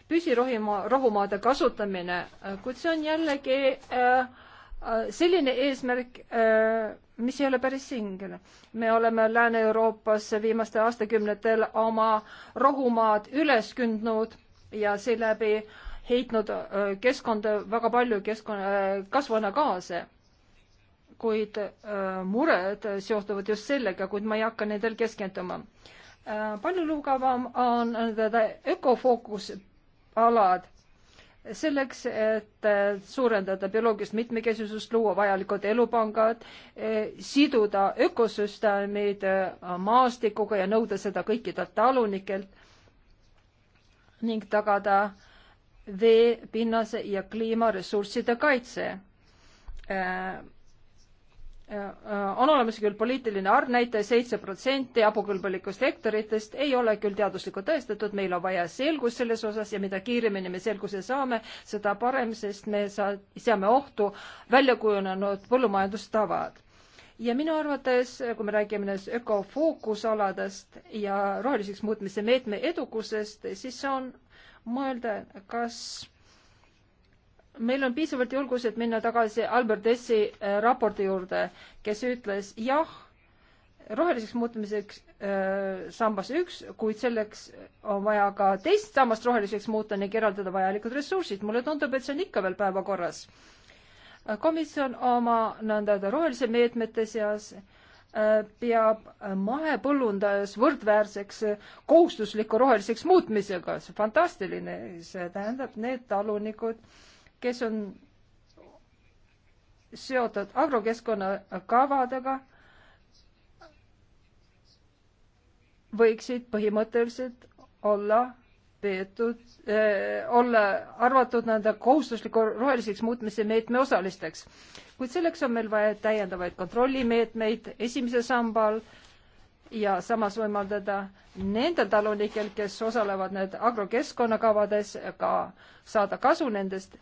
püsirohimaa, rohumaade kasutamine, kuid see on jällegi äh, äh selline eesmärk, äh, mis ei ole päris singel. me oleme Lääne-Euroopas viimastel aastakümnetel oma rohumaad üles kündnud ja seeläbi heitnud äh, keskkonda väga palju keskkonna, äh, kasvuhoonegaase kuid äh, mured seostuvad just sellega, kuid ma ei hakka nendel keskenduma. palju lugevam on nii-öelda ökofookusalad selleks, et suurendada bioloogilist mitmekesisust, luua vajalikud elupangad, siduda ökosüsteemid maastikuga ja nõuda seda kõikidelt talunikelt ning tagada vee, pinnase ja kliimaressursside kaitse äh, äh, äh, on olemas küll poliitiline arvnäitaja, seitse protsenti abukõlbulikust hektaritest, ei ole küll teaduslikult tõestatud, meil on vaja selgust selles osas ja mida kiiremini me selguse saame, seda parem, sest me saa-, seame ohtu välja kujunenud põllumajandustavad. ja minu arvates, kui me räägime nendest ökofookusaladest ja roheliseks muutmise meetme edukusest, siis see on mõelda, kas meil on piisavalt julgust, et minna tagasi Albert Essi äh, raporti juurde, kes ütles jah, roheliseks muutmiseks äh, sambas üks, kuid selleks on vaja ka teist sammast roheliseks muuta ning eraldada vajalikud ressursid. mulle tundub, et see on ikka veel päevakorras. komisjon oma nõnda-öelda rohelise meetmete seas äh, Äh, peab mahepõllundajus võrdväärseks kohustusliku roheliseks muutmisega. see on fantastiline, see tähendab, need talunikud, kes on seotud agrokeskkonna kavadega, võiksid põhimõtteliselt olla peetud äh,, olla arvatud nende kohustusliku roheliseks muutmise meetme osalisteks. kuid selleks on meil vaja täiendavaid kontrollimeetmeid esimesel sambal ja samas võimaldada nendel talunikel, kes osalevad need agrokeskkonnakavades, ka saada kasu nendest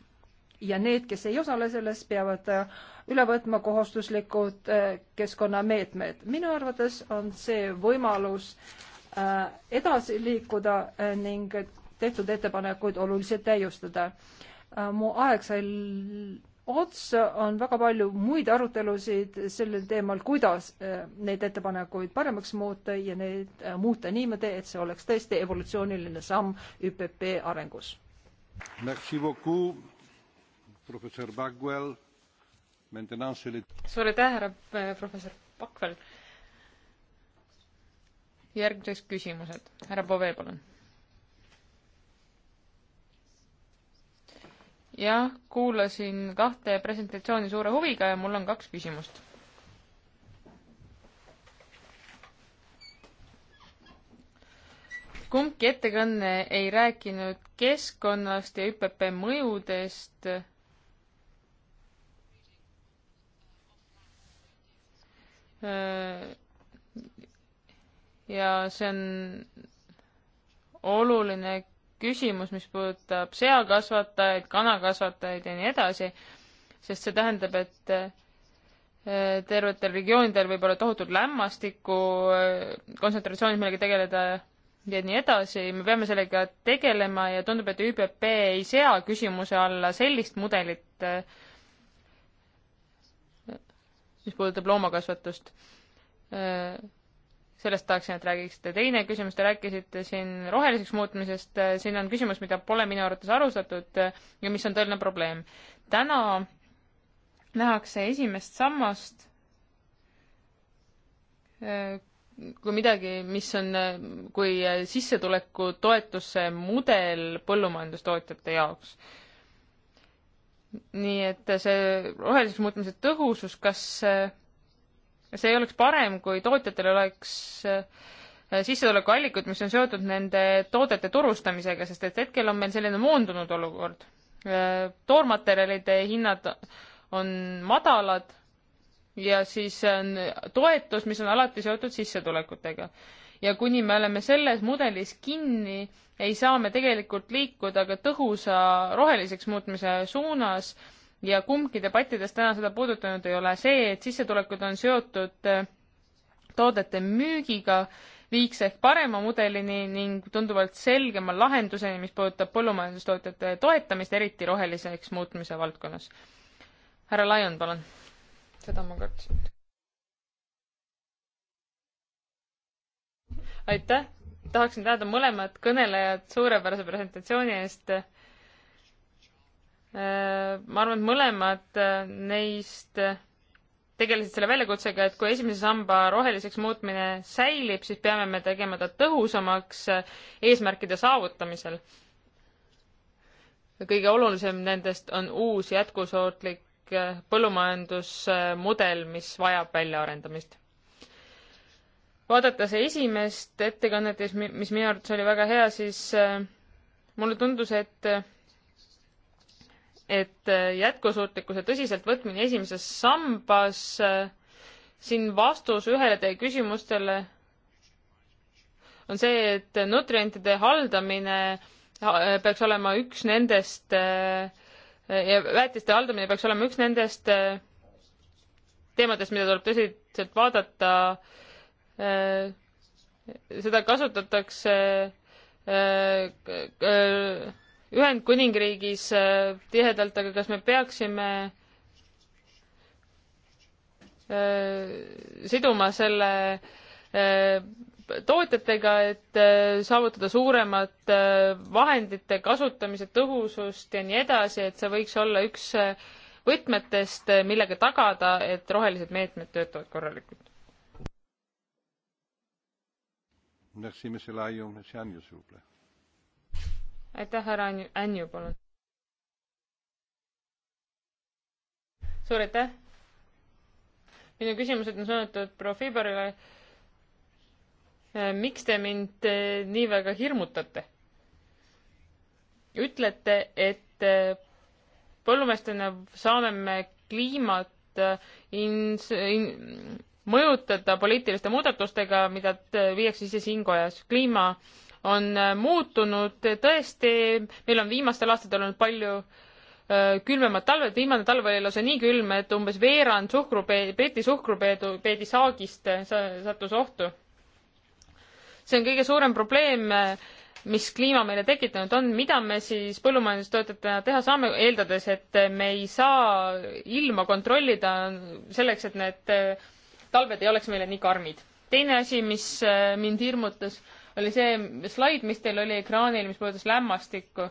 ja need, kes ei osale selles, peavad eh, üle võtma kohustuslikud eh, keskkonnameetmed. minu arvates on see võimalus äh, Äh, edasi liikuda äh, ning tehtud ettepanekuid oluliselt täiustada. Äh, mu aeg sai otsa, on väga palju muid arutelusid sellel teemal, kuidas neid ettepanekuid paremaks muuta ja neid muuta niimoodi, et see oleks tõesti evolutsiooniline samm ÜPP arengus. suur aitäh, härra professor Bakvel järgmiseks küsimused. härra Pove, palun. jah, kuulasin kahte presentatsiooni suure huviga ja mul on kaks küsimust. kumbki ettekanne ei rääkinud keskkonnast ja ÜPP mõjudest äh, ja see on oluline küsimus, mis puudutab seakasvatajaid, kanakasvatajaid ja nii edasi, sest see tähendab, et äh, tervetel regioonidel võib olla tohutud lämmastiku äh, kontsentratsioonid, millega tegeleda ja nii edasi, me peame sellega tegelema ja tundub, et ÜPP ei sea küsimuse alla sellist mudelit, äh, mis puudutab loomakasvatust sellest tahaksin, et räägiksite. teine küsimus, te rääkisite siin roheliseks muutmisest, siin on küsimus, mida pole minu arvates arustatud ja mis on tõeline probleem. täna nähakse esimest sammast kui midagi, mis on kui sissetulekutoetuse mudel põllumajandustootjate jaoks nii et see roheliseks muutmise tõhusus, kas see ei oleks parem, kui tootjatel oleks äh, sissetulekuallikud, mis on seotud nende toodete turustamisega, sest et hetkel on meil selline moondunud olukord. Äh, toormaterjalide hinnad on madalad ja siis on toetus, mis on alati seotud sissetulekutega. ja kuni me oleme selles mudelis kinni, ei saa me tegelikult liikuda ka tõhusa roheliseks muutmise suunas ja kumbki debattidest täna seda puudutanud ei ole, see, et sissetulekud on seotud äh, toodete müügiga, viiks ehk parema mudelini ning tunduvalt selgema lahenduseni, mis puudutab põllumajandustootjate toetamist, eriti roheliseks muutmise valdkonnas. härra Laion, palun. seda ma kartsin. aitäh, tahaksin tänada mõlemad kõnelejad suurepärase presentatsiooni eest Äh, ma arvan, et mõlemad äh, neist äh, tegelesid selle väljakutsega, et kui esimese samba roheliseks muutmine säilib, siis peame me tegema ta tõhusamaks eesmärkide saavutamisel. kõige olulisem nendest on uus jätkusuutlik põllumajandusmudel, mis vajab väljaarendamist. vaadates esimest ettekannet, mis minu arvates oli väga hea, siis mulle tundus, et et äh, jätkusuutlikkuse tõsiseltvõtmine esimeses sambas, äh, siin vastus ühele teie küsimustele on see, et nutrientide haldamine äh, peaks olema üks nendest ja väetiste haldamine peaks olema üks nendest teemadest, mida tuleb tõsiselt vaadata. seda kasutatakse Ühendkuningriigis äh, tihedalt, aga kas me peaksime äh, siduma selle äh, tootjatega, et saavutada suuremat vahendite kasutamise tõhusust ja nii edasi, et see võiks olla üks võtmetest, millega tagada, et rohelised meetmed töötavad korralikult. Merci, monsieur Laillon, monsieur Agnew, s'il vous plaît aitäh, härra Anju, palun. suur aitäh. minu küsimused on suunatud proua Fiberile. Äh, miks te mind äh, nii väga hirmutate? ütlete, et äh, põllumeestena saame me kliimat ins-, in, mõjutada poliitiliste muudatustega, mida viiakse sisse siin kojas. kliima on äh, muutunud, tõesti, meil on viimastel aastatel olnud palju äh, külmemad talved, viimane talv oli lausa nii külm, et umbes veerand suhkrupee-, Briti suhkrupeedu, peedi saagist äh, sattus ohtu. see on kõige suurem probleem, mis kliima meile tekitanud on, mida me siis põllumajandustootjatena teha saame, eeldades, et me ei saa ilma kontrollida selleks, et need talved ei oleks meile nii karmid. teine asi, mis mind hirmutas oli see slaid, mis teil oli ekraanil, mis puudutas lämmastikku.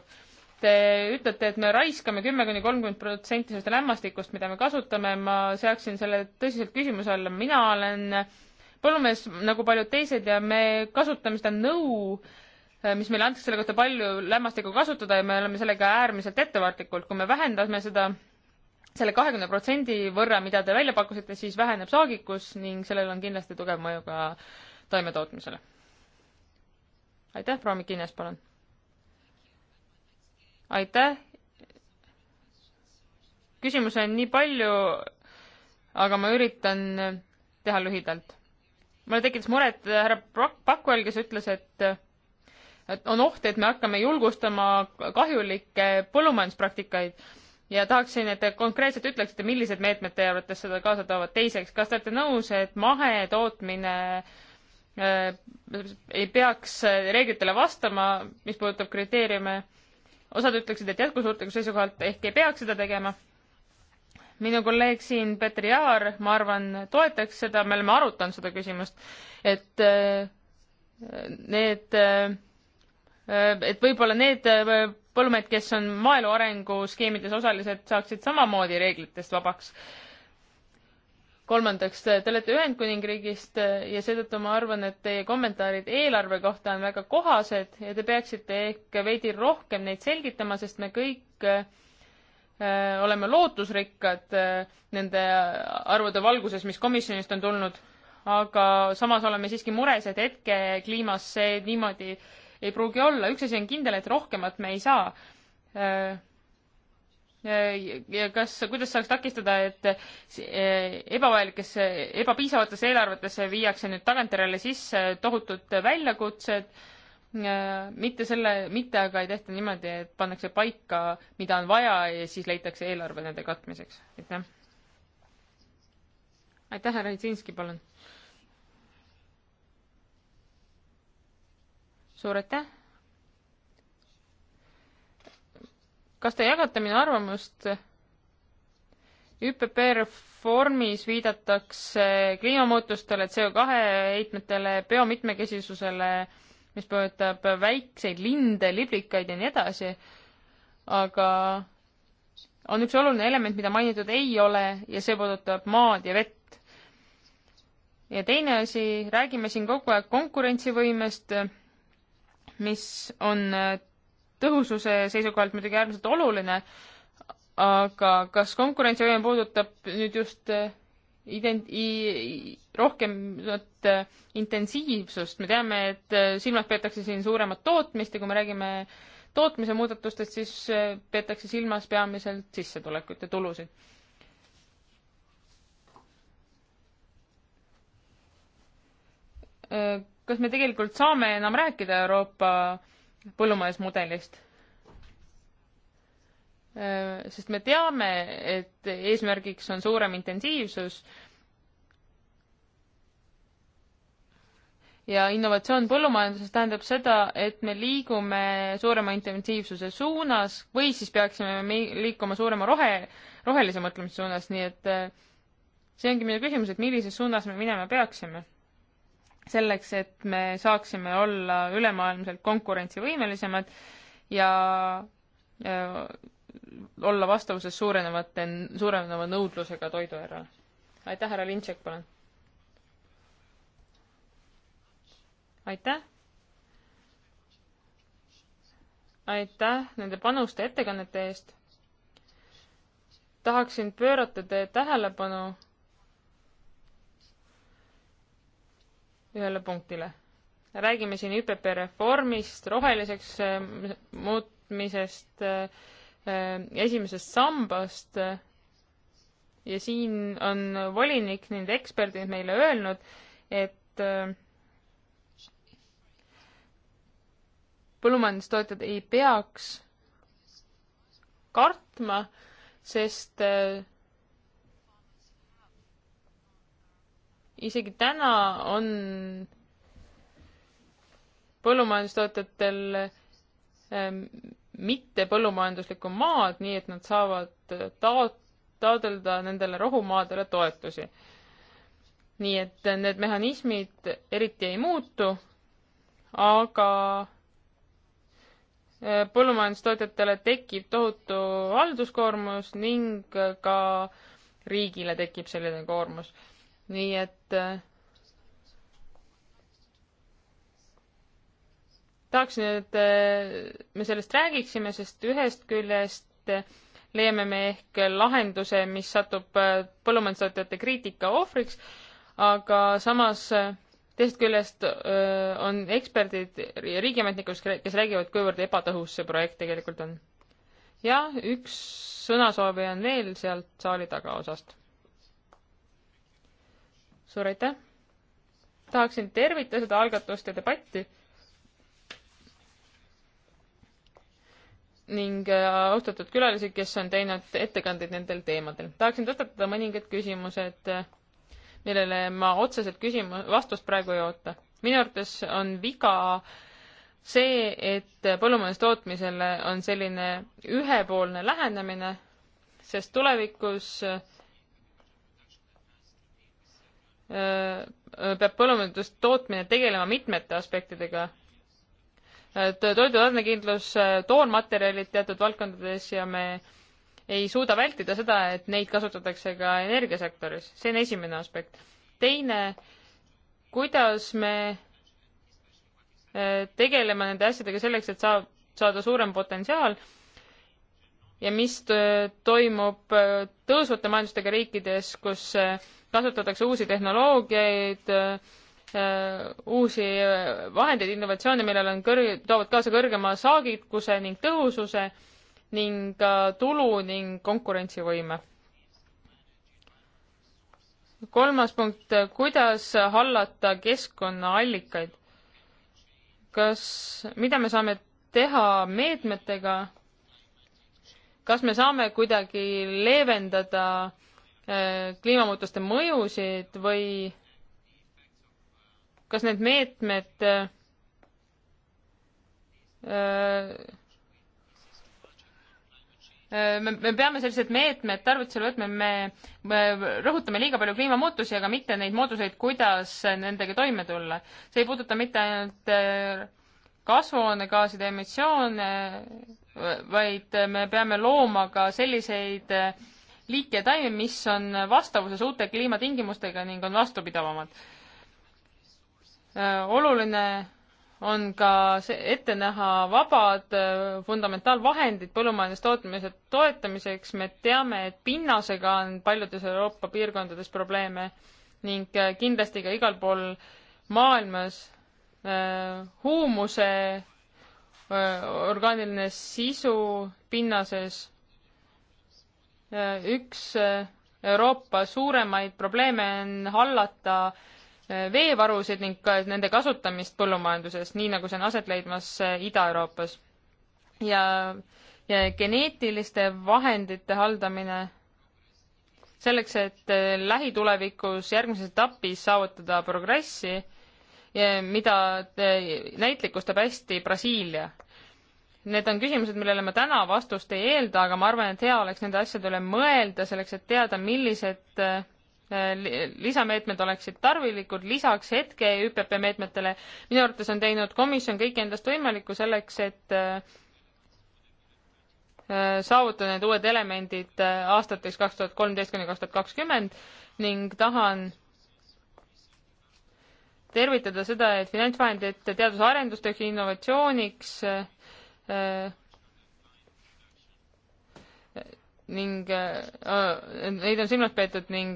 Te ütlete, et me raiskame kümme kuni kolmkümmend protsenti sellest lämmastikust, mida me kasutame, ma seaksin selle tõsiselt küsimuse alla, mina olen põllumees nagu paljud teised ja me kasutame seda nõu, eh, mis meile antakse selle kohta, palju lämmastikku kasutada ja me oleme sellega äärmiselt ettevaatlikud, kui me vähendame seda selle kahekümne protsendi võrra, mida te välja pakkusite, siis väheneb saagikus ning sellel on kindlasti tugev mõju ka taimetootmisele aitäh, proua Mikines, palun. aitäh. küsimusi on nii palju, aga ma üritan teha lühidalt. mulle tekitas muret härra Pakuel, kes ütles, et et on oht, et me hakkame julgustama kahjulikke põllumajanduspraktikaid ja tahaksin, et te konkreetselt ütleksite, millised meetmed teie arvates seda kaasa toovad. teiseks, kas te olete nõus, et mahetootmine äh, Äh, ei peaks äh, reeglitele vastama, mis puudutab kriteeriume. osad ütleksid, et jätkusuutlikkuse seisukohalt ehk ei peaks seda tegema. minu kolleeg siin, Peeter Jaar, ma arvan, toetaks seda, me oleme arutanud seda küsimust, et äh, need, et võib-olla need põllumehed, kes on maaelu arenguskeemides osalised, saaksid samamoodi reeglitest vabaks kolmandaks, te olete Ühendkuningriigist eh, ja seetõttu ma arvan, et teie kommentaarid eelarve kohta on väga kohased ja te peaksite ehk veidi rohkem neid selgitama, sest me kõik äh, oleme lootusrikkad äh, nende arvude valguses, mis komisjonist on tulnud, aga samas oleme siiski mures, et hetkekliimas see niimoodi ei pruugi olla. üks asi on kindel, et rohkemat me ei saa äh, ja kas, kuidas saaks takistada, et eh, ebavajalikesse, ebapiisavatesse eelarvetesse viiakse nüüd tagantjärele sisse tohutud väljakutsed, mitte selle, mitte aga ei tehta niimoodi, et pannakse paika, mida on vaja ja siis leitakse eelarve nende katmiseks, aitäh. aitäh, härra Hitsinski, palun. suur aitäh kas te jagate minu arvamust? ÜPP reformis viidatakse kliimamuutustele, CO2 heitmetele, biomitmekesisusele, mis puudutab väikseid linde, liblikaid ja nii edasi, aga on üks oluline element, mida mainitud ei ole ja see puudutab maad ja vett. ja teine asi, räägime siin kogu aeg konkurentsivõimest, mis on tõhususe seisukohalt muidugi äärmiselt oluline, aga kas konkurentsivõime puudutab nüüd just äh, ident-, rohkemat äh, intensiivsust, me teame, et äh, silmas peetakse siin suuremat tootmist ja kui me räägime tootmise muudatustest, siis peetakse silmas peamiselt sissetulekut ja tulusid. kas me tegelikult saame enam rääkida Euroopa põllumajandusmudelist. Äh, sest me teame, et eesmärgiks on suurem intensiivsus ja innovatsioon põllumajanduses tähendab seda, et me liigume suurema intensiivsuse suunas või siis peaksime me liikuma suurema rohe, rohelise mõtlemise suunas, nii et äh, see ongi minu küsimus, et millises suunas me minema peaksime selleks, et me saaksime olla ülemaailmselt konkurentsivõimelisemad ja olla vastavuses suurenevate, suureneva nõudlusega toiduerale. aitäh, härra Lintšek, palun. aitäh. aitäh nende panuste ettekannete eest. tahaksin pöörata teie tähelepanu ühele punktile. räägime siin ÜPP reformist, roheliseks eh, muutmisest, eh, eh, esimesest sambast ja siin on volinik, nende eksperdid meile öelnud, et põllumajandustootjad ei peaks kartma, sest isegi täna on põllumajandustootjatel ähm, mitte põllumajanduslikku maad, nii et nad saavad taot-, taotleda nendele rohumaadele toetusi. nii et need mehhanismid eriti ei muutu, aga äh, põllumajandustootjatele tekib tohutu halduskoormus ning ka riigile tekib selline koormus nii et äh, tahaksin, et äh, me sellest räägiksime, sest ühest küljest äh, leiame me ehk lahenduse, mis satub põllumajandustootjate kriitika ohvriks, aga samas teisest küljest on eksperdid ja riigiametnikud, kes räägivad, kuivõrd ebatõhus see projekt tegelikult on. ja üks sõnasoovija on veel sealt saali tagaosast suur aitäh! tahaksin tervitada seda algatust ja debatti ning äh, austatud külalisi, kes on teinud ettekandeid nendel teemadel. tahaksin tõstatada mõningad küsimused, äh, millele ma otseselt küsimu-, vastust praegu ei oota. minu arvates on viga see, et põllumajandustootmisele on selline ühepoolne lähenemine, sest tulevikus äh, Äh, peab põllumajandustootmine tegelema mitmete aspektidega. Äh, toidu tarnekindlus, äh, toormaterjalid teatud valdkondades ja me ei suuda vältida seda, et neid kasutatakse ka energiasektoris. see on esimene aspekt. teine, kuidas me tegeleme nende asjadega selleks, et saab, saada suurem potentsiaal ja mis toimub tõusvate majandustega riikides, kus äh, kasutatakse uusi tehnoloogiaid, äh, äh, uusi vahendeid, innovatsioone, millel on kõrge, toovad kaasa kõrgema saagikuse ning tõhususe ning tulu ning konkurentsivõime. kolmas punkt, kuidas hallata keskkonnaallikaid? kas, mida me saame teha meetmetega, kas me saame kuidagi leevendada eh, kliimamuutuste mõjusid või kas need meetmed eh, eh, me, me peame sellised meetmed tarvitusele võtma, me, me rõhutame liiga palju kliimamuutusi, aga mitte neid mooduseid, kuidas nendega toime tulla. see ei puuduta mitte ainult kasvuhoonegaaside emissioone, vaid me peame looma ka selliseid liike ja taimi, mis on vastavuses uute kliimatingimustega ning on vastupidavamad. oluline on ka see, ette näha vabad fundamentaalvahendid põllumajandustootmise toetamiseks, me teame, et pinnasega on paljudes Euroopa piirkondades probleeme ning kindlasti ka igal pool maailmas Äh, huumuse äh, orgaaniline sisu pinnases. Äh, üks Euroopa suuremaid probleeme on hallata veevarusid ning ka nende kasutamist põllumajanduses, nii nagu see on aset leidmas Ida-Euroopas. ja, ja geneetiliste vahendite haldamine selleks, et lähitulevikus järgmises etapis saavutada progressi mida näitlikustab hästi Brasiilia. Need on küsimused, millele ma täna vastust ei eelda, aga ma arvan, et hea oleks nende asjade üle mõelda, selleks et teada, millised äh, lisameetmed oleksid tarvilikud lisaks hetke ÜPP meetmetele. minu arvates on teinud komisjon kõik endast võimalikku selleks, et äh, äh, saavutada need uued elemendid aastateks kaks tuhat kolmteist kuni kaks tuhat kakskümmend ning tahan tervitada seda, et finantsvahendid teadus-arendustööks ja innovatsiooniks äh, ning äh, äh, neid on silmas peetud ning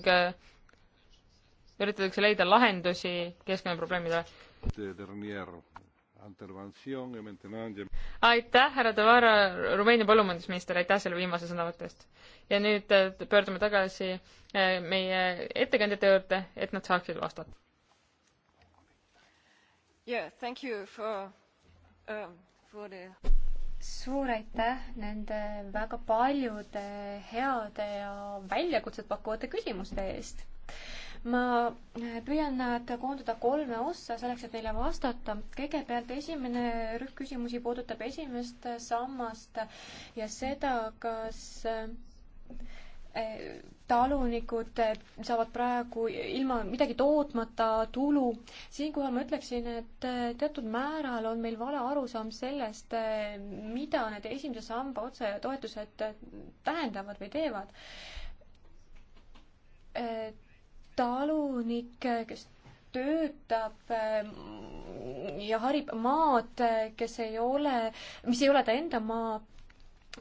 üritatakse leida lahendusi keskkonnaprobleemidele. aitäh, härra Tavara, Rumeenia põllumajandusminister, aitäh selle viimase sõnavõtu eest. ja nüüd pöördume tagasi meie ettekandjate juurde, et nad saaksid vastata. Yeah, thank you for um,, for the suur aitäh nende väga paljude heade ja väljakutset pakkuvate küsimuste eest. ma püüan nad koondada kolme ossa selleks, et neile vastata. kõigepealt esimene rühm küsimusi puudutab esimest sammast ja seda, kas eh, talunikud eh, saavad praegu ilma midagi tootmata tulu. siinkohal ma ütleksin, et eh, teatud määral on meil vale arusaam sellest, eh, mida need esimese samba otsetoetused tähendavad või teevad. talunik, kes töötab ja harib maad, kes ei ole, mis ei ole ta enda maa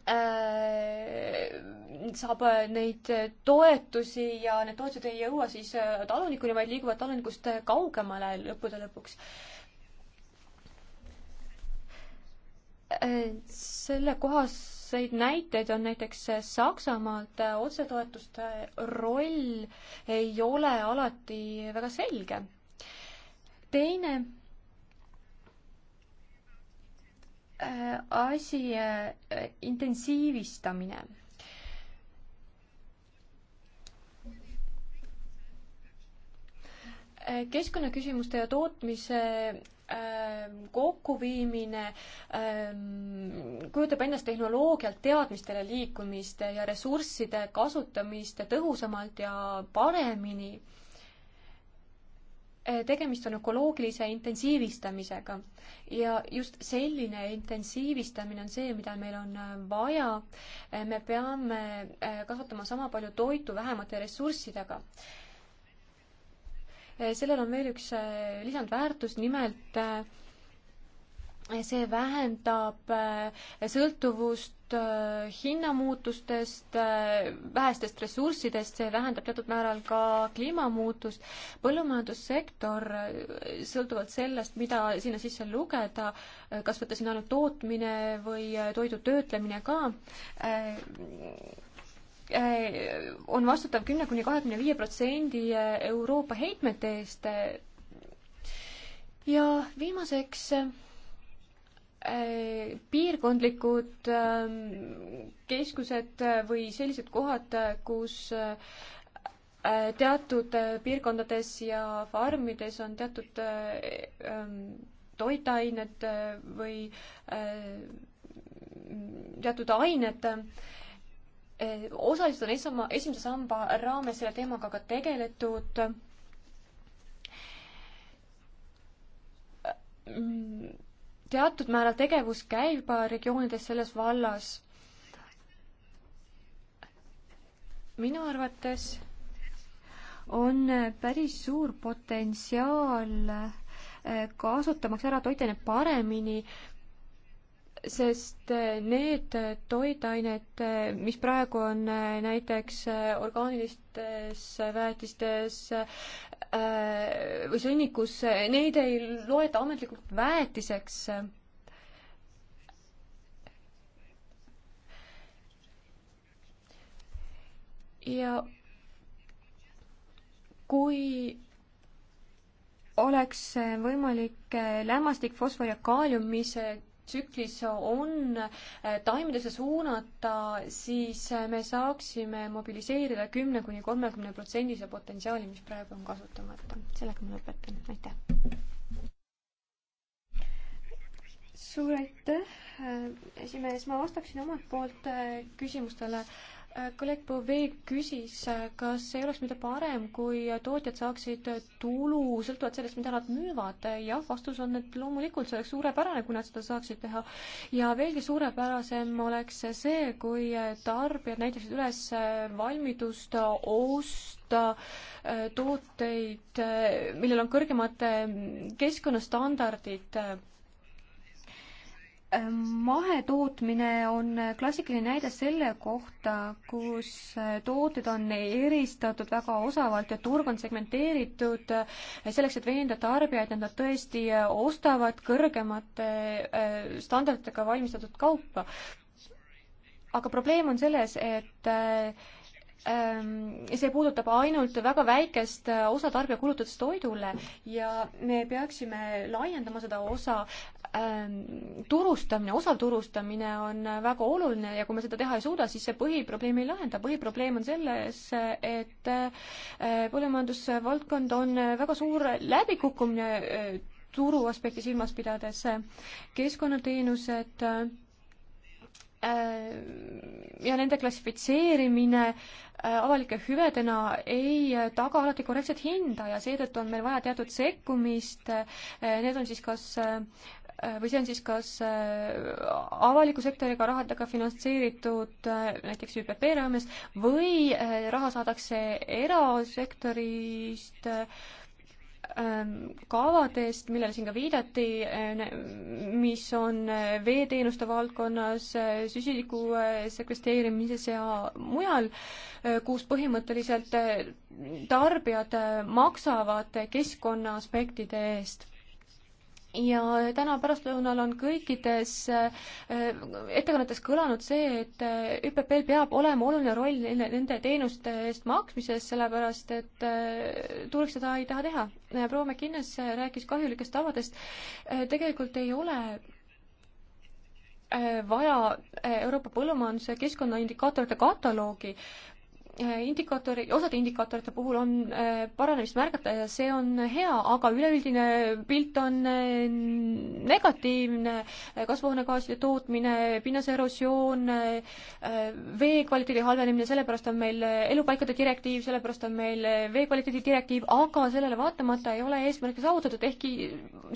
Äh, saab neid toetusi ja need toetused ei jõua siis äh, talunikuni, vaid liiguvad talunikust kaugemale lõppude lõpuks. Äh, sellekohaseid näiteid on näiteks Saksamaalt, otsetoetuste roll ei ole alati väga selge. teine Äh, asi äh, intensiivistamine. Äh, keskkonnaküsimuste ja tootmise kokkuviimine ähm, kujutab endast tehnoloogialt teadmistele liikumist ja ressursside kasutamist tõhusamalt ja paremini Äh, tegemist on ökoloogilise intensiivistamisega ja just selline intensiivistamine on see, mida meil on äh, vaja. Äh, me peame kasvatama sama palju toitu vähemate ressurssidega. sellel on veel üks lisandväärtus, nimelt see vähendab sõltuvust Äh, hinnamuutustest, äh, vähestest ressurssidest, see vähendab teatud määral ka kliimamuutust. põllumajandussektor, äh, sõltuvalt sellest, mida sinna sisse lugeda, kas võtta sinna ainult tootmine või toidu töötlemine ka, on vastutav kümne kuni kahekümne viie protsendi Euroopa heitmete eest. ja viimaseks Äh, piirkondlikud ähm, keskused või sellised kohad, kus äh, teatud äh, piirkondades ja farmides on teatud ähm, toitained või teatud ained. osaliselt on esma, esimese samba raames selle teemaga ka tegeletud mm, teatud määral tegevus käib ka regioonides selles vallas. minu arvates on päris suur potentsiaal eh, kasutamaks ära toitaine paremini, sest äh, need äh, toidained, äh, mis praegu on näiteks orgaanilistes väetistes või sõnnikus, neid ei loeta ametlikult väetiseks. ja kui oleks võimalik lämmastik, fosfor ja kaalium, mis tsüklis on äh, taimedesse suunata, siis äh, me saaksime mobiliseerida kümne kuni kolmekümne protsendise potentsiaali, mis praegu on kasutamata. sellega ma lõpetan, aitäh. suur aitäh, äh, esimees, ma vastaksin omalt poolt küsimustele äh, kolleeg Bovee küsis, kas ei oleks mitte parem, kui tootjad saaksid tulu sõltuvalt sellest, mida nad müüvad. jah, vastus on, et loomulikult see oleks suurepärane, kui nad seda saaksid teha. ja veelgi suurepärasem oleks see, kui tarbijad näitaksid üles valmidust osta äh, tooteid, äh, millel on kõrgemad keskkonnastandardid Äh, mahetootmine on klassikaline näide selle kohta, kus äh, tooted on eristatud väga osavalt ja turg on segmenteeritud äh, selleks, et veenda tarbijaid, et nad tõesti ostavad kõrgemate standarditega valmistatud kaupa. aga probleem on selles, et Ehm, see puudutab ainult väga väikest äh, osa tarbija kulutustest toidule ja me peaksime laiendama seda osa. Ehm, turustamine, osav turustamine on äh, väga oluline ja kui me seda teha ei suuda, siis see põhiprobleemi ei lahenda. põhiprobleem on selles, et äh, põllumajandusvaldkond on väga suur läbikukkumine turu aspekti silmas pidades. keskkonnateenused et Äh, ja nende klassifitseerimine äh, avalike hüvedena ei taga alati korrektset hinda ja seetõttu on meil vaja teatud sekkumist, äh, need on siis kas või see on siis kas avaliku sektoriga rahadega finantseeritud näiteks ÜPP raames või raha saadakse erasektorist äh, Ähm, kavadest, millele siin ka viidati, äh, mis on äh, veeteenuste valdkonnas, äh, süsiniku sekvesteerimises ja mujal, kus põhimõtteliselt tarbijad maksavad keskkonna aspektide eest ja täna pärastlõunal on kõikides äh, ettekannetes kõlanud see, et äh, ÜPP-l peab olema oluline roll nende teenuste eest maksmises, sellepärast et äh, turg seda ei taha teha. proua McInnes rääkis kahjulikest tavadest. tegelikult ei ole vaja Euroopa põllumajanduse keskkonnaindikaatorite kataloogi. Äh, indikaatori, osade indikaatorite puhul on äh, paranemist märgata ja see on hea, aga üleüldine pilt on äh, negatiivne, kasvuhoonegaaside tootmine, pinnase erosioon, vee kvaliteedi halvenemine, sellepärast on meil elupaikade direktiiv, sellepärast on meil vee kvaliteedi direktiiv, aga sellele vaatamata ei ole eesmärke saavutatud, ehkki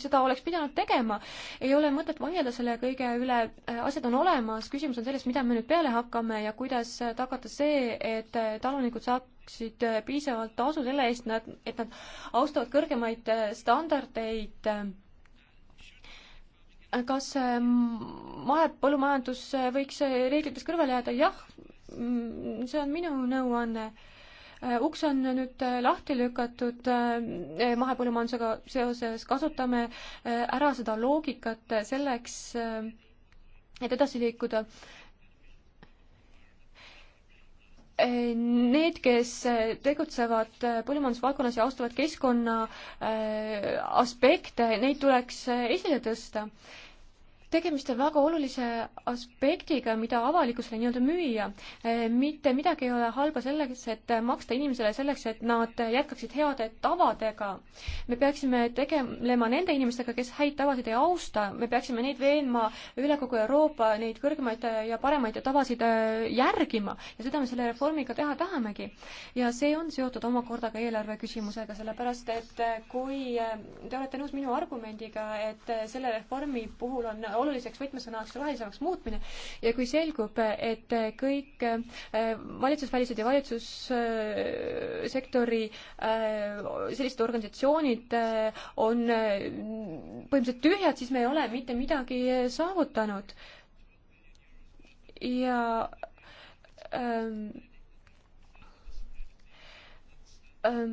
seda oleks pidanud tegema. ei ole mõtet vaielda selle kõige üle, asjad on olemas, küsimus on selles, mida me nüüd peale hakkame ja kuidas tagada see, et talunikud saaksid äh, piisavalt tasu selle eest, nad, et nad austavad kõrgemaid äh, standardeid. kas äh, mahepõllumajandus võiks reeglitest kõrvale jääda? jah, mm, see on minu nõuanne uks on nüüd lahti lükatud mahepõllumajandusega seoses, kasutame ära seda loogikat selleks, et edasi liikuda. Need, kes tegutsevad põllumajandusvaldkonnas ja austavad keskkonna äh, aspekte, neid tuleks esile tõsta tegemist on väga olulise aspektiga, mida avalikkusele nii-öelda müüa. Eh, mitte midagi ei ole halba selleks, et maksta inimesele selleks, et nad jätkaksid heade tavadega. me peaksime tegelema nende inimestega, kes häid tavasid ei austa, me peaksime neid veenma üle kogu Euroopa neid kõrgemaid ja paremaid tavasid eh, järgima ja seda me selle reformiga teha tahamegi. ja see on seotud omakorda ka eelarve küsimusega, sellepärast et eh, kui te olete nõus minu argumendiga, et selle reformi puhul on oluliseks võtmesõnaks rohelisemaks muutmine ja kui selgub, et kõik äh, valitsusvälised ja valitsussektori äh, sellised organisatsioonid äh, on põhimõtteliselt tühjad, siis me ei ole mitte midagi saavutanud. ja ähm, ähm,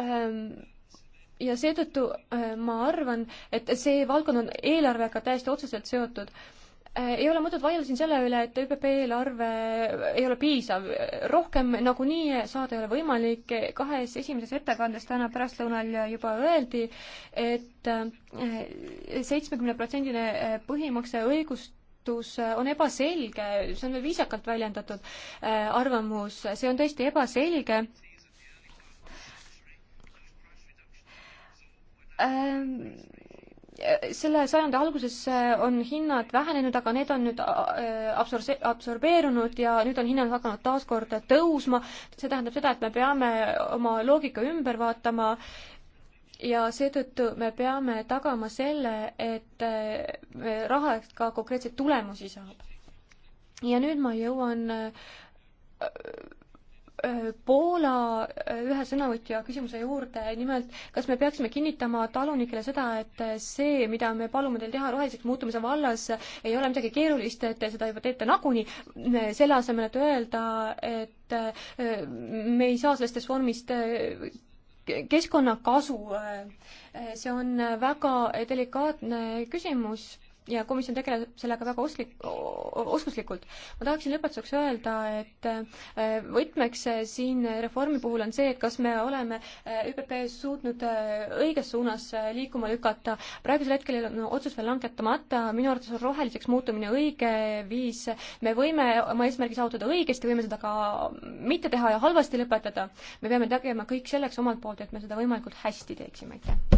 ähm, ja seetõttu äh, ma arvan, et see valdkond on eelarvega täiesti otseselt seotud äh, ei ole mõtet vaielda siin selle üle, et ÜPP eelarve äh, ei ole piisav, rohkem nagunii saada ei ole võimalik, kahes esimeses ettekandes täna pärastlõunal juba öeldi et, et seitsmekümneprotsendine põhimakse õigustus on ebaselge, see on veel viisakalt väljendatud arvamus, see on tõesti ebaselge Ehm, eh, selle sajandi alguses eh, on hinnad vähenenud, aga need on nüüd eh, absorbe-, absorbeerunud ja nüüd on hinnad hakanud taas kord tõusma. see tähendab seda, et me peame oma loogika ümber vaatama ja seetõttu me peame tagama selle, et raha eest ka konkreetseid tulemusi saab. ja nüüd ma jõuan Äh, Poola äh, ühe sõnavõtja küsimuse juurde, nimelt kas me peaksime kinnitama talunikele seda, et äh, see, mida me palume teil teha roheliseks muutumise vallas, ei ole midagi keerulist, et te seda juba teete nagunii, selle asemel, et öelda, et me ei saa sellest reformist keskkonnakasu, see on väga delikaatne küsimus ja komisjon tegeleb sellega väga oslik, oskuslikult. ma tahaksin lõpetuseks öelda, et äh, võtmeks äh, siin reformi puhul on see, et kas me oleme äh, ÜPP-s suutnud õiges suunas liikuma lükata. praegusel hetkel on otsus veel langetamata, minu arvates on roheliseks muutumine õige viis. me võime oma eesmärgi saavutada õigesti, võime seda ka mitte teha ja halvasti lõpetada. me peame tegema kõik selleks omalt poolt, et me seda võimalikult hästi teeksime, aitäh.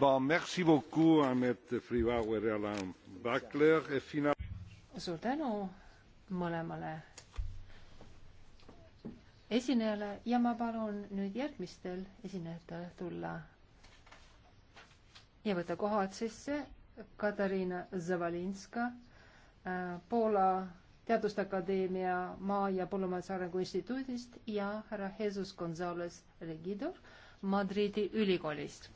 Bon, merci beaucoup, Amet Freewauer ja Alain Bakler. suur tänu mõlemale esinejale ja ma palun nüüd järgmistel esinejatel tulla ja võtta kohad sisse Katariina Zavalinska, äh, Poola Teaduste Akadeemia Maa- ja Põllumajandusarengu Instituudist ja härra Jesus Gonzalez Regidor Madridi ülikoolist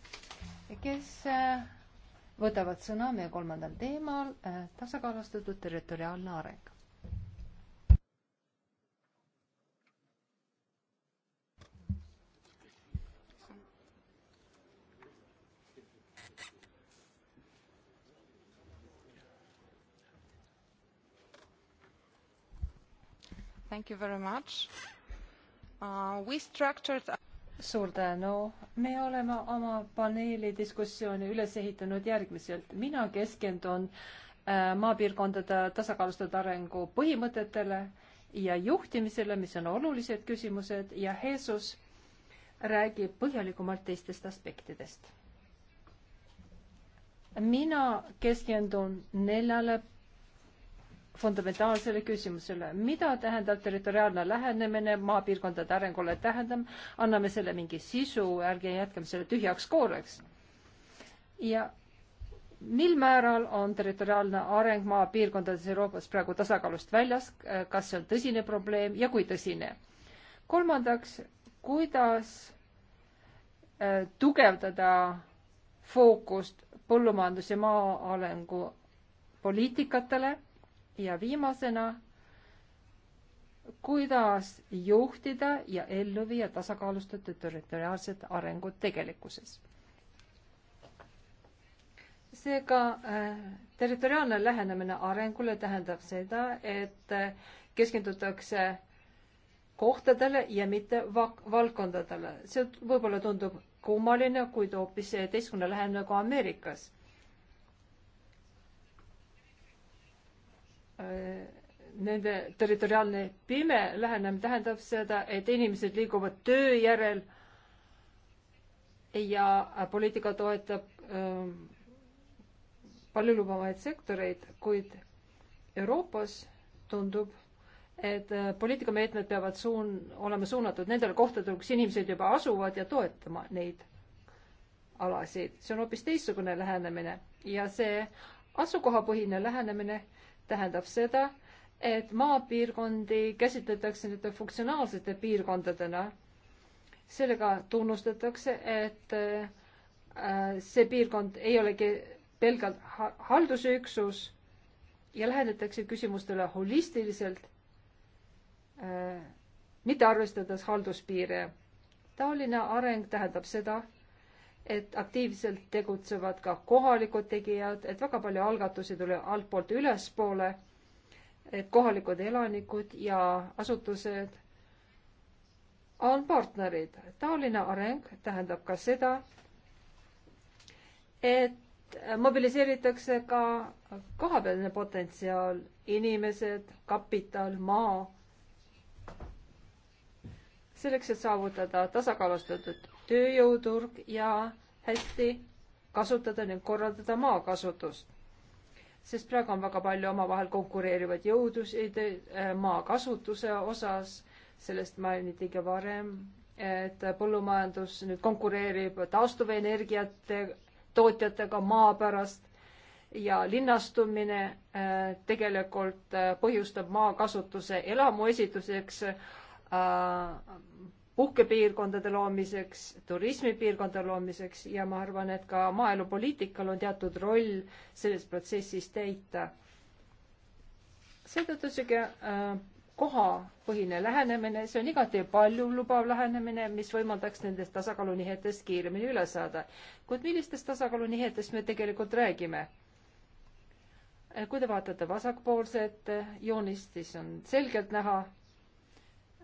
kes äh, võtavad sõna meie kolmandal teemal äh, tasakaalustatud territoriaalne areng. Thank you very much. Uh, we structured suur tänu, me oleme oma paneeli diskussiooni üles ehitanud järgmiselt, mina keskendun äh, maapiirkondade tasakaalustatud arengu põhimõtetele ja juhtimisele, mis on olulised küsimused ja Jeesus räägib põhjalikumalt teistest aspektidest. mina keskendun neljale fundamentaalsele küsimusele, mida tähendab territoriaalne lähenemine maapiirkondade arengule, tähendab, anname selle mingi sisu, ärge jätkame selle tühjaks kooreks. ja mil määral on territoriaalne areng maapiirkondades Euroopas praegu tasakaalust väljas, kas see on tõsine probleem ja kui tõsine? kolmandaks, kuidas äh, tugevdada fookust põllumajandus- ja maaarengu poliitikatele ja viimasena, kuidas juhtida ja ellu viia tasakaalustatud territoriaalset arengut tegelikkuses. seega äh, territoriaalne lähenemine arengule tähendab seda, et äh, keskendutakse kohtadele ja mitte valdkondadele. see võib-olla tundub kummaline, kuid hoopis teistsugune lähenemine kui Ameerikas Äh, nende territoriaalne pime lähenemine tähendab seda, et inimesed liiguvad töö järel ja poliitika toetab äh, paljulubavaid sektoreid, kuid Euroopas tundub, et äh, poliitikameetmed peavad suun-, olema suunatud nendele kohtadele, kus inimesed juba asuvad ja toetama neid alasid. see on hoopis teistsugune lähenemine ja see asukohapõhine lähenemine äh, tähendab seda, et maapiirkondi käsitletakse nüüd funktsionaalsete piirkondadena. sellega tunnustatakse, et äh, see piirkond ei olegi pelgalt haldusüksus ja lähenetakse küsimustele holistiliselt, äh, mitte arvestades halduspiire. taoline areng tähendab seda, et aktiivselt tegutsevad ka kohalikud tegijad, et väga palju algatusi tuli altpoolt ülespoole, et kohalikud elanikud ja asutused on partnerid. taoline areng tähendab ka seda, et mobiliseeritakse ka kohapealne potentsiaal, inimesed, kapital, maa, selleks, et saavutada tasakaalustatud tööjõuturg ja hästi kasutada ning korraldada maakasutust. sest praegu on väga palju omavahel konkureerivaid jõudusid äh, maakasutuse osas, sellest mainiti ka varem, et põllumajandus nüüd konkureerib taastuvenergiate tootjatega maa pärast ja linnastumine äh, tegelikult äh, põhjustab maakasutuse elamuesituseks puhkepiirkondade loomiseks, turismipiirkondade loomiseks ja ma arvan, et ka maaelupoliitikal on teatud roll selles protsessis täita. seetõttu sihuke äh, kohapõhine lähenemine, see on igati paljulubav lähenemine, mis võimaldaks nendest tasakaalunihetest kiiremini üle saada. kuid millistest tasakaalunihetest me tegelikult räägime? Äh, kui te vaatate vasakpoolset joonist, siis on selgelt näha,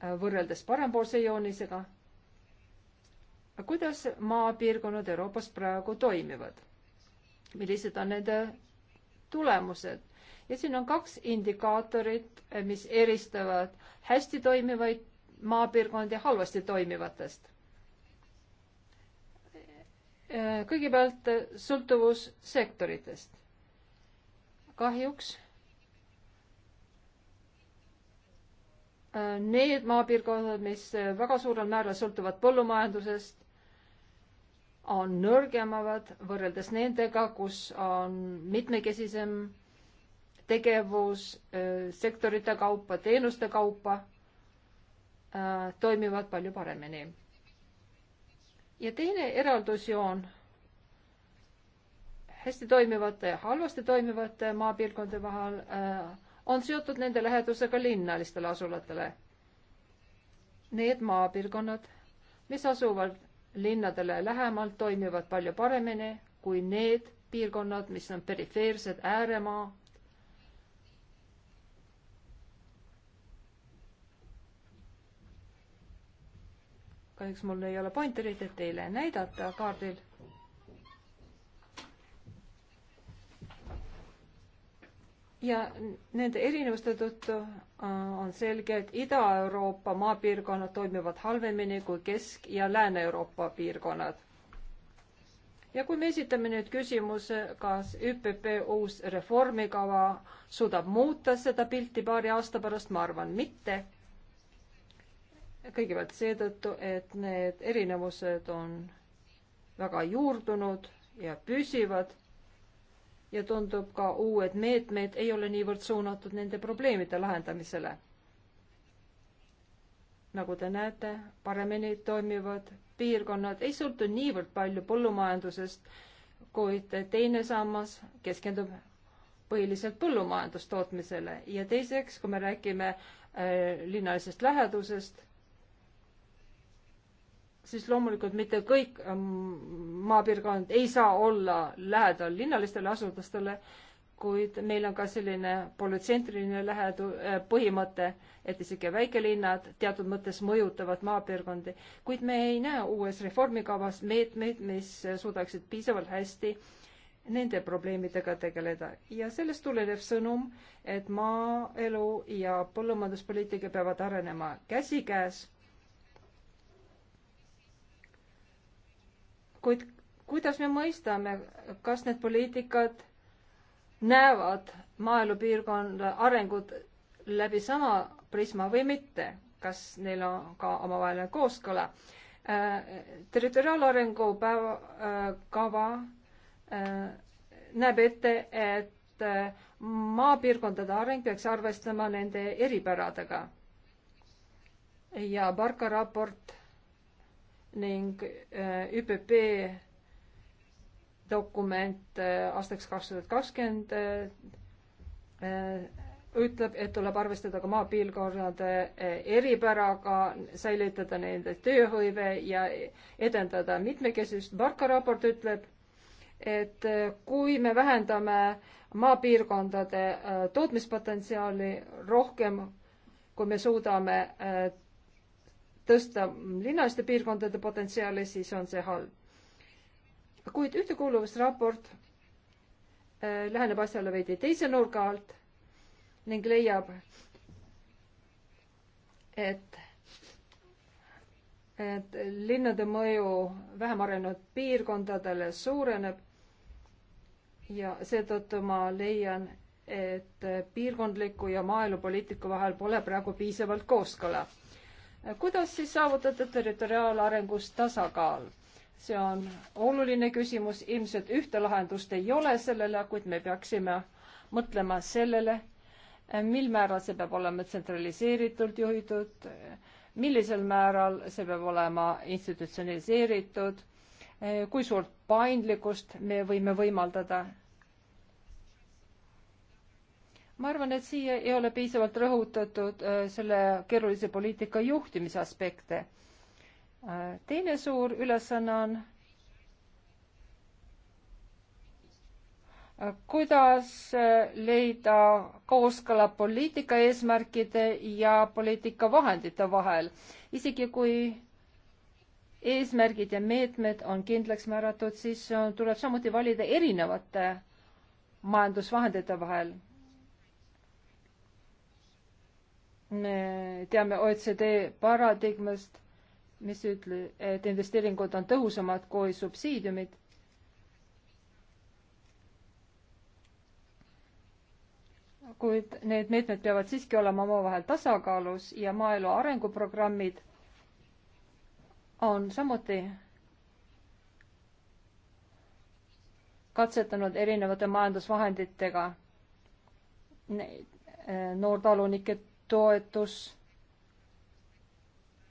Äh, võrreldes parempoolse joonisega. kuidas maapiirkonnad Euroopas praegu toimivad? millised on nende tulemused? ja siin on kaks indikaatorit, äh, mis eristavad hästi toimivaid maapiirkondi halvasti toimivatest. Äh, kõigepealt sõltuvus sektoritest. kahjuks Äh, need maapiirkonnad, mis äh, väga suurel määral sõltuvad põllumajandusest, on nõrgemad võrreldes nendega, kus on mitmekesisem tegevus äh, sektorite kaupa, teenuste kaupa, toimivad palju paremini. ja teine eraldusjoon hästi toimivate ja halvasti toimivate maapiirkondade vahel äh, on seotud nende lähedusega linnalistele asulatele. Need maapiirkonnad, mis asuvad linnadele lähemalt, toimivad palju paremini kui need piirkonnad, mis on perifeersed ääremaa. kahjuks mul ei ole pointerit, et teile näidata kaardil ja nende erinevuste tõttu äh, on selge, et Ida-Euroopa maapiirkonnad toimivad halvemini kui Kesk- ja Lääne-Euroopa piirkonnad. ja kui me esitame nüüd küsimuse, kas ÜPP uus reformikava suudab muuta seda pilti paari aasta pärast, ma arvan mitte. kõigepealt seetõttu, et need erinevused on väga juurdunud ja püsivad ja tundub ka uued meetmed ei ole niivõrd suunatud nende probleemide lahendamisele. nagu te näete, paremini toimivad piirkonnad ei sõltu niivõrd palju põllumajandusest, kuid teine sammas keskendub põhiliselt põllumajandustootmisele ja teiseks, kui me räägime äh, linnalisest lähedusest siis loomulikult mitte kõik ähm, maapiirkond ei saa olla lähedal linnalistele asutustele, kuid meil on ka selline polütsentriline lähedu-, äh, põhimõte, et isegi väikelinnad teatud mõttes mõjutavad maapiirkondi, kuid me ei näe uues reformikavas meetmeid, mis suudaksid piisavalt hästi nende probleemidega tegeleda ja sellest tulenev sõnum, et maaelu ja põllumajanduspoliitika peavad arenema käsikäes kuid kuidas me mõistame, kas need poliitikad näevad maaelupiirkonna arengut läbi sama prisma või mitte, kas neil on ka omavaheline kooskõla äh,. territoriaalarengu päeva äh, kava äh, näeb ette, et äh, maapiirkondade areng peaks arvestama nende eripäradega. ja Barca raport ning äh, ÜPP dokument äh, aastaks kaks tuhat kakskümmend äh, ütleb, et tuleb arvestada ka maapiirkonnade eripäraga, säilitada nende tööhõive ja edendada mitmekesisust. Barka raport ütleb, et kui me vähendame maapiirkondade tootmispotentsiaali rohkem, kui me suudame tõsta linnaliste piirkondade potentsiaali, siis on see halb. kuid ühtekuuluvusraport äh, läheneb asjale veidi teise nurga alt ning leiab, et, et linnade mõju vähem arenenud piirkondadele suureneb ja seetõttu ma leian, et piirkondliku ja maaelupoliitika vahel pole praegu piisavalt kooskõla kuidas siis saavutada territoriaalarengus tasakaal? see on oluline küsimus, ilmselt ühte lahendust ei ole sellele, kuid me peaksime mõtlema sellele, mil määral see peab olema tsentraliseeritult juhitud, millisel määral see peab olema institutsionaliseeritud, kui suurt paindlikkust me võime võimaldada ma arvan, et siia ei ole piisavalt rõhutatud äh, selle keerulise poliitika juhtimise aspekte. Äh, teine suur ülesanne on, äh, kuidas leida kooskõla poliitika eesmärkide ja poliitika vahendite vahel, isegi kui eesmärgid ja meetmed on kindlaks määratud, siis tuleb samuti valida erinevate majandusvahendite vahel me teame OECD paradigmast, mis ütle, et investeeringud on tõhusamad kui subsiidiumid. kuid need meetmed peavad siiski olema omavahel tasakaalus ja maaelu arenguprogrammid on samuti katsetanud erinevate majandusvahenditega eh, noortalunike toetus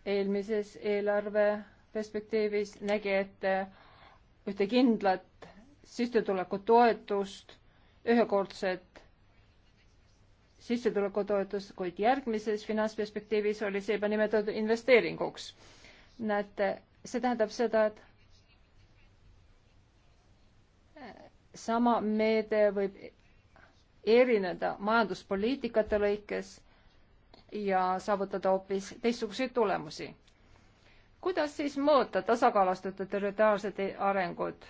eelmises eelarveperspektiivis nägi ette ühte kindlat sissetulekutoetust, ühekordset sissetulekutoetust, kuid järgmises finantsperspektiivis oli see juba nimetatud investeeringuks. näete, see tähendab seda, et sama meede võib erineda majanduspoliitikate lõikes ja saavutada hoopis teistsuguseid tulemusi. kuidas siis mõõta tasakaalustatud territoriaalset arengut?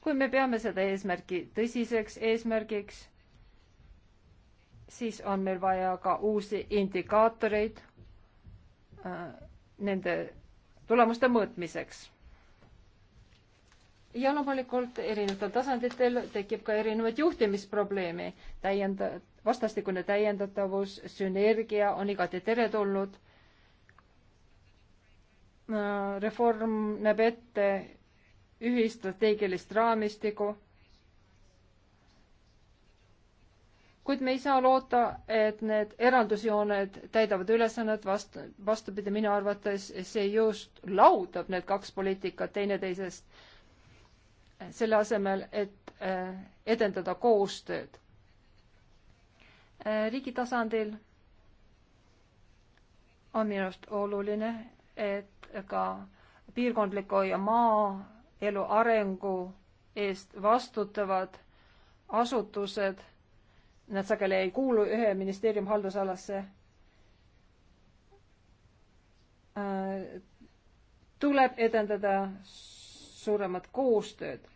kui me peame seda eesmärki tõsiseks eesmärgiks, siis on meil vaja ka uusi indikaatoreid äh, nende tulemuste mõõtmiseks. ja loomulikult erinevatel tasanditel tekib ka erinevaid juhtimisprobleeme, täiendav vastastikune täiendatavus, sünergia on igati teretulnud. Äh, reform näeb ette ühistrateegilist raamistikku kuid me ei saa loota, et need eraldusjooned täidavad ülesannet, vastu, vastupidi, minu arvates see just lahutab need kaks poliitikat teineteisest, selle asemel, et äh, edendada koostööd. Äh, riigi tasandil on minu arust oluline, et ka piirkondliku ja maaelu arengu eest vastutavad asutused, nad sageli ei kuulu ühe ministeeriumi haldusalasse, äh, tuleb edendada suuremat koostööd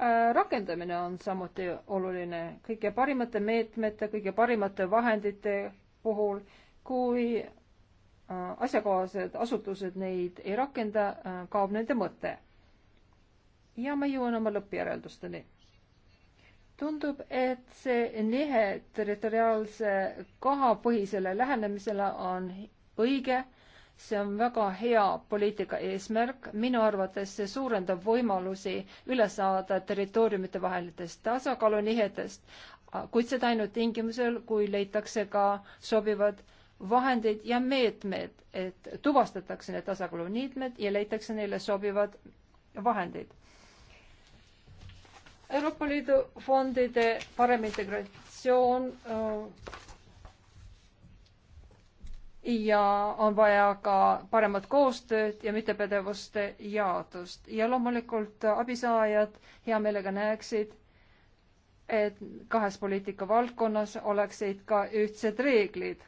Äh, rakendamine on samuti oluline kõige parimate meetmete, kõige parimate vahendite puhul, kui äh, asjakohased asutused neid ei rakenda, äh, kaob nende mõte. ja ma jõuan oma lõppjäreldusteni. tundub, et see nihe territoriaalse kohapõhisele lähenemisele on õige see on väga hea poliitika eesmärk, minu arvates see suurendab võimalusi üle saada territooriumite vahelistest tasakaalunihetest, kuid seda ainult tingimusel, kui leitakse ka sobivad vahendeid ja meetmed, et tuvastatakse need tasakaaluniitmed ja leitakse neile sobivad vahendeid. Euroopa Liidu fondide parem integratsioon äh, ja on vaja ka paremat koostööd ja mittepädevuste jaotust. ja loomulikult abisaajad hea meelega näeksid, et kahes poliitikavaldkonnas oleksid ka ühtsed reeglid.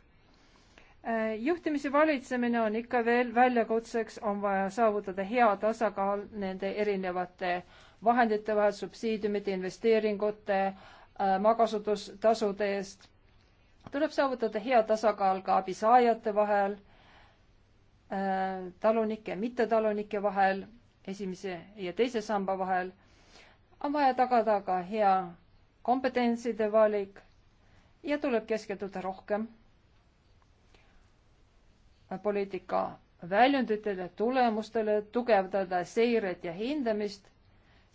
juhtimise valitsemine on ikka veel väljakutseks, on vaja saavutada hea tasakaal nende erinevate vahendite vahel, subsiidiumite, investeeringute, äh, maakasutustasude eest tuleb saavutada hea tasakaal ka abisaajate vahel, äh, talunike ja mittetalunike vahel, esimese ja teise samba vahel. on vaja tagada ka hea kompetentside valik ja tuleb keskenduda rohkem poliitika väljunditele, tulemustele, tugevdada seiret ja hindamist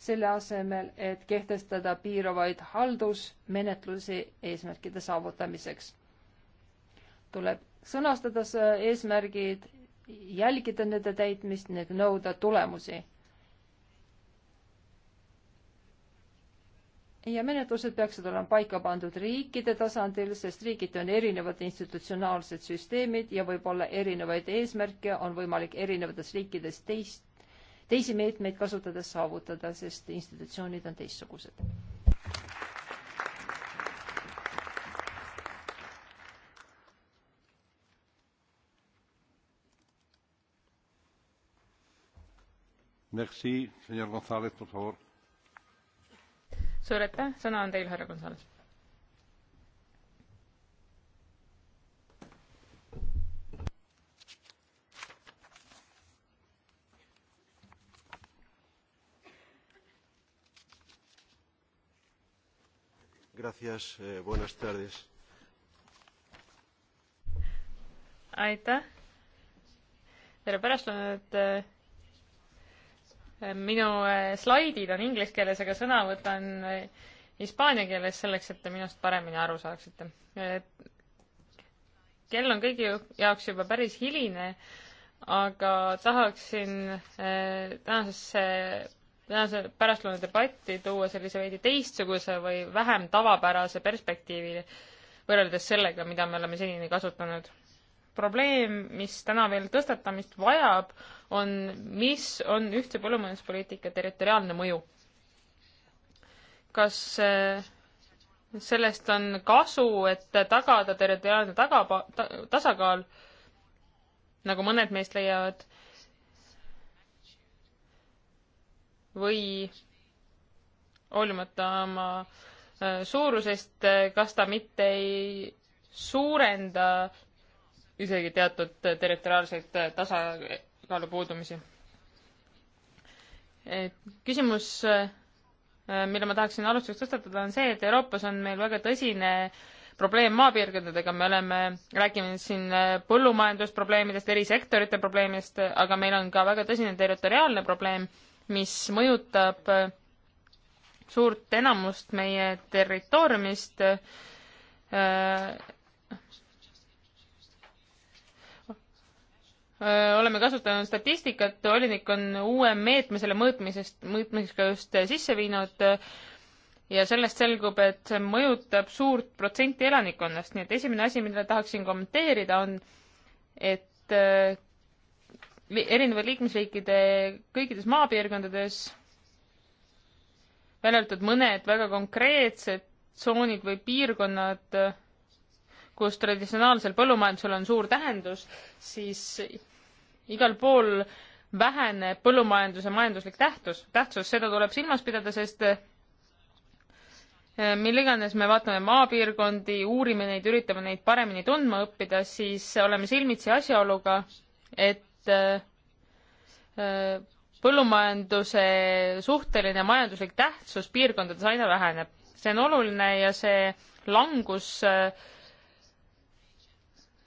selle asemel, et kehtestada piiravaid haldusmenetlusi eesmärkide saavutamiseks. tuleb sõnastada eesmärgid, jälgida nende täitmist ning nõuda tulemusi. ja menetlused peaksid olema paika pandud riikide tasandil, sest riigiti on erinevad institutsionaalsed süsteemid ja võib-olla erinevaid eesmärke on võimalik erinevates riikides teist teisi meetmeid kasutades saavutada, sest institutsioonid on teistsugused. suur aitäh, sõna on teil, härra Gonzalez. Gracias, eh, buenas tardes. aitäh. tere pärastlõunat. Eh, minu eh, slaidid on inglise keeles, aga sõna võtan hispaania keeles selleks, et te minust paremini aru saaksite. kell on kõigi jaoks juba päris hiline, aga tahaksin tänasesse tänase pärastlõuna debatti tuua sellise veidi teistsuguse või vähem tavapärase perspektiivi võrreldes sellega, mida me oleme senini kasutanud. probleem, mis täna veel tõstatamist vajab, on, mis on ühtse põllumajanduspoliitika territoriaalne mõju. kas äh, sellest on kasu, et tagada territoriaalne taga- ta,, tasakaal, nagu mõned meist leiavad, või hoolimata oma äh, suurusest, äh, kas ta mitte ei suurenda isegi teatud äh, territoriaalseid tasakaalu puudumisi. küsimus, mille ma tahaksin alustuseks tõstatada, on see, et Euroopas on meil väga tõsine probleem maapiirkondadega, me oleme rääkinud siin põllumajandusprobleemidest, eri sektorite probleemidest, aga meil on ka väga tõsine territoriaalne probleem mis mõjutab suurt enamust meie territooriumist. Äh, äh, oleme kasutanud statistikat, volinik on uue meetme selle mõõtmisest, mõõtmiseks ka just sisse viinud ja sellest selgub, et see mõjutab suurt protsenti elanikkonnast, nii et esimene asi, mida tahaksin kommenteerida, on, et äh, erinevad liikmesriikide kõikides maapiirkondades, välja arvatud mõned väga konkreetsed tsoonid või piirkonnad, kus traditsionaalsel põllumajandusel on suur tähendus, siis igal pool väheneb põllumajanduse majanduslik tähtsus, tähtsus, seda tuleb silmas pidada, sest eh, mille iganes me vaatame maapiirkondi, uurime neid, üritame neid paremini tundma õppida, siis oleme silmitsi asjaoluga, et et äh, äh, põllumajanduse suhteline majanduslik tähtsus piirkondades aina väheneb. see on oluline ja see langus, äh,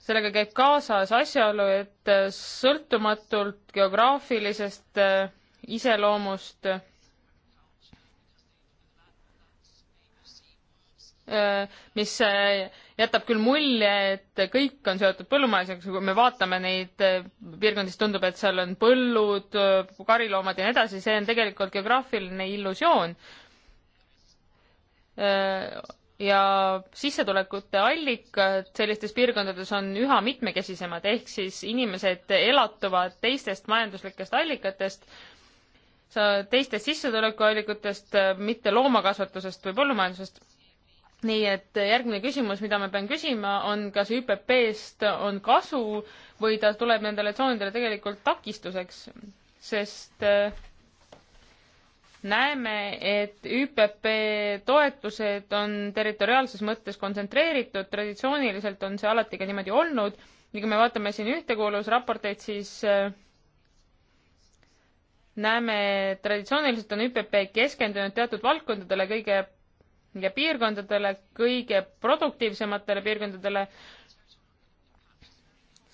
sellega käib kaasas asjaolu, et sõltumatult geograafilisest iseloomust Äh, mis äh, jätab küll mulje, et kõik on seotud põllumajandusega, kui me vaatame neid äh, piirkondi, siis tundub, et seal on põllud, kariloomad ja nii edasi, see on tegelikult geograafiline illusioon. ja sissetulekute allikad sellistes piirkondades on üha mitmekesisemad, ehk siis inimesed elatuvad teistest majanduslikest allikatest teistest sissetulekuallikutest, mitte loomakasvatusest või põllumajandusest nii et järgmine küsimus, mida ma pean küsima, on kas ÜPP-st on kasu või ta tuleb nendele tsoonidele tegelikult takistuseks, sest äh, näeme, et ÜPP toetused on territoriaalses mõttes kontsentreeritud, traditsiooniliselt on see alati ka niimoodi olnud ja kui me vaatame siin ühtekuuluvusraporteid, siis äh, näeme, traditsiooniliselt on ÜPP keskendunud teatud valdkondadele kõige ja piirkondadele, kõige produktiivsematele piirkondadele.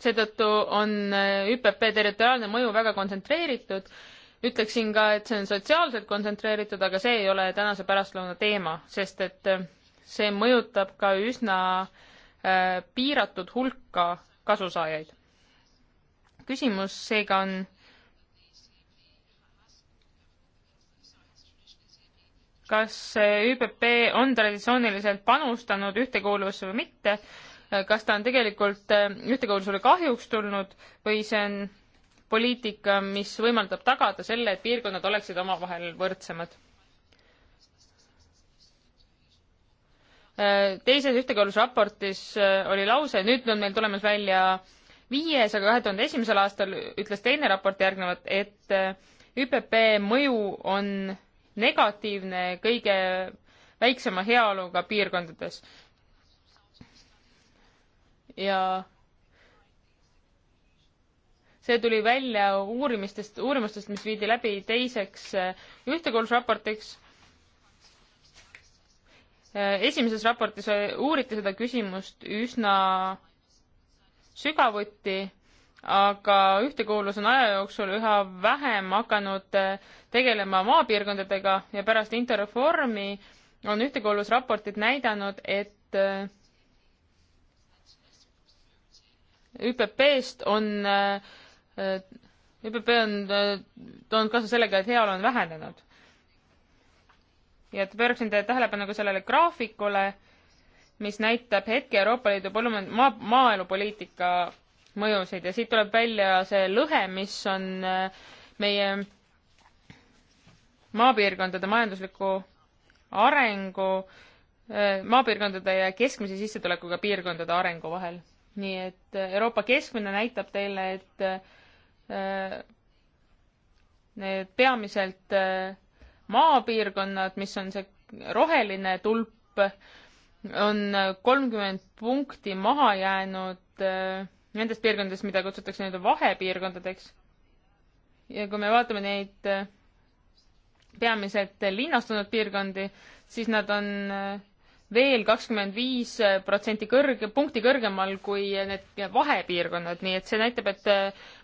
seetõttu on äh, ÜPP territoriaalne mõju väga kontsentreeritud. ütleksin ka, et see on sotsiaalselt kontsentreeritud, aga see ei ole tänase pärastlõuna teema, sest et äh, see mõjutab ka üsna äh, piiratud hulka kasusaajaid. küsimus seega on kas ÜPP on traditsiooniliselt panustanud ühtekuuluvusse või mitte, kas ta on tegelikult äh, ühtekuuluvusele kahjuks tulnud või see on poliitika, mis võimaldab tagada selle, et piirkonnad oleksid omavahel võrdsemad. Äh, teises ühtekuuluvusraportis äh, oli lause, nüüd on meil tulemas välja viies, aga kahe tuhande esimesel aastal ütles teine raport järgnevat, et ÜPP mõju on negatiivne kõige väiksema heaoluga piirkondades. ja see tuli välja uurimistest, uurimustest, mis viidi läbi teiseks ühtekuuluvusraportiks. Äh, äh, esimeses raportis äh, uuriti seda küsimust üsna sügavuti aga ühtekuuluvus on aja jooksul üha vähem hakanud eh, tegelema maapiirkondadega ja pärast interreformi on ühtekuuluvusraportid näidanud, et eh, ÜPP-st on, eh, ÜPP on toonud kasu sellega, et heaolu on vähenenud. ja et pööraksin teie tähelepanu ka sellele graafikule, mis näitab hetke Euroopa Liidu põllumajand-, maa, maaelupoliitika mõjusid ja siit tuleb välja see lõhe, mis on äh, meie maapiirkondade majandusliku arengu, äh, maapiirkondade ja keskmise sissetulekuga piirkondade arengu vahel. nii et äh, Euroopa keskmine näitab teile, et need peamiselt maapiirkonnad, mis on see roheline tulp, on kolmkümmend punkti maha jäänud äh, nendes piirkondades, mida kutsutakse nii-öelda vahepiirkondadeks. ja kui me vaatame neid äh, peamiselt linnastunud piirkondi, siis nad on äh, veel kakskümmend viis äh, protsenti kõrge, punkti kõrgemal kui need vahepiirkonnad, nii et see näitab, et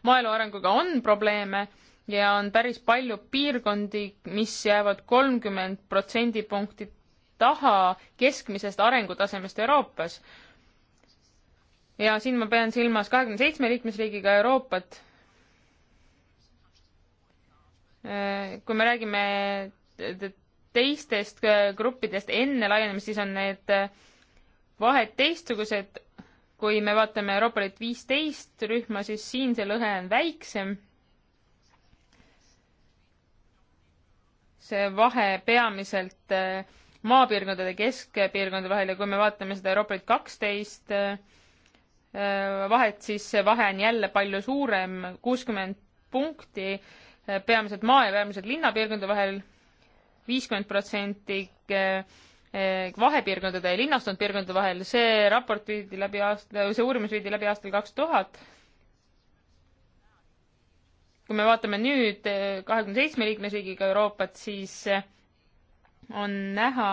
maaelu arenguga on probleeme ja on päris palju piirkondi, mis jäävad kolmkümmend protsendipunkti taha keskmisest arengutasemest Euroopas ja siin ma pean silmas kahekümne seitsme liikmesriigiga Euroopat. Äh, kui me räägime teistest äh, gruppidest enne laienemist, siis on need äh, vahed teistsugused. kui me vaatame Euroopa Liit viisteist rühma, siis siin see lõhe on väiksem. see vahe peamiselt maapiirkondade keskpiirkondade vahel ja kui me vaatame seda Euroopa Liit kaksteist, vahet, siis see vahe on jälle palju suurem, kuuskümmend punkti peamiselt maa ja peamiselt linnapiirkondade vahel, viiskümmend protsenti vahepiirkondade ja linnastunud piirkondade vahel, see raport viidi läbi aasta, see uurimus viidi läbi aastal kaks tuhat. kui me vaatame nüüd kahekümne seitsme liikmesriigiga Euroopat, siis on näha,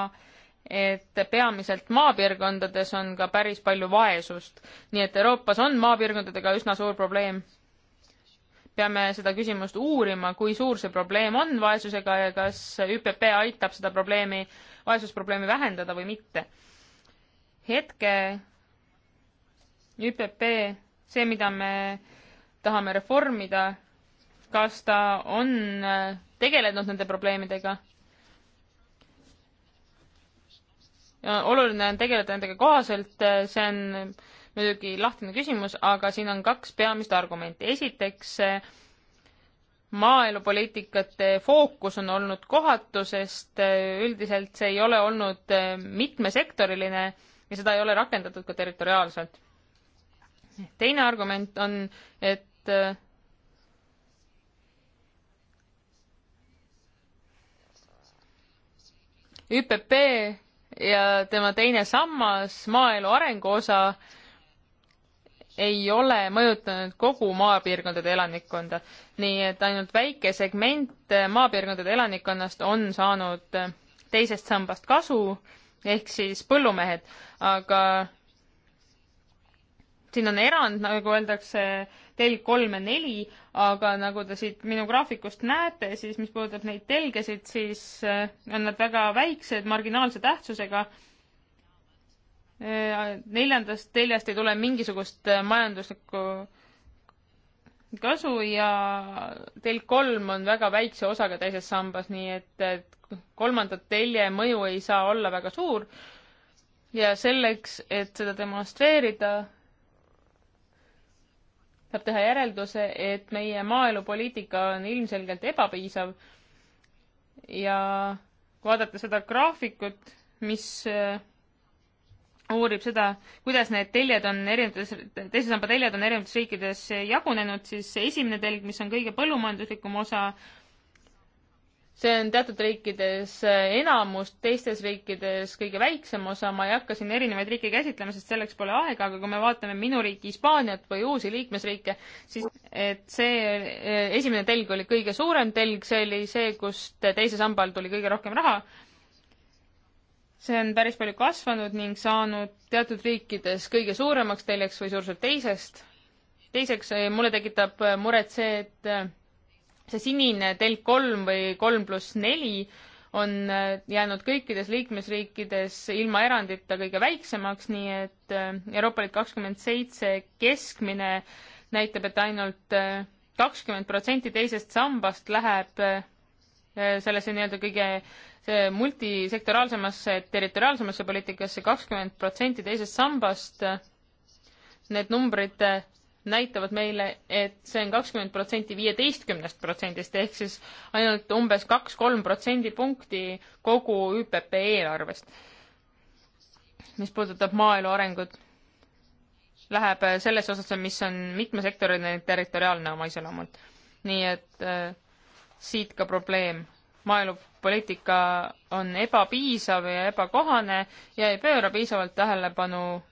et peamiselt maapiirkondades on ka päris palju vaesust. nii et Euroopas on maapiirkondadega üsna suur probleem. peame seda küsimust uurima, kui suur see probleem on vaesusega ja kas ÜPP aitab seda probleemi, vaesusprobleemi vähendada või mitte. hetke ÜPP, see, mida me tahame reformida, kas ta on tegelenud nende probleemidega oluline on tegeleda nendega kohaselt, äh, see on muidugi lahtine küsimus, aga siin on kaks peamist argumenti. esiteks, äh, maaelupoliitikate fookus on olnud kohatu, sest äh, üldiselt see ei ole olnud mitmesektoriline ja seda ei ole rakendatud ka territoriaalselt. teine argument on, et ÜPP ja tema teine sammas, maaelu arengu osa, ei ole mõjutanud kogu maapiirkondade elanikkonda. nii et ainult väike segment maapiirkondade elanikkonnast on saanud teisest sambast kasu, ehk siis põllumehed, aga siin on erand, nagu öeldakse, telg kolm ja neli, aga nagu te siit minu graafikust näete, siis mis puudutab neid telgesid, siis eh, on nad väga väiksed, marginaalse tähtsusega. Eh, neljandast teljest ei tule mingisugust eh, majanduslikku kasu ja telg kolm on väga väikse osaga teises sambas, nii et kolmanda telje mõju ei saa olla väga suur. ja selleks, et seda demonstreerida, saab teha järelduse, et meie maaelupoliitika on ilmselgelt ebapiisav ja kui vaadata seda graafikut, mis äh, uurib seda, kuidas need teljed on erinevates, teise samba teljed on erinevates riikides jagunenud, siis esimene telg, mis on kõige põllumajanduslikum osa, see on teatud riikides eh, enamus, teistes riikides kõige väiksem osa, ma ei hakka siin erinevaid riike käsitlema, sest selleks pole aega, aga kui me vaatame minu riiki Hispaaniat või uusi liikmesriike, siis et see eh, esimene telg oli kõige suurem telg, see oli see, kust teise samba all tuli kõige rohkem raha. see on päris palju kasvanud ning saanud teatud riikides kõige suuremaks teljeks või suuruselt teisest. teiseks, eh, mulle tekitab muret see, et see sinine telg kolm või kolm pluss neli on äh, jäänud kõikides liikmesriikides ilma erandita kõige väiksemaks, nii et äh, Euroopa Liit kakskümmend seitse keskmine näitab, et ainult äh, kakskümmend protsenti teisest sambast läheb sellesse nii-öelda kõige multisektoraalsemasse, territoriaalsemasse poliitikasse, kakskümmend protsenti teisest sambast. Need numbrid näitavad meile, et see on kakskümmend protsenti viieteistkümnest protsendist ehk siis ainult umbes kaks-kolm protsendipunkti kogu ÜPP eelarvest, mis puudutab maaelu arengut. Läheb selles osas, mis on mitmesektoriline territoriaalne oma iseloomult. nii et äh, siit ka probleem. maaelupoliitika on ebapiisav ja ebakohane ja ei pööra piisavalt tähelepanu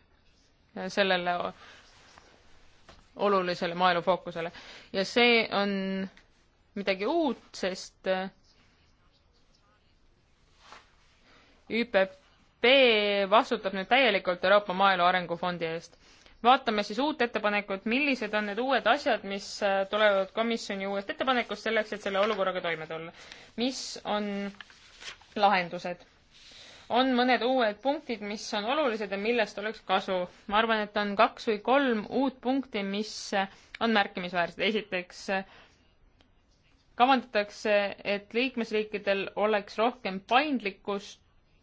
sellele olulisele maaelu fookusele. ja see on midagi uut, sest äh, ÜPP vastutab nüüd täielikult Euroopa Maaelu Arengufondi eest. vaatame siis uut ettepanekut, millised on need uued asjad, mis äh, tulevad komisjoni uuest ettepanekust selleks, et selle olukorraga toime tulla. mis on lahendused? on mõned uued punktid, mis on olulised ja millest oleks kasu. ma arvan, et on kaks või kolm uut punkti, mis on märkimisväärsed. esiteks kavandatakse, et liikmesriikidel oleks rohkem paindlikkust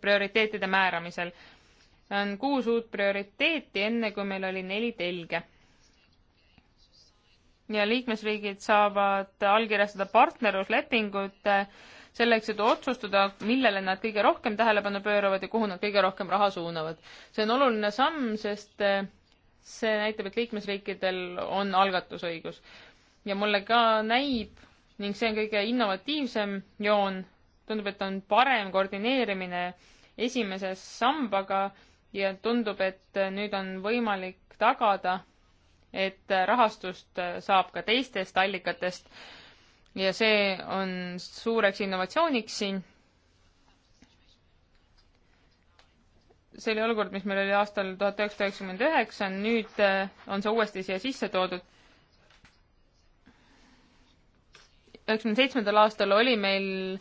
prioriteetide määramisel. on kuus uut prioriteeti, enne kui meil oli neli telge. ja liikmesriigid saavad allkirjastada partnerluslepingud äh, selleks, et otsustada, millele nad kõige rohkem tähelepanu pööravad ja kuhu nad kõige rohkem raha suunavad. see on oluline samm, sest eh, see näitab, et liikmesriikidel on algatusõigus. ja mulle ka näib ning see on kõige innovatiivsem joon, tundub, et on parem koordineerimine esimese sambaga ja tundub, et eh, nüüd on võimalik tagada, et rahastust eh, saab ka teistest allikatest ja see on suureks innovatsiooniks siin. see oli olukord, mis meil oli aastal tuhat üheksasada üheksakümmend üheksa, nüüd äh, on see uuesti siia sisse toodud. üheksakümne seitsmendal aastal oli meil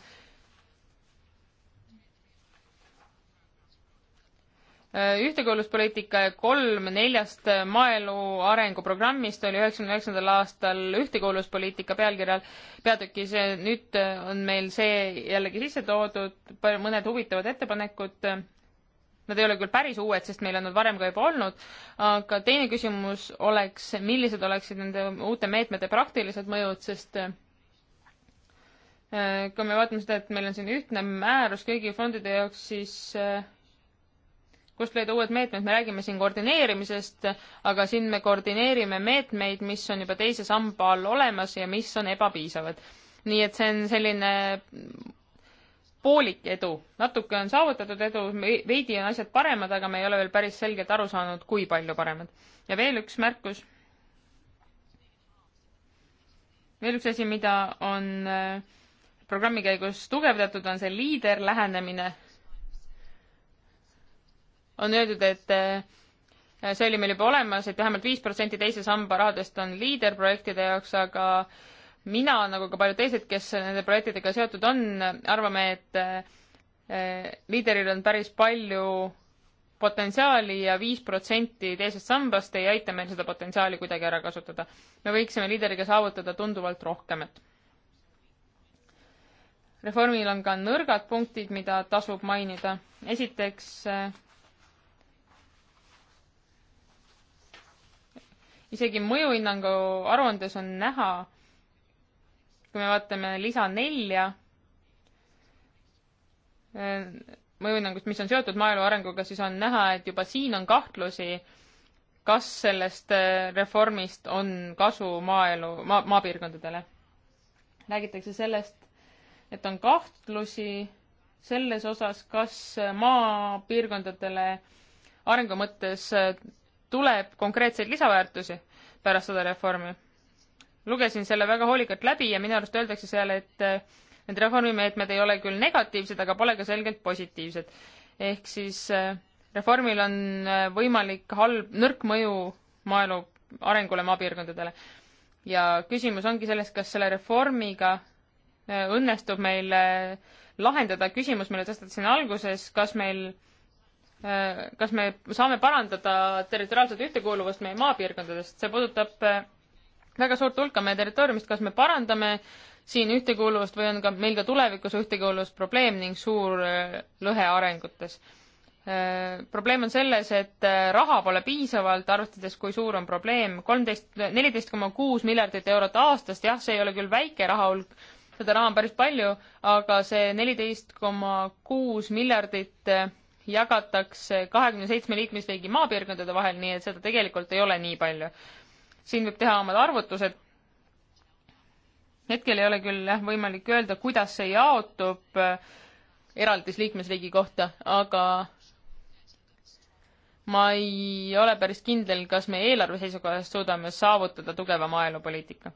Äh, ühtekuuluvuspoliitika ja kolm neljast äh, maaelu arenguprogrammist oli üheksakümne üheksandal aastal ühtekuuluvuspoliitika pealkirjal peatükis. Äh, nüüd on meil see jällegi sisse toodud, mõned huvitavad ettepanekud. Nad ei ole küll päris uued, sest meil on nad varem ka juba olnud, aga teine küsimus oleks, millised oleksid nende uute meetmete praktilised mõjud, sest kui me vaatame seda, et meil on siin ühtne määrus kõigi fondide jaoks, siis kust leida uued meetmed, me räägime siin koordineerimisest, aga siin me koordineerime meetmeid, mis on juba teise samba all olemas ja mis on ebapiisavad. nii et see on selline poolik edu, natuke on saavutatud edu, veidi on asjad paremad, aga me ei ole veel päris selgelt aru saanud, kui palju paremad. ja veel üks märkus. veel üks asi, mida on äh, programmi käigus tugevdatud, on see liiderlähenemine on öeldud, et äh, see oli meil juba olemas, et vähemalt viis protsenti teise samba rahadest on liiderprojektide jaoks, aga mina, nagu ka paljud teised, kes nende projektidega seotud on, arvame, et äh, liideril on päris palju potentsiaali ja viis protsenti teisest sambast ei aita meil seda potentsiaali kuidagi ära kasutada. me võiksime liideriga saavutada tunduvalt rohkemat. reformil on ka nõrgad punktid, mida tasub mainida. esiteks äh, isegi mõjuhinnangu aruandes on näha, kui me vaatame lisa nelja mõjuhinnangust, mis on seotud maaelu arenguga, siis on näha, et juba siin on kahtlusi, kas sellest äh, reformist on kasu maaelu, maa, maapiirkondadele. räägitakse sellest, et on kahtlusi selles osas, kas maapiirkondadele arengu mõttes äh, tuleb konkreetseid lisaväärtusi pärast seda reformi. lugesin selle väga hoolikalt läbi ja minu arust öeldakse seal, et need äh, reformimeetmed ei ole küll negatiivsed, aga pole ka selgelt positiivsed. ehk siis äh, reformil on äh, võimalik halb, nõrk mõju maaelu arengule maapiirkondadele. ja küsimus ongi selles, kas selle reformiga õnnestub meil lahendada küsimus, mille tõstatasin alguses, kas meil Äh, kas me saame parandada territoriaalset ühtekuuluvust meie maapiirkondadest, see puudutab äh, väga suurt hulka meie territooriumist, kas me parandame siin ühtekuuluvust või on ka meil ka tulevikus ühtekuuluvusprobleem ning suur äh, lõhe arengutes. probleem on selles, et raha pole piisavalt, arvestades, kui suur on probleem. kolmteist, neliteist koma kuus miljardit eurot aastas, jah, see ei ole küll väike raha hulk, seda raha on päris palju, aga see neliteist koma kuus miljardit jagatakse kahekümne seitsme liikmesriigi maapiirkondade vahel, nii et seda tegelikult ei ole nii palju. siin võib teha omad arvutused. hetkel ei ole küll jah võimalik öelda, kuidas see jaotub äh, eraldis liikmesriigi kohta, aga ma ei ole päris kindel, kas me eelarve seisukohast suudame saavutada tugeva maaelupoliitika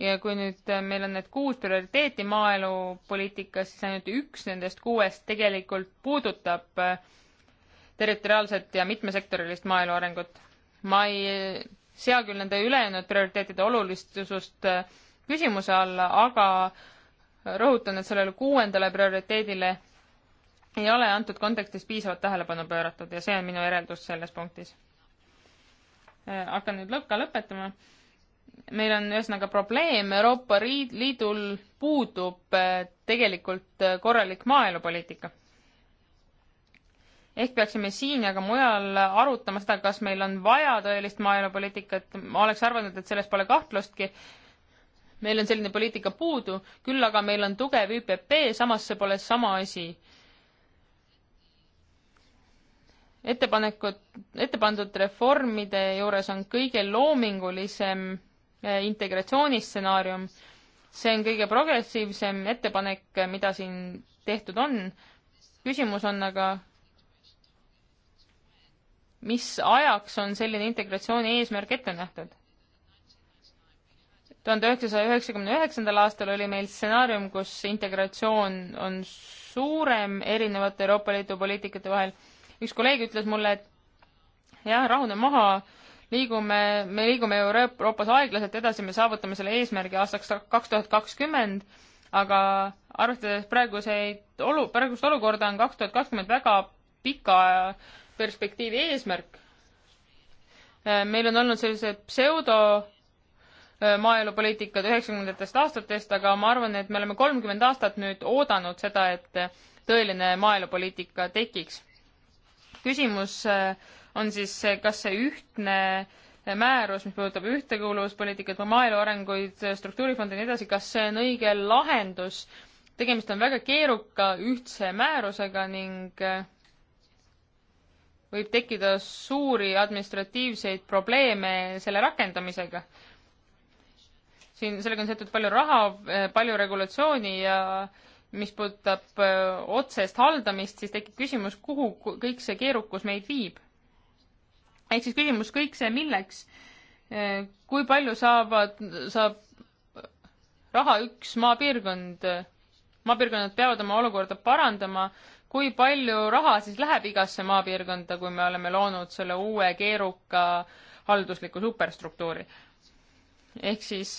ja kui nüüd äh, meil on need kuus prioriteeti maaelupoliitikas, siis ainult üks nendest kuuest tegelikult puudutab äh, territoriaalset ja mitmesektorilist maaelu arengut. ma ei äh, sea küll nende ülejäänud prioriteetide olulisusust küsimuse alla, aga rõhutan, et sellele kuuendale prioriteedile ei ole antud kontekstis piisavalt tähelepanu pööratud ja see on minu järeldus selles punktis. hakkan nüüd lõkka lõpetama meil on ühesõnaga probleem, Euroopa Liidul puudub äh, tegelikult äh, korralik maaelupoliitika. ehk peaksime siin ja ka mujal arutama seda, kas meil on vaja tõelist maaelupoliitikat, ma oleks arvanud, et selles pole kahtlustki, meil on selline poliitika puudu, küll aga meil on tugev ÜPP, samas see pole sama asi ettepanekud, ette pandud reformide juures on kõige loomingulisem Äh, integratsioonistsenaarium. see on kõige progressiivsem ettepanek, äh, mida siin tehtud on. küsimus on aga, mis ajaks on selline integratsiooni eesmärk ette nähtud? tuhande üheksasaja üheksakümne üheksandal aastal oli meil stsenaarium, kus integratsioon on suurem erinevate Euroopa Liidu poliitikate vahel. üks kolleeg ütles mulle, et jah, rahune maha äh,, liigume, me liigume Euroopas aeglaselt edasi, me saavutame selle eesmärgi aastaks kaks tuhat kakskümmend, aga arvestades praeguseid olu, praegust olukorda on kaks tuhat kakskümmend väga pika perspektiivi eesmärk. meil on olnud sellised pseudo äh, maaelupoliitikad üheksakümnendatest aastatest, aga ma arvan, et me oleme kolmkümmend aastat nüüd oodanud seda, et tõeline maaelupoliitika tekiks. küsimus äh, on siis see, kas see ühtne määrus, mis puudutab ühtekuuluvuspoliitikat, maaelu arenguid, struktuurifonde ja nii edasi, kas see on õige lahendus? tegemist on väga keeruka ühtse määrusega ning äh, võib tekkida suuri administratiivseid probleeme selle rakendamisega. siin, sellega on seotud palju raha, äh, palju regulatsiooni ja mis puudutab äh, otsest haldamist, siis tekib küsimus, kuhu kõik see keerukus meid viib ehk siis küsimus kõik see, milleks, kui palju saavad, saab raha üks maapiirkond, maapiirkonnad peavad oma olukorda parandama, kui palju raha siis läheb igasse maapiirkonda, kui me oleme loonud selle uue keeruka haldusliku superstruktuuri. ehk siis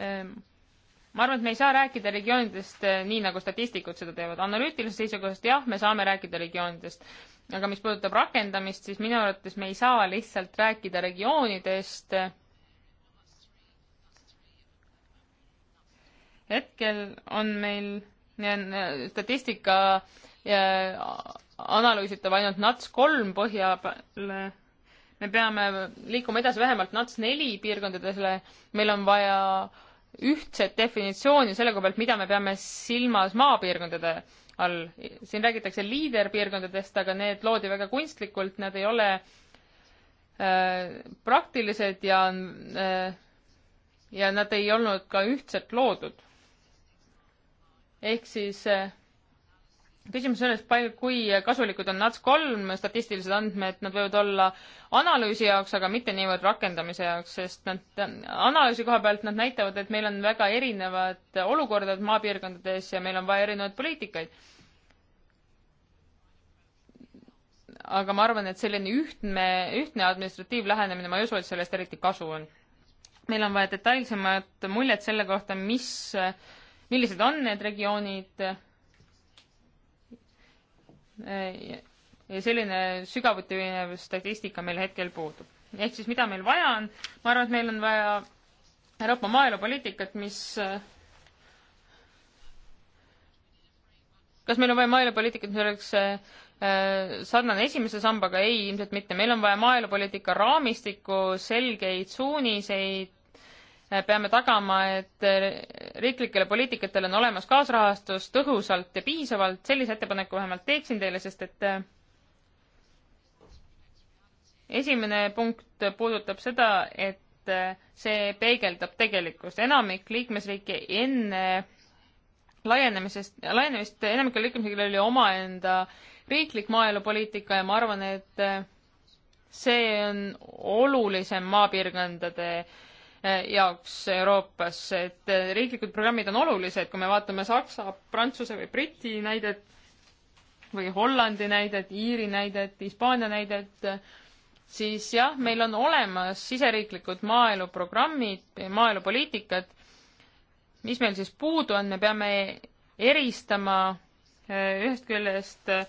ähm, ma arvan, et me ei saa rääkida regioonidest eh, nii, nagu statistikud seda teevad. analüütilisest seisukohast jah, me saame rääkida regioonidest, aga mis puudutab rakendamist, siis minu arvates me ei saa lihtsalt rääkida regioonidest. hetkel on meil statistika analüüsitav ainult NATS kolm põhja peal me peame liikuma edasi vähemalt NATS neli piirkondadele, meil on vaja ühtset definitsiooni selle koha pealt, mida me peame silmas maapiirkondade all. siin räägitakse liiderpiirkondadest, aga need loodi väga kunstlikult, nad ei ole äh, praktilised ja äh, ja nad ei olnud ka ühtselt loodud. ehk siis äh, küsimus selles, palju, kui kasulikud on NATS kolm statistilised andmed, nad võivad olla analüüsi jaoks, aga mitte niivõrd rakendamise jaoks, sest nad analüüsi koha pealt nad näitavad, et meil on väga erinevad olukorrad maapiirkondades ja meil on vaja erinevaid poliitikaid. aga ma arvan, et selline ühtne, ühtne administratiivlähenemine, ma ei usu, et sellest eriti kasu on. meil on vaja detailsemat muljet selle kohta, mis, millised on need regioonid ja selline sügavuti minev statistika meil hetkel puudub. ehk siis mida meil vaja on, ma arvan, et meil on vaja Euroopa maaelupoliitikat, mis kas meil on vaja maaelupoliitikat, mis oleks äh, sarnane esimese sambaga, ei, ilmselt mitte, meil on vaja maaelupoliitika raamistikku, selgeid suuniseid, peame tagama, et riiklikele poliitikatele on olemas kaasrahastus tõhusalt ja piisavalt, sellise ettepaneku vähemalt teeksin teile, sest et äh, esimene punkt puudutab seda, et äh, see peegeldab tegelikkust. enamik liikmesriike enne laienemisest, laienemist, enamikel liikmesriigil oli omaenda riiklik maaelupoliitika ja ma arvan, et äh, see on olulisem maapiirkondade äh, jaoks Euroopas, et riiklikud programmid on olulised, kui me vaatame Saksa, Prantsuse või Briti näidet või Hollandi näidet, Iiri näidet, Hispaania näidet, siis jah, meil on olemas siseriiklikud maaeluprogrammid, maaelupoliitikad. mis meil siis puudu on, me peame eristama äh, ühest küljest äh,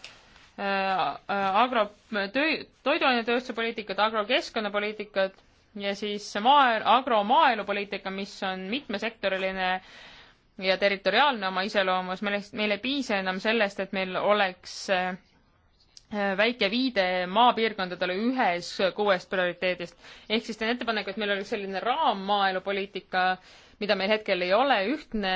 äh, agro, toiduainetööstuse poliitikad, agrokeskkonnapoliitikad ja siis maa, agromaaelupoliitika, mis on mitmesektoriline ja territoriaalne oma iseloomus, millest meil ei piisa enam sellest, et meil oleks äh, väike viide maapiirkondadele ühes kuuest prioriteedist. ehk siis teen ettepaneku, et meil oleks selline raammaaelupoliitika, mida meil hetkel ei ole, ühtne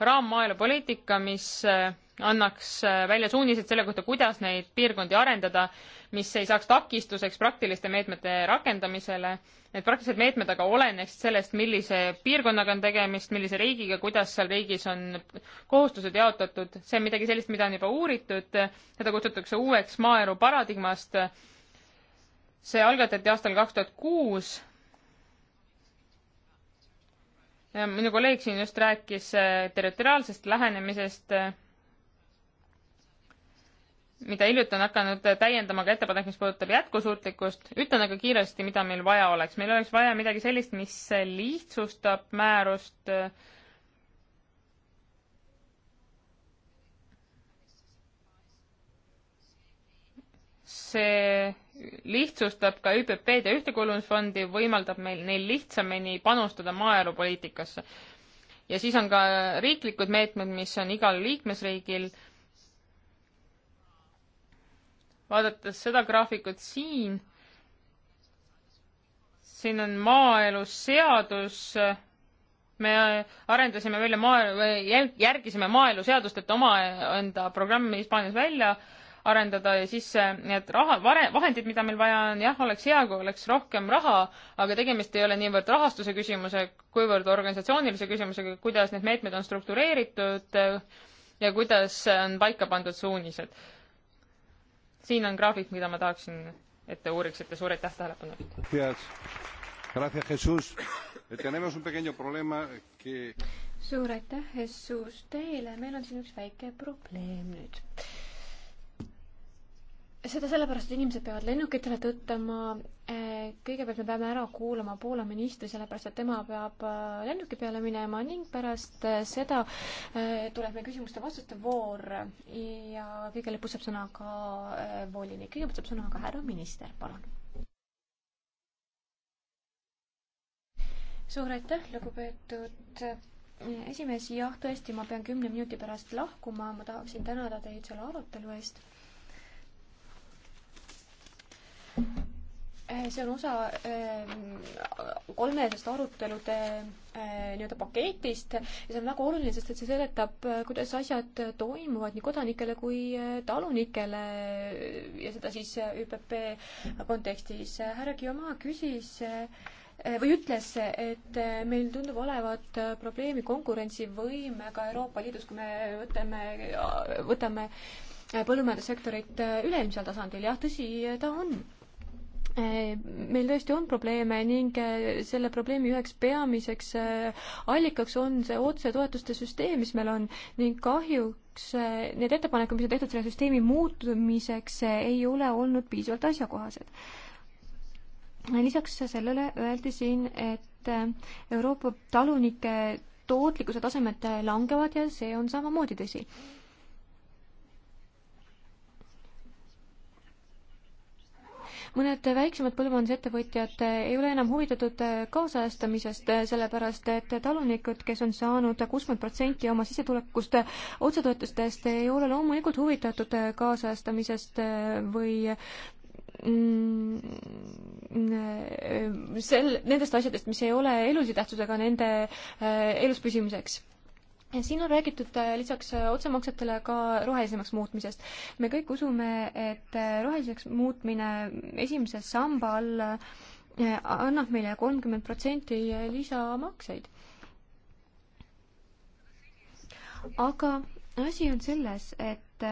raammaaelupoliitika, mis äh, annaks äh, välja suunised selle kohta, kuidas neid piirkondi arendada, mis ei saaks takistuseks praktiliste meetmete rakendamisele. Need praktilised meetmed aga oleneksid sellest, millise piirkonnaga on tegemist, millise riigiga, kuidas seal riigis on kohustused jaotatud. see on midagi sellist, mida on juba uuritud, seda kutsutakse uueks maaelu paradigmast. see algatati aastal kaks tuhat kuus minu kolleeg siin just rääkis äh, territoriaalsest lähenemisest mida hiljuti on hakanud täiendama ka ettepanek, mis puudutab jätkusuutlikkust. ütlen aga kiiresti, mida meil vaja oleks. meil oleks vaja midagi sellist, mis lihtsustab määrust see lihtsustab ka ÜPP-d ja Ühtekuuluvusfondi, võimaldab meil neil lihtsamini panustada maaelupoliitikasse. ja siis on ka riiklikud meetmed, mis on igal liikmesriigil äh, vaadates seda graafikut siin, siin on maaeluseadus, me arendasime välja maaelu, järgisime maaeluseadust, et omaenda programmi Hispaanias välja arendada ja siis need raha, vahendid, mida meil vaja on, jah, oleks hea, kui oleks rohkem raha, aga tegemist ei ole niivõrd rahastuse küsimuse, kuivõrd organisatsioonilise küsimusega, kuidas need meetmed on struktureeritud ja kuidas on paika pandud suunised siin on graafik, mida ma tahaksin, et te uuriksite, suur aitäh tähelepanu eest! Eh, suur aitäh, Jesus, teile, meil on siin üks väike probleem nüüd seda sellepärast, et inimesed peavad lennukitele tõttama. Äh, kõigepealt me peame ära kuulama Poola ministri, sellepärast et tema peab äh, lennuki peale minema ning pärast äh, seda tuleb meil küsimuste-vastuste voor ja kõige lõpus saab sõna ka volinik, kõigepealt saab sõna ka härra minister, palun. suur aitäh, lugupeetud esimees, jah, tõesti, ma pean kümne minuti pärast lahkuma, ma tahaksin tänada teid selle arutelu eest Eh, see on osa eh, kolmesest arutelude eh, nii-öelda paketist ja see on väga oluline, sest et see seletab, kuidas asjad toimuvad nii kodanikele kui talunikele ja seda siis ÜPP kontekstis. härra Kioma küsis või ütles, et meil tundub olevat probleemi konkurentsivõimega Euroopa Liidus, kui me võtame, võtame põllumajandussektorit üleilmsel tasandil, jah, tõsi ta on Eh, meil tõesti on probleeme ning eh, selle probleemi üheks peamiseks eh, allikaks on see otsetoetuste süsteem, mis meil on ning kahjuks need ettepanekud, mis on tehtud selle süsteemi muutumiseks, ei ole olnud piisavalt asjakohased. lisaks sellele öeldi siin, et Euroopa talunike tootlikkuse tasemed langevad ja see on samamoodi tõsi mõned väiksemad põllumajandusettevõtjad ei ole enam huvitatud äh, kaasajastamisest, äh, sellepärast et talunikud, kes on saanud kuuskümmend protsenti oma sissetulekust äh, otsetoetustest, ei ole loomulikult huvitatud kaasajastamisest või mm, mm, sel, nendest asjadest, mis ei ole elulise tähtsusega nende elus püsimiseks siin on räägitud äh, lisaks äh, otsemaksetele ka rohelisemaks muutmisest. me kõik usume, et äh, roheliseks muutmine esimese samba all annab meile kolmkümmend protsenti lisamakseid. aga asi on selles, et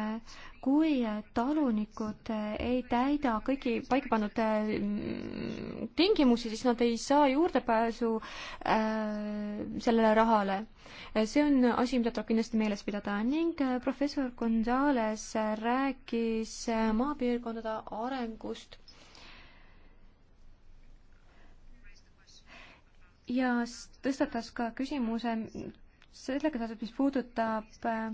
kui talunikud ei täida kõiki paika pannud mm, tingimusi, siis nad ei saa juurdepääsu äh, sellele rahale. see on asi, mida tuleb kindlasti meeles pidada ning äh, professor Gonzales rääkis äh, maapiirkondade arengust. ja tõstatas ka küsimuse sellega seoses, mis puudutab äh,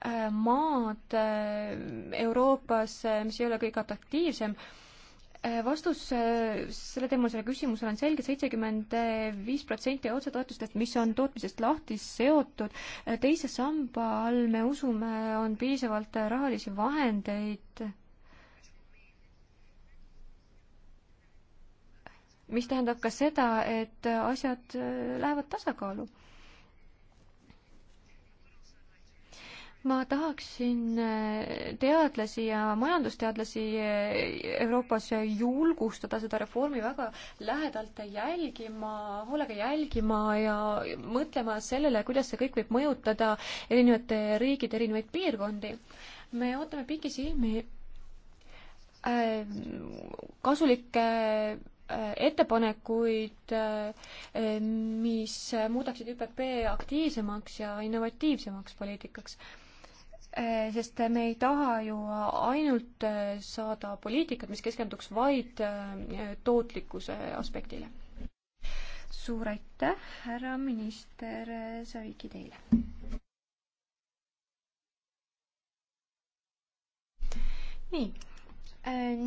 maad äh, Euroopas, äh, mis ei ole kõige atraktiivsem. Äh, vastus selle teemalisele küsimusele on selge, seitsekümmend viis protsenti otsetoetustest, mis on tootmisest lahti seotud, teise samba all, me usume, on piisavalt rahalisi vahendeid, mis tähendab ka seda, et asjad lähevad tasakaalu ma tahaksin äh, teadlasi ja majandusteadlasi äh, Euroopas julgustada seda reformi väga lähedalt jälgima, hoolega jälgima ja mõtlema sellele, kuidas see kõik võib mõjutada erinevate riikide erinevaid piirkondi. me ootame pikisilmi äh, kasulikke ettepanekuid, mis muudaksid ÜPP aktiivsemaks ja innovatiivsemaks poliitikaks Eh, sest me ei taha ju ainult eh, saada poliitikat, mis keskenduks vaid eh, tootlikkuse aspektile. suur aitäh, härra minister Saviki, teile! nii,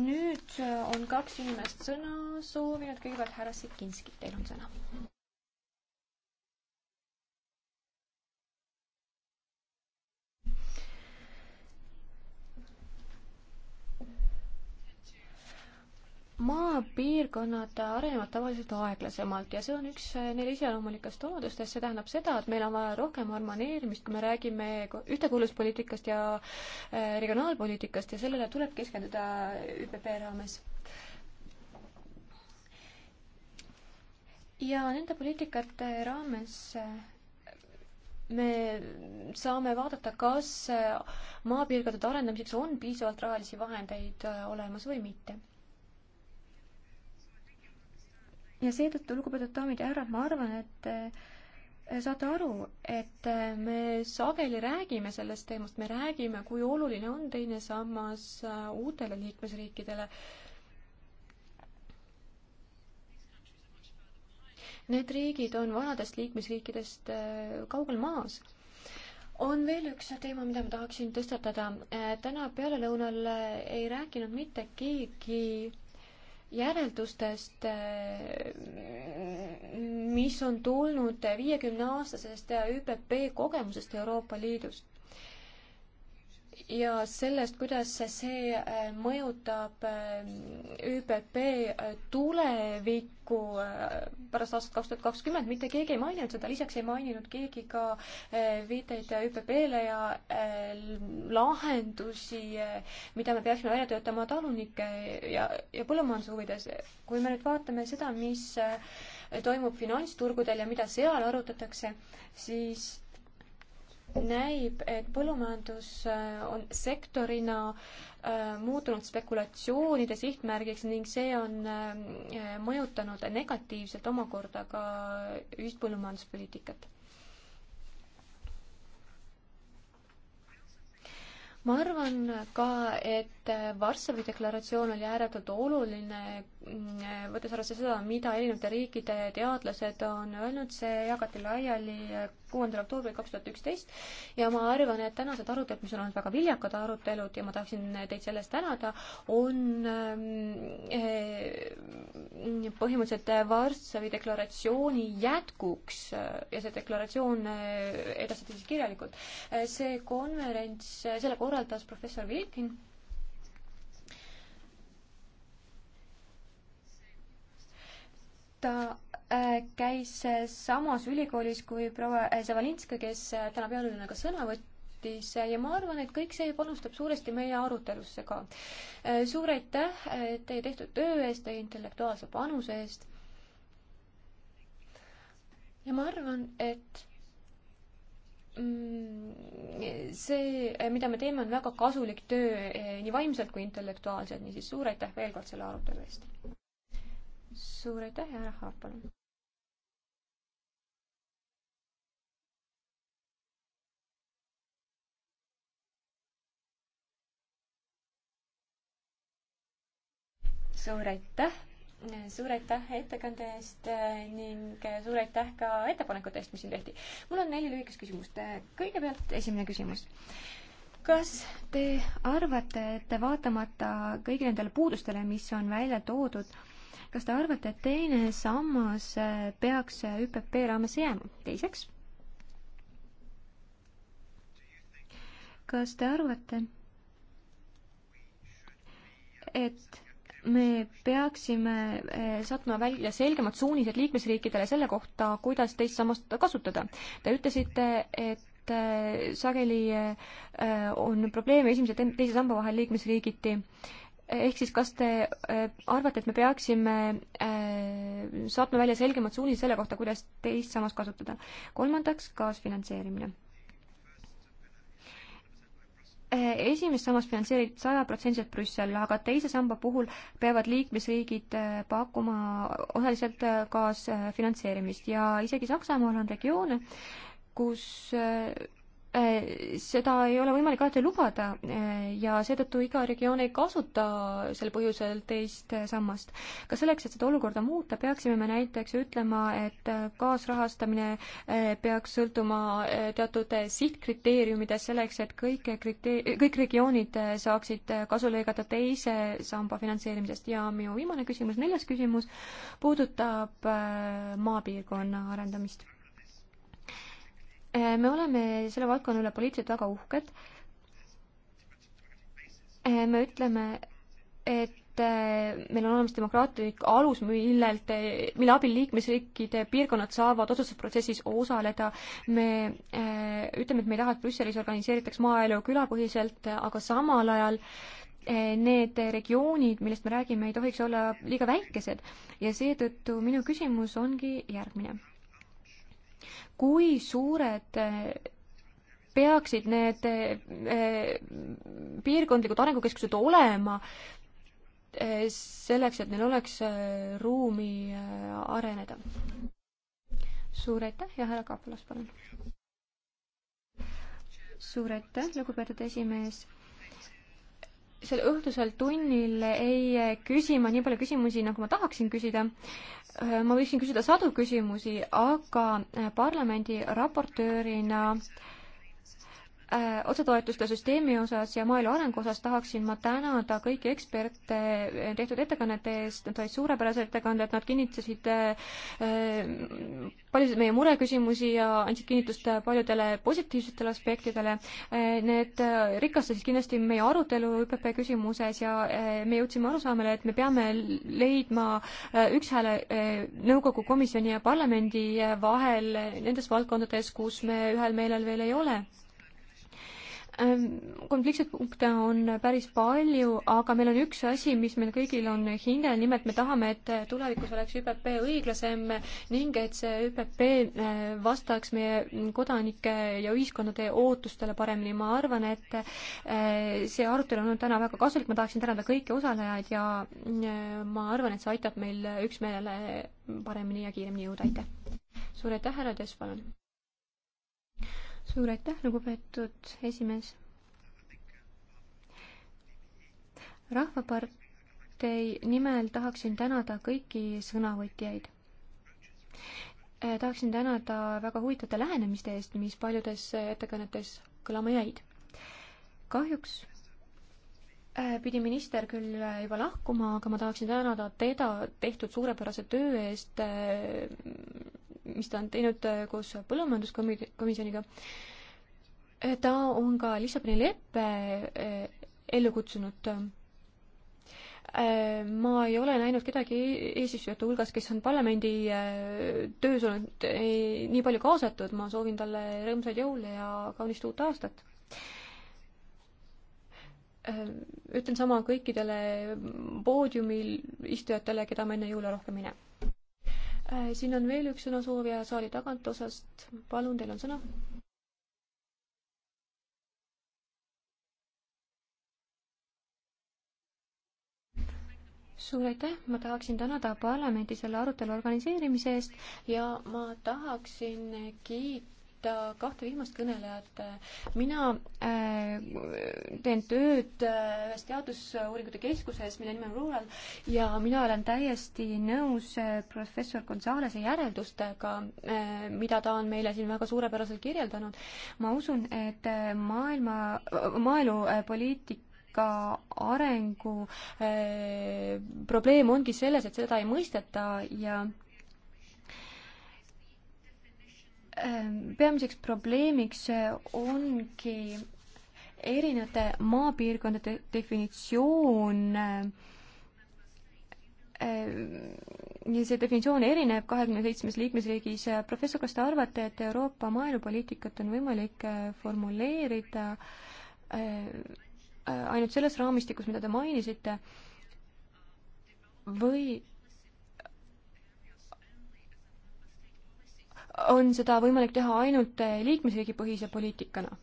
nüüd on kaks inimest sõna soovinud, kõigepealt härra Sikinski, teil on sõna. maapiirkonnad arenevad tavaliselt aeglasemalt ja see on üks eh, neile iseloomulikest omadustest, see tähendab seda, et meil on vaja rohkem harmoneerimist, kui me räägime ühtekuuluvuspoliitikast ja eh, regionaalpoliitikast ja sellele tuleb keskenduda eh, ÜPP raames. ja nende poliitikate raames me saame vaadata, kas maapiirkondade arendamiseks on piisavalt rahalisi vahendeid olemas või mitte ja seetõttu, lugupeetud daamid ja härrad, ma arvan, et äh, saate aru, et äh, me sageli räägime sellest teemast, me räägime, kui oluline on teine sammas äh, uutele liikmesriikidele. Need riigid on vanadest liikmesriikidest kaugel maas on veel üks teema, mida ma tahaksin tõstatada. täna pealelõunal ei rääkinud mitte keegi järeldustest, mis on tulnud viiekümne aastasest ÜPP kogemusest Euroopa Liidus ja sellest, kuidas see äh, mõjutab äh, ÜPP äh, tulevikku pärast aastat kaks tuhat kakskümmend, mitte keegi ei maininud seda, lisaks ei maininud keegi ka viiteid ÜPP-le ja lahendusi, mida me peaksime välja töötama talunike ja, ja põllumajanduse huvides. kui me nüüd vaatame seda, mis toimub finantsturgudel ja mida seal arutatakse, siis näib, et põllumajandus äh, on sektorina äh, muutunud spekulatsioonide sihtmärgiks ning see on äh, mõjutanud negatiivselt omakorda ka ühist põllumajanduspoliitikat ma arvan ka, et Varssavi deklaratsioon oli ääretult oluline, mm, võttes arvesse seda, mida erinevate riikide teadlased on öelnud, see jagati laiali kuuendal oktoobril kaks tuhat üksteist ja ma arvan, et tänased arutelud, mis on olnud väga viljakad arutelud ja ma tahaksin teid selle eest tänada, on mm, põhimõtteliselt Varssavi deklaratsiooni jätkuks ja see deklaratsioon edastati siis kirjalikult. see konverents, selle korra korraldas professor Wilkin. ta äh, käis samas ülikoolis kui proua äh, Zavalinska, kes äh, täna pealinna ka sõna võttis ja ma arvan, et kõik see panustab suuresti meie arutelusse ka. suur aitäh teie tehtud töö eest, teie intellektuaalse panuse eest. ja ma arvan, et Mm, see, eh, mida me teeme, on väga kasulik töö eh, nii vaimselt kui intellektuaalselt, niisiis suur aitäh veel kord selle arutelu eest. suur aitäh ja härra Haap, palun. suur aitäh suur aitäh ettekande eest äh, ning äh, suur aitäh ka ettepanekute eest, mis siin tehti. mul on neli lühikest küsimust. Äh, kõigepealt esimene küsimus. kas te arvate, et vaatamata kõigile nendele puudustele, mis on välja toodud, kas te arvate, et teine sammas peaks ÜPP raames jääma? teiseks, kas te arvate, et me peaksime eh, saatma välja selgemad suunised liikmesriikidele selle kohta, kuidas teist sammast kasutada. Te ütlesite, et eh, sageli eh, on probleeme esimese ja teise samba vahel liikmesriigiti. ehk siis kas te arvate, et me peaksime saatma välja selgemad suunised selle kohta, kuidas teist sammast kasutada? kolmandaks, kaasfinantseerimine Eh, esimest sammast finantseerib sajaprotsendiliselt Brüssel, aga teise samba puhul peavad liikmesriigid eh, pakkuma osaliselt eh, kaasfinantseerimist ja isegi Saksamaal on regioone, kus Äh, seda ei ole võimalik alati lubada äh, ja seetõttu iga regioon ei kasuta sel põhjusel teist äh, sammast. ka selleks, et seda olukorda muuta, peaksime me näiteks ütlema, et kaasrahastamine peaks sõltuma teatud sihtkriteeriumidest selleks, et kõik kriteer-, kõik regioonid saaksid kasu lõigata teise samba finantseerimisest ja minu viimane küsimus, neljas küsimus, puudutab maapiirkonna arendamist Eh, me oleme selle valdkonna üle poliitiliselt väga uhked. Eh, me ütleme, et eh, meil on olemas demokraatlik alus, millelt, mille abil liikmesriikide piirkonnad saavad otsustusprotsessis osaleda. me ütleme, et me ei taha, et Brüsselis organiseeritaks maaelu külapõhiselt, aga samal ajal need regioonid, millest me räägime, ei tohiks olla liiga väikesed ja seetõttu minu küsimus ongi järgmine kui suured eh, peaksid need eh, eh, piirkondlikud arengukeskused olema selleks, et neil oleks ruumi areneda? suur aitäh ja härra Kapolas, palun. suur aitäh, lugupeetud esimees sel õhtusel tunnil ei küsi ma nii palju küsimusi, nagu ma tahaksin küsida. Äh, ma võiksin küsida sadu küsimusi, aga äh, parlamendi raportöörina äh, Äh, otsetoetuste süsteemi osas ja maaelu arengu osas tahaksin ma tänada kõiki eksperte eh, tehtud ettekannete eest, nad said suurepärase ettekande, et nad kinnitasid eh, eh, paljusid meie mureküsimusi ja andsid kinnitust paljudele positiivsetele aspektidele. Need rikastasid kindlasti meie arutelu ÜPP küsimuses ja me jõudsime arusaamale, et me peame leidma ükshääle nõukogu komisjoni ja parlamendi vahel nendes valdkondades, kus me ühel meelel veel ei ole Ähm, konfliktseid punkte on päris palju, aga meil on üks asi, mis meil kõigil on hingel, nimelt me tahame, et tulevikus oleks ÜPP õiglasem ning et see ÜPP äh, vastaks meie kodanike ja ühiskondade ootustele paremini. ma arvan, et äh, see arutelu on olnud täna väga kasulik, ma tahaksin tänada kõiki osalejaid ja äh, ma arvan, et see aitab meil üksmeelele paremini ja kiiremini jõuda, aitäh! suur aitäh, härra Tess, palun! suur aitäh, lugupeetud esimees. rahvapartei nimel tahaksin tänada kõiki sõnavõtjaid. Äh, tahaksin tänada väga huvitavate lähenemiste eest, mis paljudes äh, ettekannetes kõlama jäid. kahjuks äh, pidi minister küll juba lahkuma, aga ma tahaksin tänada teda tehtud suurepärase töö eest mis ta on teinud äh, koos põllumajanduskomisjoniga. Äh, ta on ka Lissaboni leppe äh, ellu kutsunud. ma ei ole näinud kedagi eesistujate hulgas, kes on parlamendi töös olnud nii palju kaasatud, ma soovin talle rõõmsaid jõule ja kaunist uut aastat ütlen sama kõikidele poodiumil istujatele, keda ma enne jõule rohkem ei näe. Äh, siin on veel üks sõnasoovija saali tagantosast. palun, teil on sõna. suur aitäh, ma tahaksin tänada parlamendi selle arutelu organiseerimise eest ja ma tahaksin kiita puuduta äh, kahte viimast kõnelejat, äh, mina äh, teen tööd ühes teadusuuringute keskuses, mille nimi on Rural, ja mina olen täiesti nõus professor Gonzalese järeldustega, mida ta on meile siin väga suurepäraselt kirjeldanud. ma usun, et maailma, maaelupoliitika ka arengu eh, probleem ongi selles, et seda ei mõisteta ja Ehm, peamiseks probleemiks eh, ongi erinevate maapiirkondade definitsioon eh, ehm, ja see definitsioon erineb kahekümne seitsmes liikmesriigis. professor, kas te arvate, et Euroopa maaelupoliitikat on võimalik eh, formuleerida ainult selles raamistikus, mida te mainisite, või on seda võimalik teha ainult liikmesriigi põhise poliitikana.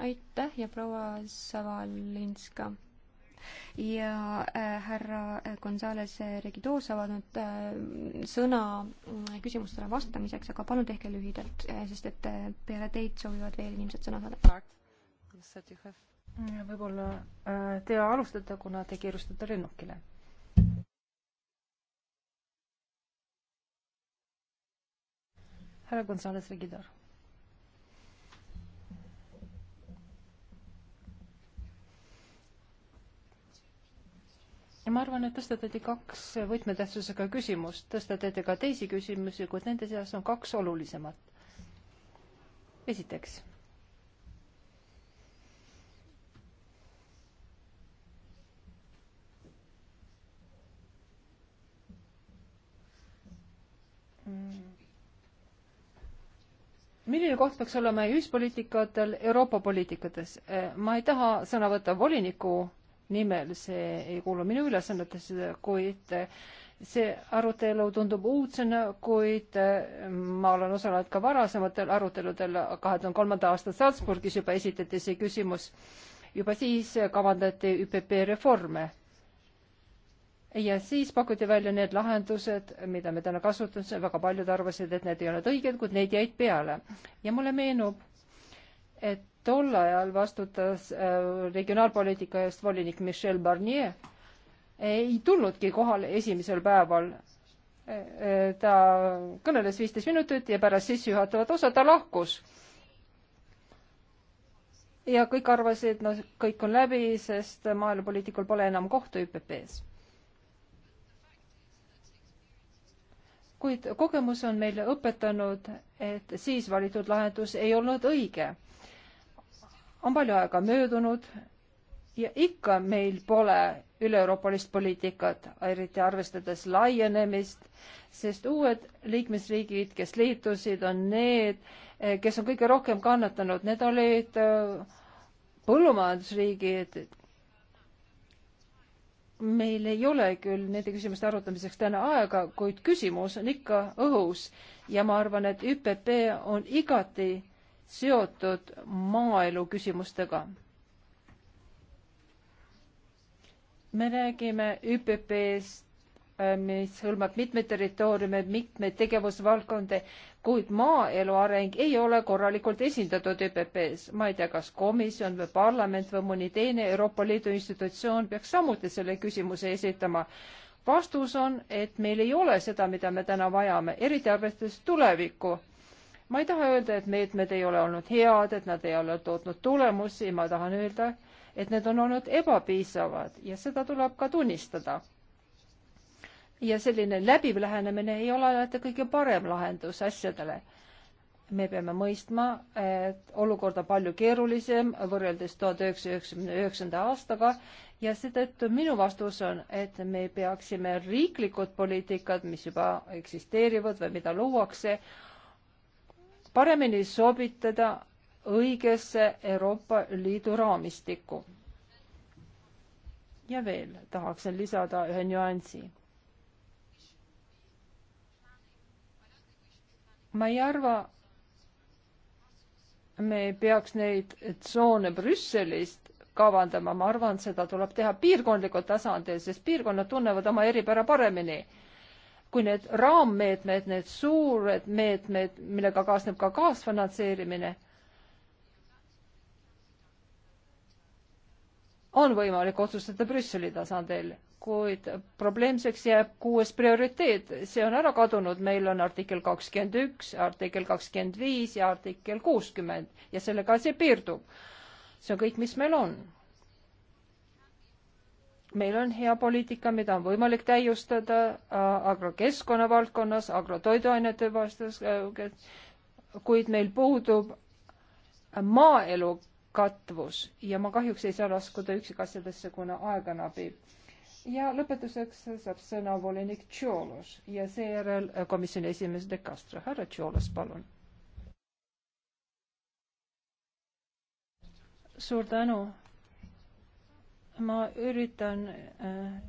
aitäh ja proua Savalinska. ja äh, härra Gonzales Regidor saavad nüüd äh, sõna äh, küsimustele vastamiseks, aga palun tehke lühidalt, äh, sest et äh, peale teid soovivad veel inimesed sõna saada. võib-olla äh, te alustate, kuna te kiirustate lennukile härra Gonzalez Vigidor. ma arvan, et tõstatati kaks võtmetähtsusega küsimust, tõstatati ka teisi küsimusi, kuid nende seas on kaks olulisemat. esiteks mm milline koht peaks olema meie ühispoliitikatel Euroopa poliitikates? ma ei taha sõna võtta voliniku nimel, see ei kuulu minu ülesannetesse, kuid see arutelu tundub uudsena, kuid ma olen osalenud ka varasematel aruteludel, kahe tuhande kolmanda aasta Salzburgis juba esitati see küsimus, juba siis kavandati ÜPP reforme ja siis pakuti välja need lahendused, mida me täna kasutasime, väga paljud arvasid, et need ei olnud õiged, kuid neid jäid peale. ja mulle meenub, et tol ajal vastutas äh, regionaalpoliitika eest volinik Michel Barnier, ei tulnudki kohale esimesel päeval äh, äh,. ta kõneles viisteist minutit ja pärast sissejuhatavat osa ta lahkus ja kõik arvasid, no kõik on läbi, sest maaelupoliitikul pole enam kohta ÜPP-s kuid kogemus on meile õpetanud, et siis valitud lahendus ei olnud õige. on palju aega möödunud ja ikka meil pole üle-euroopalist poliitikat, eriti arvestades laienemist, sest uued liikmesriigid, kes liitusid, on need, eh, kes on kõige rohkem kannatanud, need olid eh, põllumajandusriigid meil ei ole küll nende küsimuste arutamiseks täna aega, kuid küsimus on ikka õhus ja ma arvan, et ÜPP on igati seotud maaelu küsimustega. me räägime ÜPP-st Äh, mis hõlmab mitmeid territooriume, mitmeid tegevusvaldkondi, kuid maaelu areng ei ole korralikult esindatud ÜPP-s. E ma ei tea, kas komisjon või parlament või mõni teine Euroopa Liidu institutsioon peaks samuti selle küsimuse esitama. vastus on, et meil ei ole seda, mida me täna vajame, eriti arvestades tulevikku. ma ei taha öelda, et meetmed ei ole olnud head, et nad ei ole tootnud tulemusi, ma tahan öelda, et need on olnud ebapiisavad ja seda tuleb ka tunnistada ja selline läbiv lähenemine ei ole alati kõige parem lahendus asjadele. me peame mõistma, et olukord on palju keerulisem võrreldes tuhande üheksasaja üheksakümne üheksanda aastaga ja seetõttu minu vastus on, et me peaksime riiklikud poliitikad, mis juba eksisteerivad või mida luuakse, paremini sobitada õigesse Euroopa Liidu raamistikku. ja veel tahaksin lisada ühe nüansi ma ei arva, me peaks neid tsoone Brüsselist kavandama, ma arvan, seda tuleb teha piirkondlikul tasandil, sest piirkonnad tunnevad oma eripära paremini. kui need raammeetmed, need suured meetmed, millega kaasneb ka kaasfinantseerimine, on võimalik otsustada Brüsseli tasandil kuid probleemseks jääb kuues prioriteet, see on ära kadunud, meil on artikkel kakskümmend üks, artikkel kakskümmend viis ja artikkel kuuskümmend ja sellega see piirdub. see on kõik, mis meil on. meil on hea poliitika, mida on võimalik täiustada agrokeskkonna valdkonnas, agrotoiduainete vastas, kuid meil puudub maaelu katvus ja ma kahjuks ei saa laskuda üksikasjadesse, kuna aega napib ja lõpetuseks saab sõna volinik Tšolos ja seejärel komisjoni esimees De Castro. härra Tšolos, palun. suur tänu. ma üritan äh,,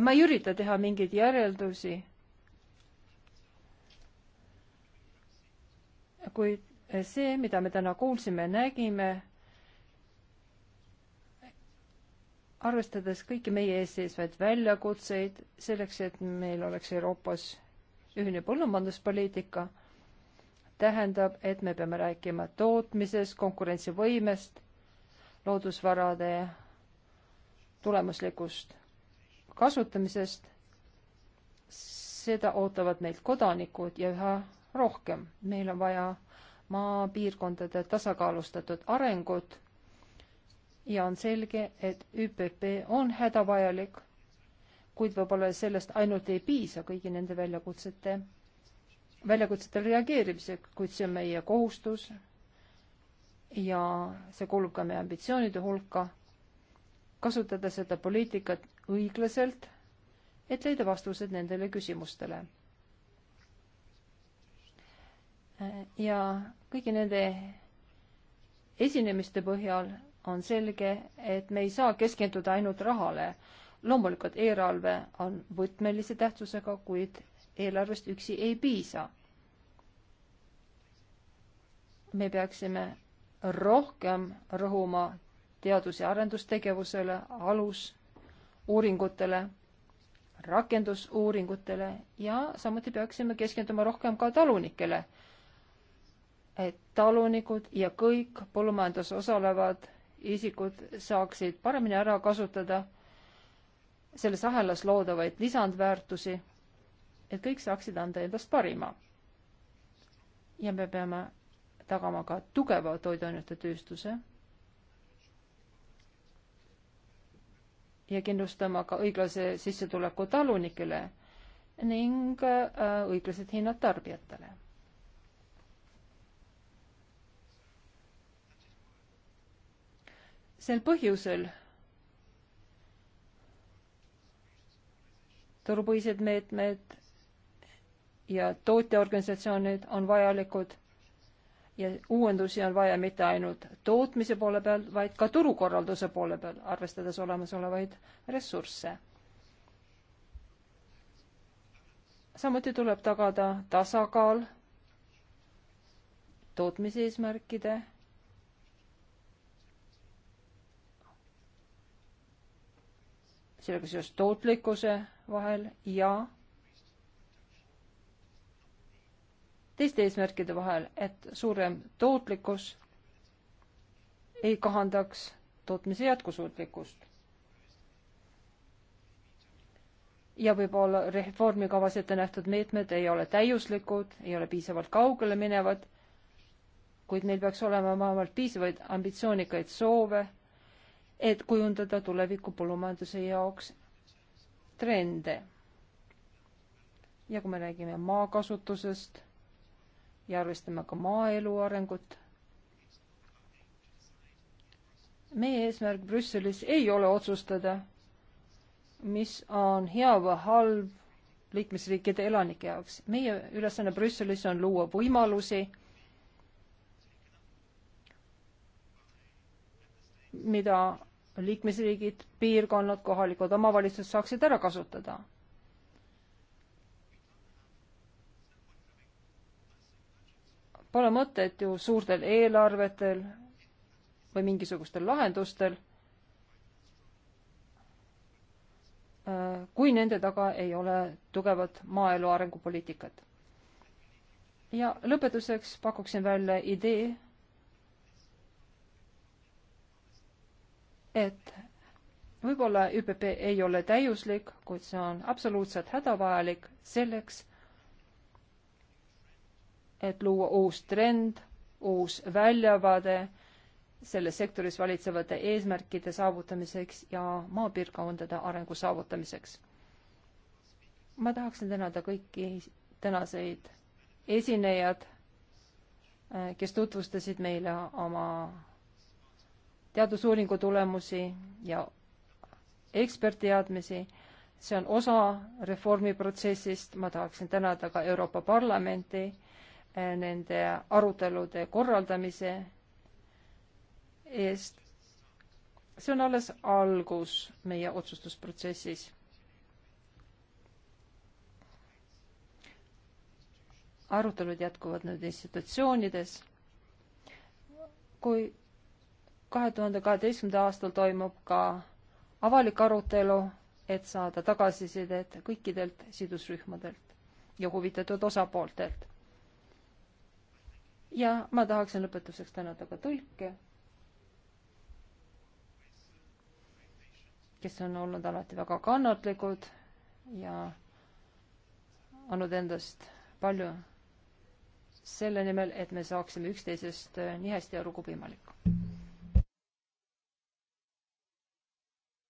ma ei ürita teha mingeid järeldusi, kuid see, mida me täna kuulsime, nägime arvestades kõiki meie ees seisvaid väljakutseid selleks, et meil oleks Euroopas ühine põllumajanduspoliitika, tähendab, et me peame rääkima tootmisest, konkurentsivõimest, loodusvarade tulemuslikust kasutamisest. seda ootavad meilt kodanikud ja üha rohkem. meil on vaja maapiirkondade tasakaalustatud arengut ja on selge, et ÜPP on hädavajalik, kuid võib-olla sellest ainult ei piisa kõigi nende väljakutsete, väljakutsetele reageerimiseks, kuid see on meie kohustus ja see kuulub ka meie ambitsioonide hulka, kasutada seda poliitikat õiglaselt, et leida vastused nendele küsimustele. ja kõigi nende esinemiste põhjal on selge, et me ei saa keskenduda ainult rahale. loomulikult eelarve on võtmelise tähtsusega, kuid eelarvest üksi ei piisa. me peaksime rohkem rõhuma teadus- ja arendustegevusele, alusuuringutele, rakendusuuringutele ja samuti peaksime keskenduma rohkem ka talunikele et talunikud ja kõik põllumajanduses osalevad isikud saaksid paremini ära kasutada selles ahelas loodavaid lisandväärtusi, et kõik saaksid anda endast parima. ja me peame tagama ka tugeva toiduainete tööstuse ja kindlustama ka õiglase sissetuleku talunikele ning äh, õiglased hinnad tarbijatele sel põhjusel turupõhised meetmed ja tootjaorganisatsioonid on vajalikud ja uuendusi on vaja mitte ainult tootmise poole peal, vaid ka turukorralduse poole peal, arvestades olemasolevaid ressursse. samuti tuleb tagada tasakaal tootmise eesmärkide sellega seoses tootlikkuse vahel ja teiste eesmärkide vahel, et suurem tootlikkus ei kahandaks tootmise jätkusuutlikkust. ja võib-olla reformikavas ette nähtud meetmed ei ole täiuslikud, ei ole piisavalt kaugele minevad, kuid neil peaks olema vähemalt piisavaid ambitsioonikaid soove et kujundada tuleviku põllumajanduse jaoks trende. ja kui me räägime maakasutusest ja arvestame ka maaelu arengut, meie eesmärk Brüsselis ei ole otsustada, mis on hea või halb liikmesriikide elanike jaoks. meie ülesanne Brüsselis on luua võimalusi, mida liikmesriigid, piirkonnad, kohalikud omavalitsused saaksid ära kasutada. Pole mõtet ju suurtel eelarvetel või mingisugustel lahendustel, kui nende taga ei ole tugevat maaelu arengupoliitikat. ja lõpetuseks pakuksin välja idee et võib-olla ÜPP ei ole täiuslik, kuid see on absoluutselt hädavajalik selleks, et luua uus trend, uus väljavaade selles sektoris valitsevate eesmärkide saavutamiseks ja maapiirkondade arengu saavutamiseks. ma tahaksin tänada kõiki tänaseid esinejad, kes tutvustasid meile oma teadusuuringu tulemusi ja ekspertteadmisi. see on osa reformiprotsessist, ma tahaksin tänada ka Euroopa Parlamenti eh, nende arutelude korraldamise eest. see on alles algus meie otsustusprotsessis arutelud jätkuvad nüüd institutsioonides, kui kahe tuhande kaheteistkümnendal aastal toimub ka avalik arutelu, et saada tagasisidet kõikidelt sidusrühmadelt ja huvitatud osapooltelt. ja ma tahaksin lõpetuseks tänada ka tõlke, kes on olnud alati väga kannatlikud ja andnud endast palju selle nimel, et me saaksime üksteisest nii hästi aru kui võimalik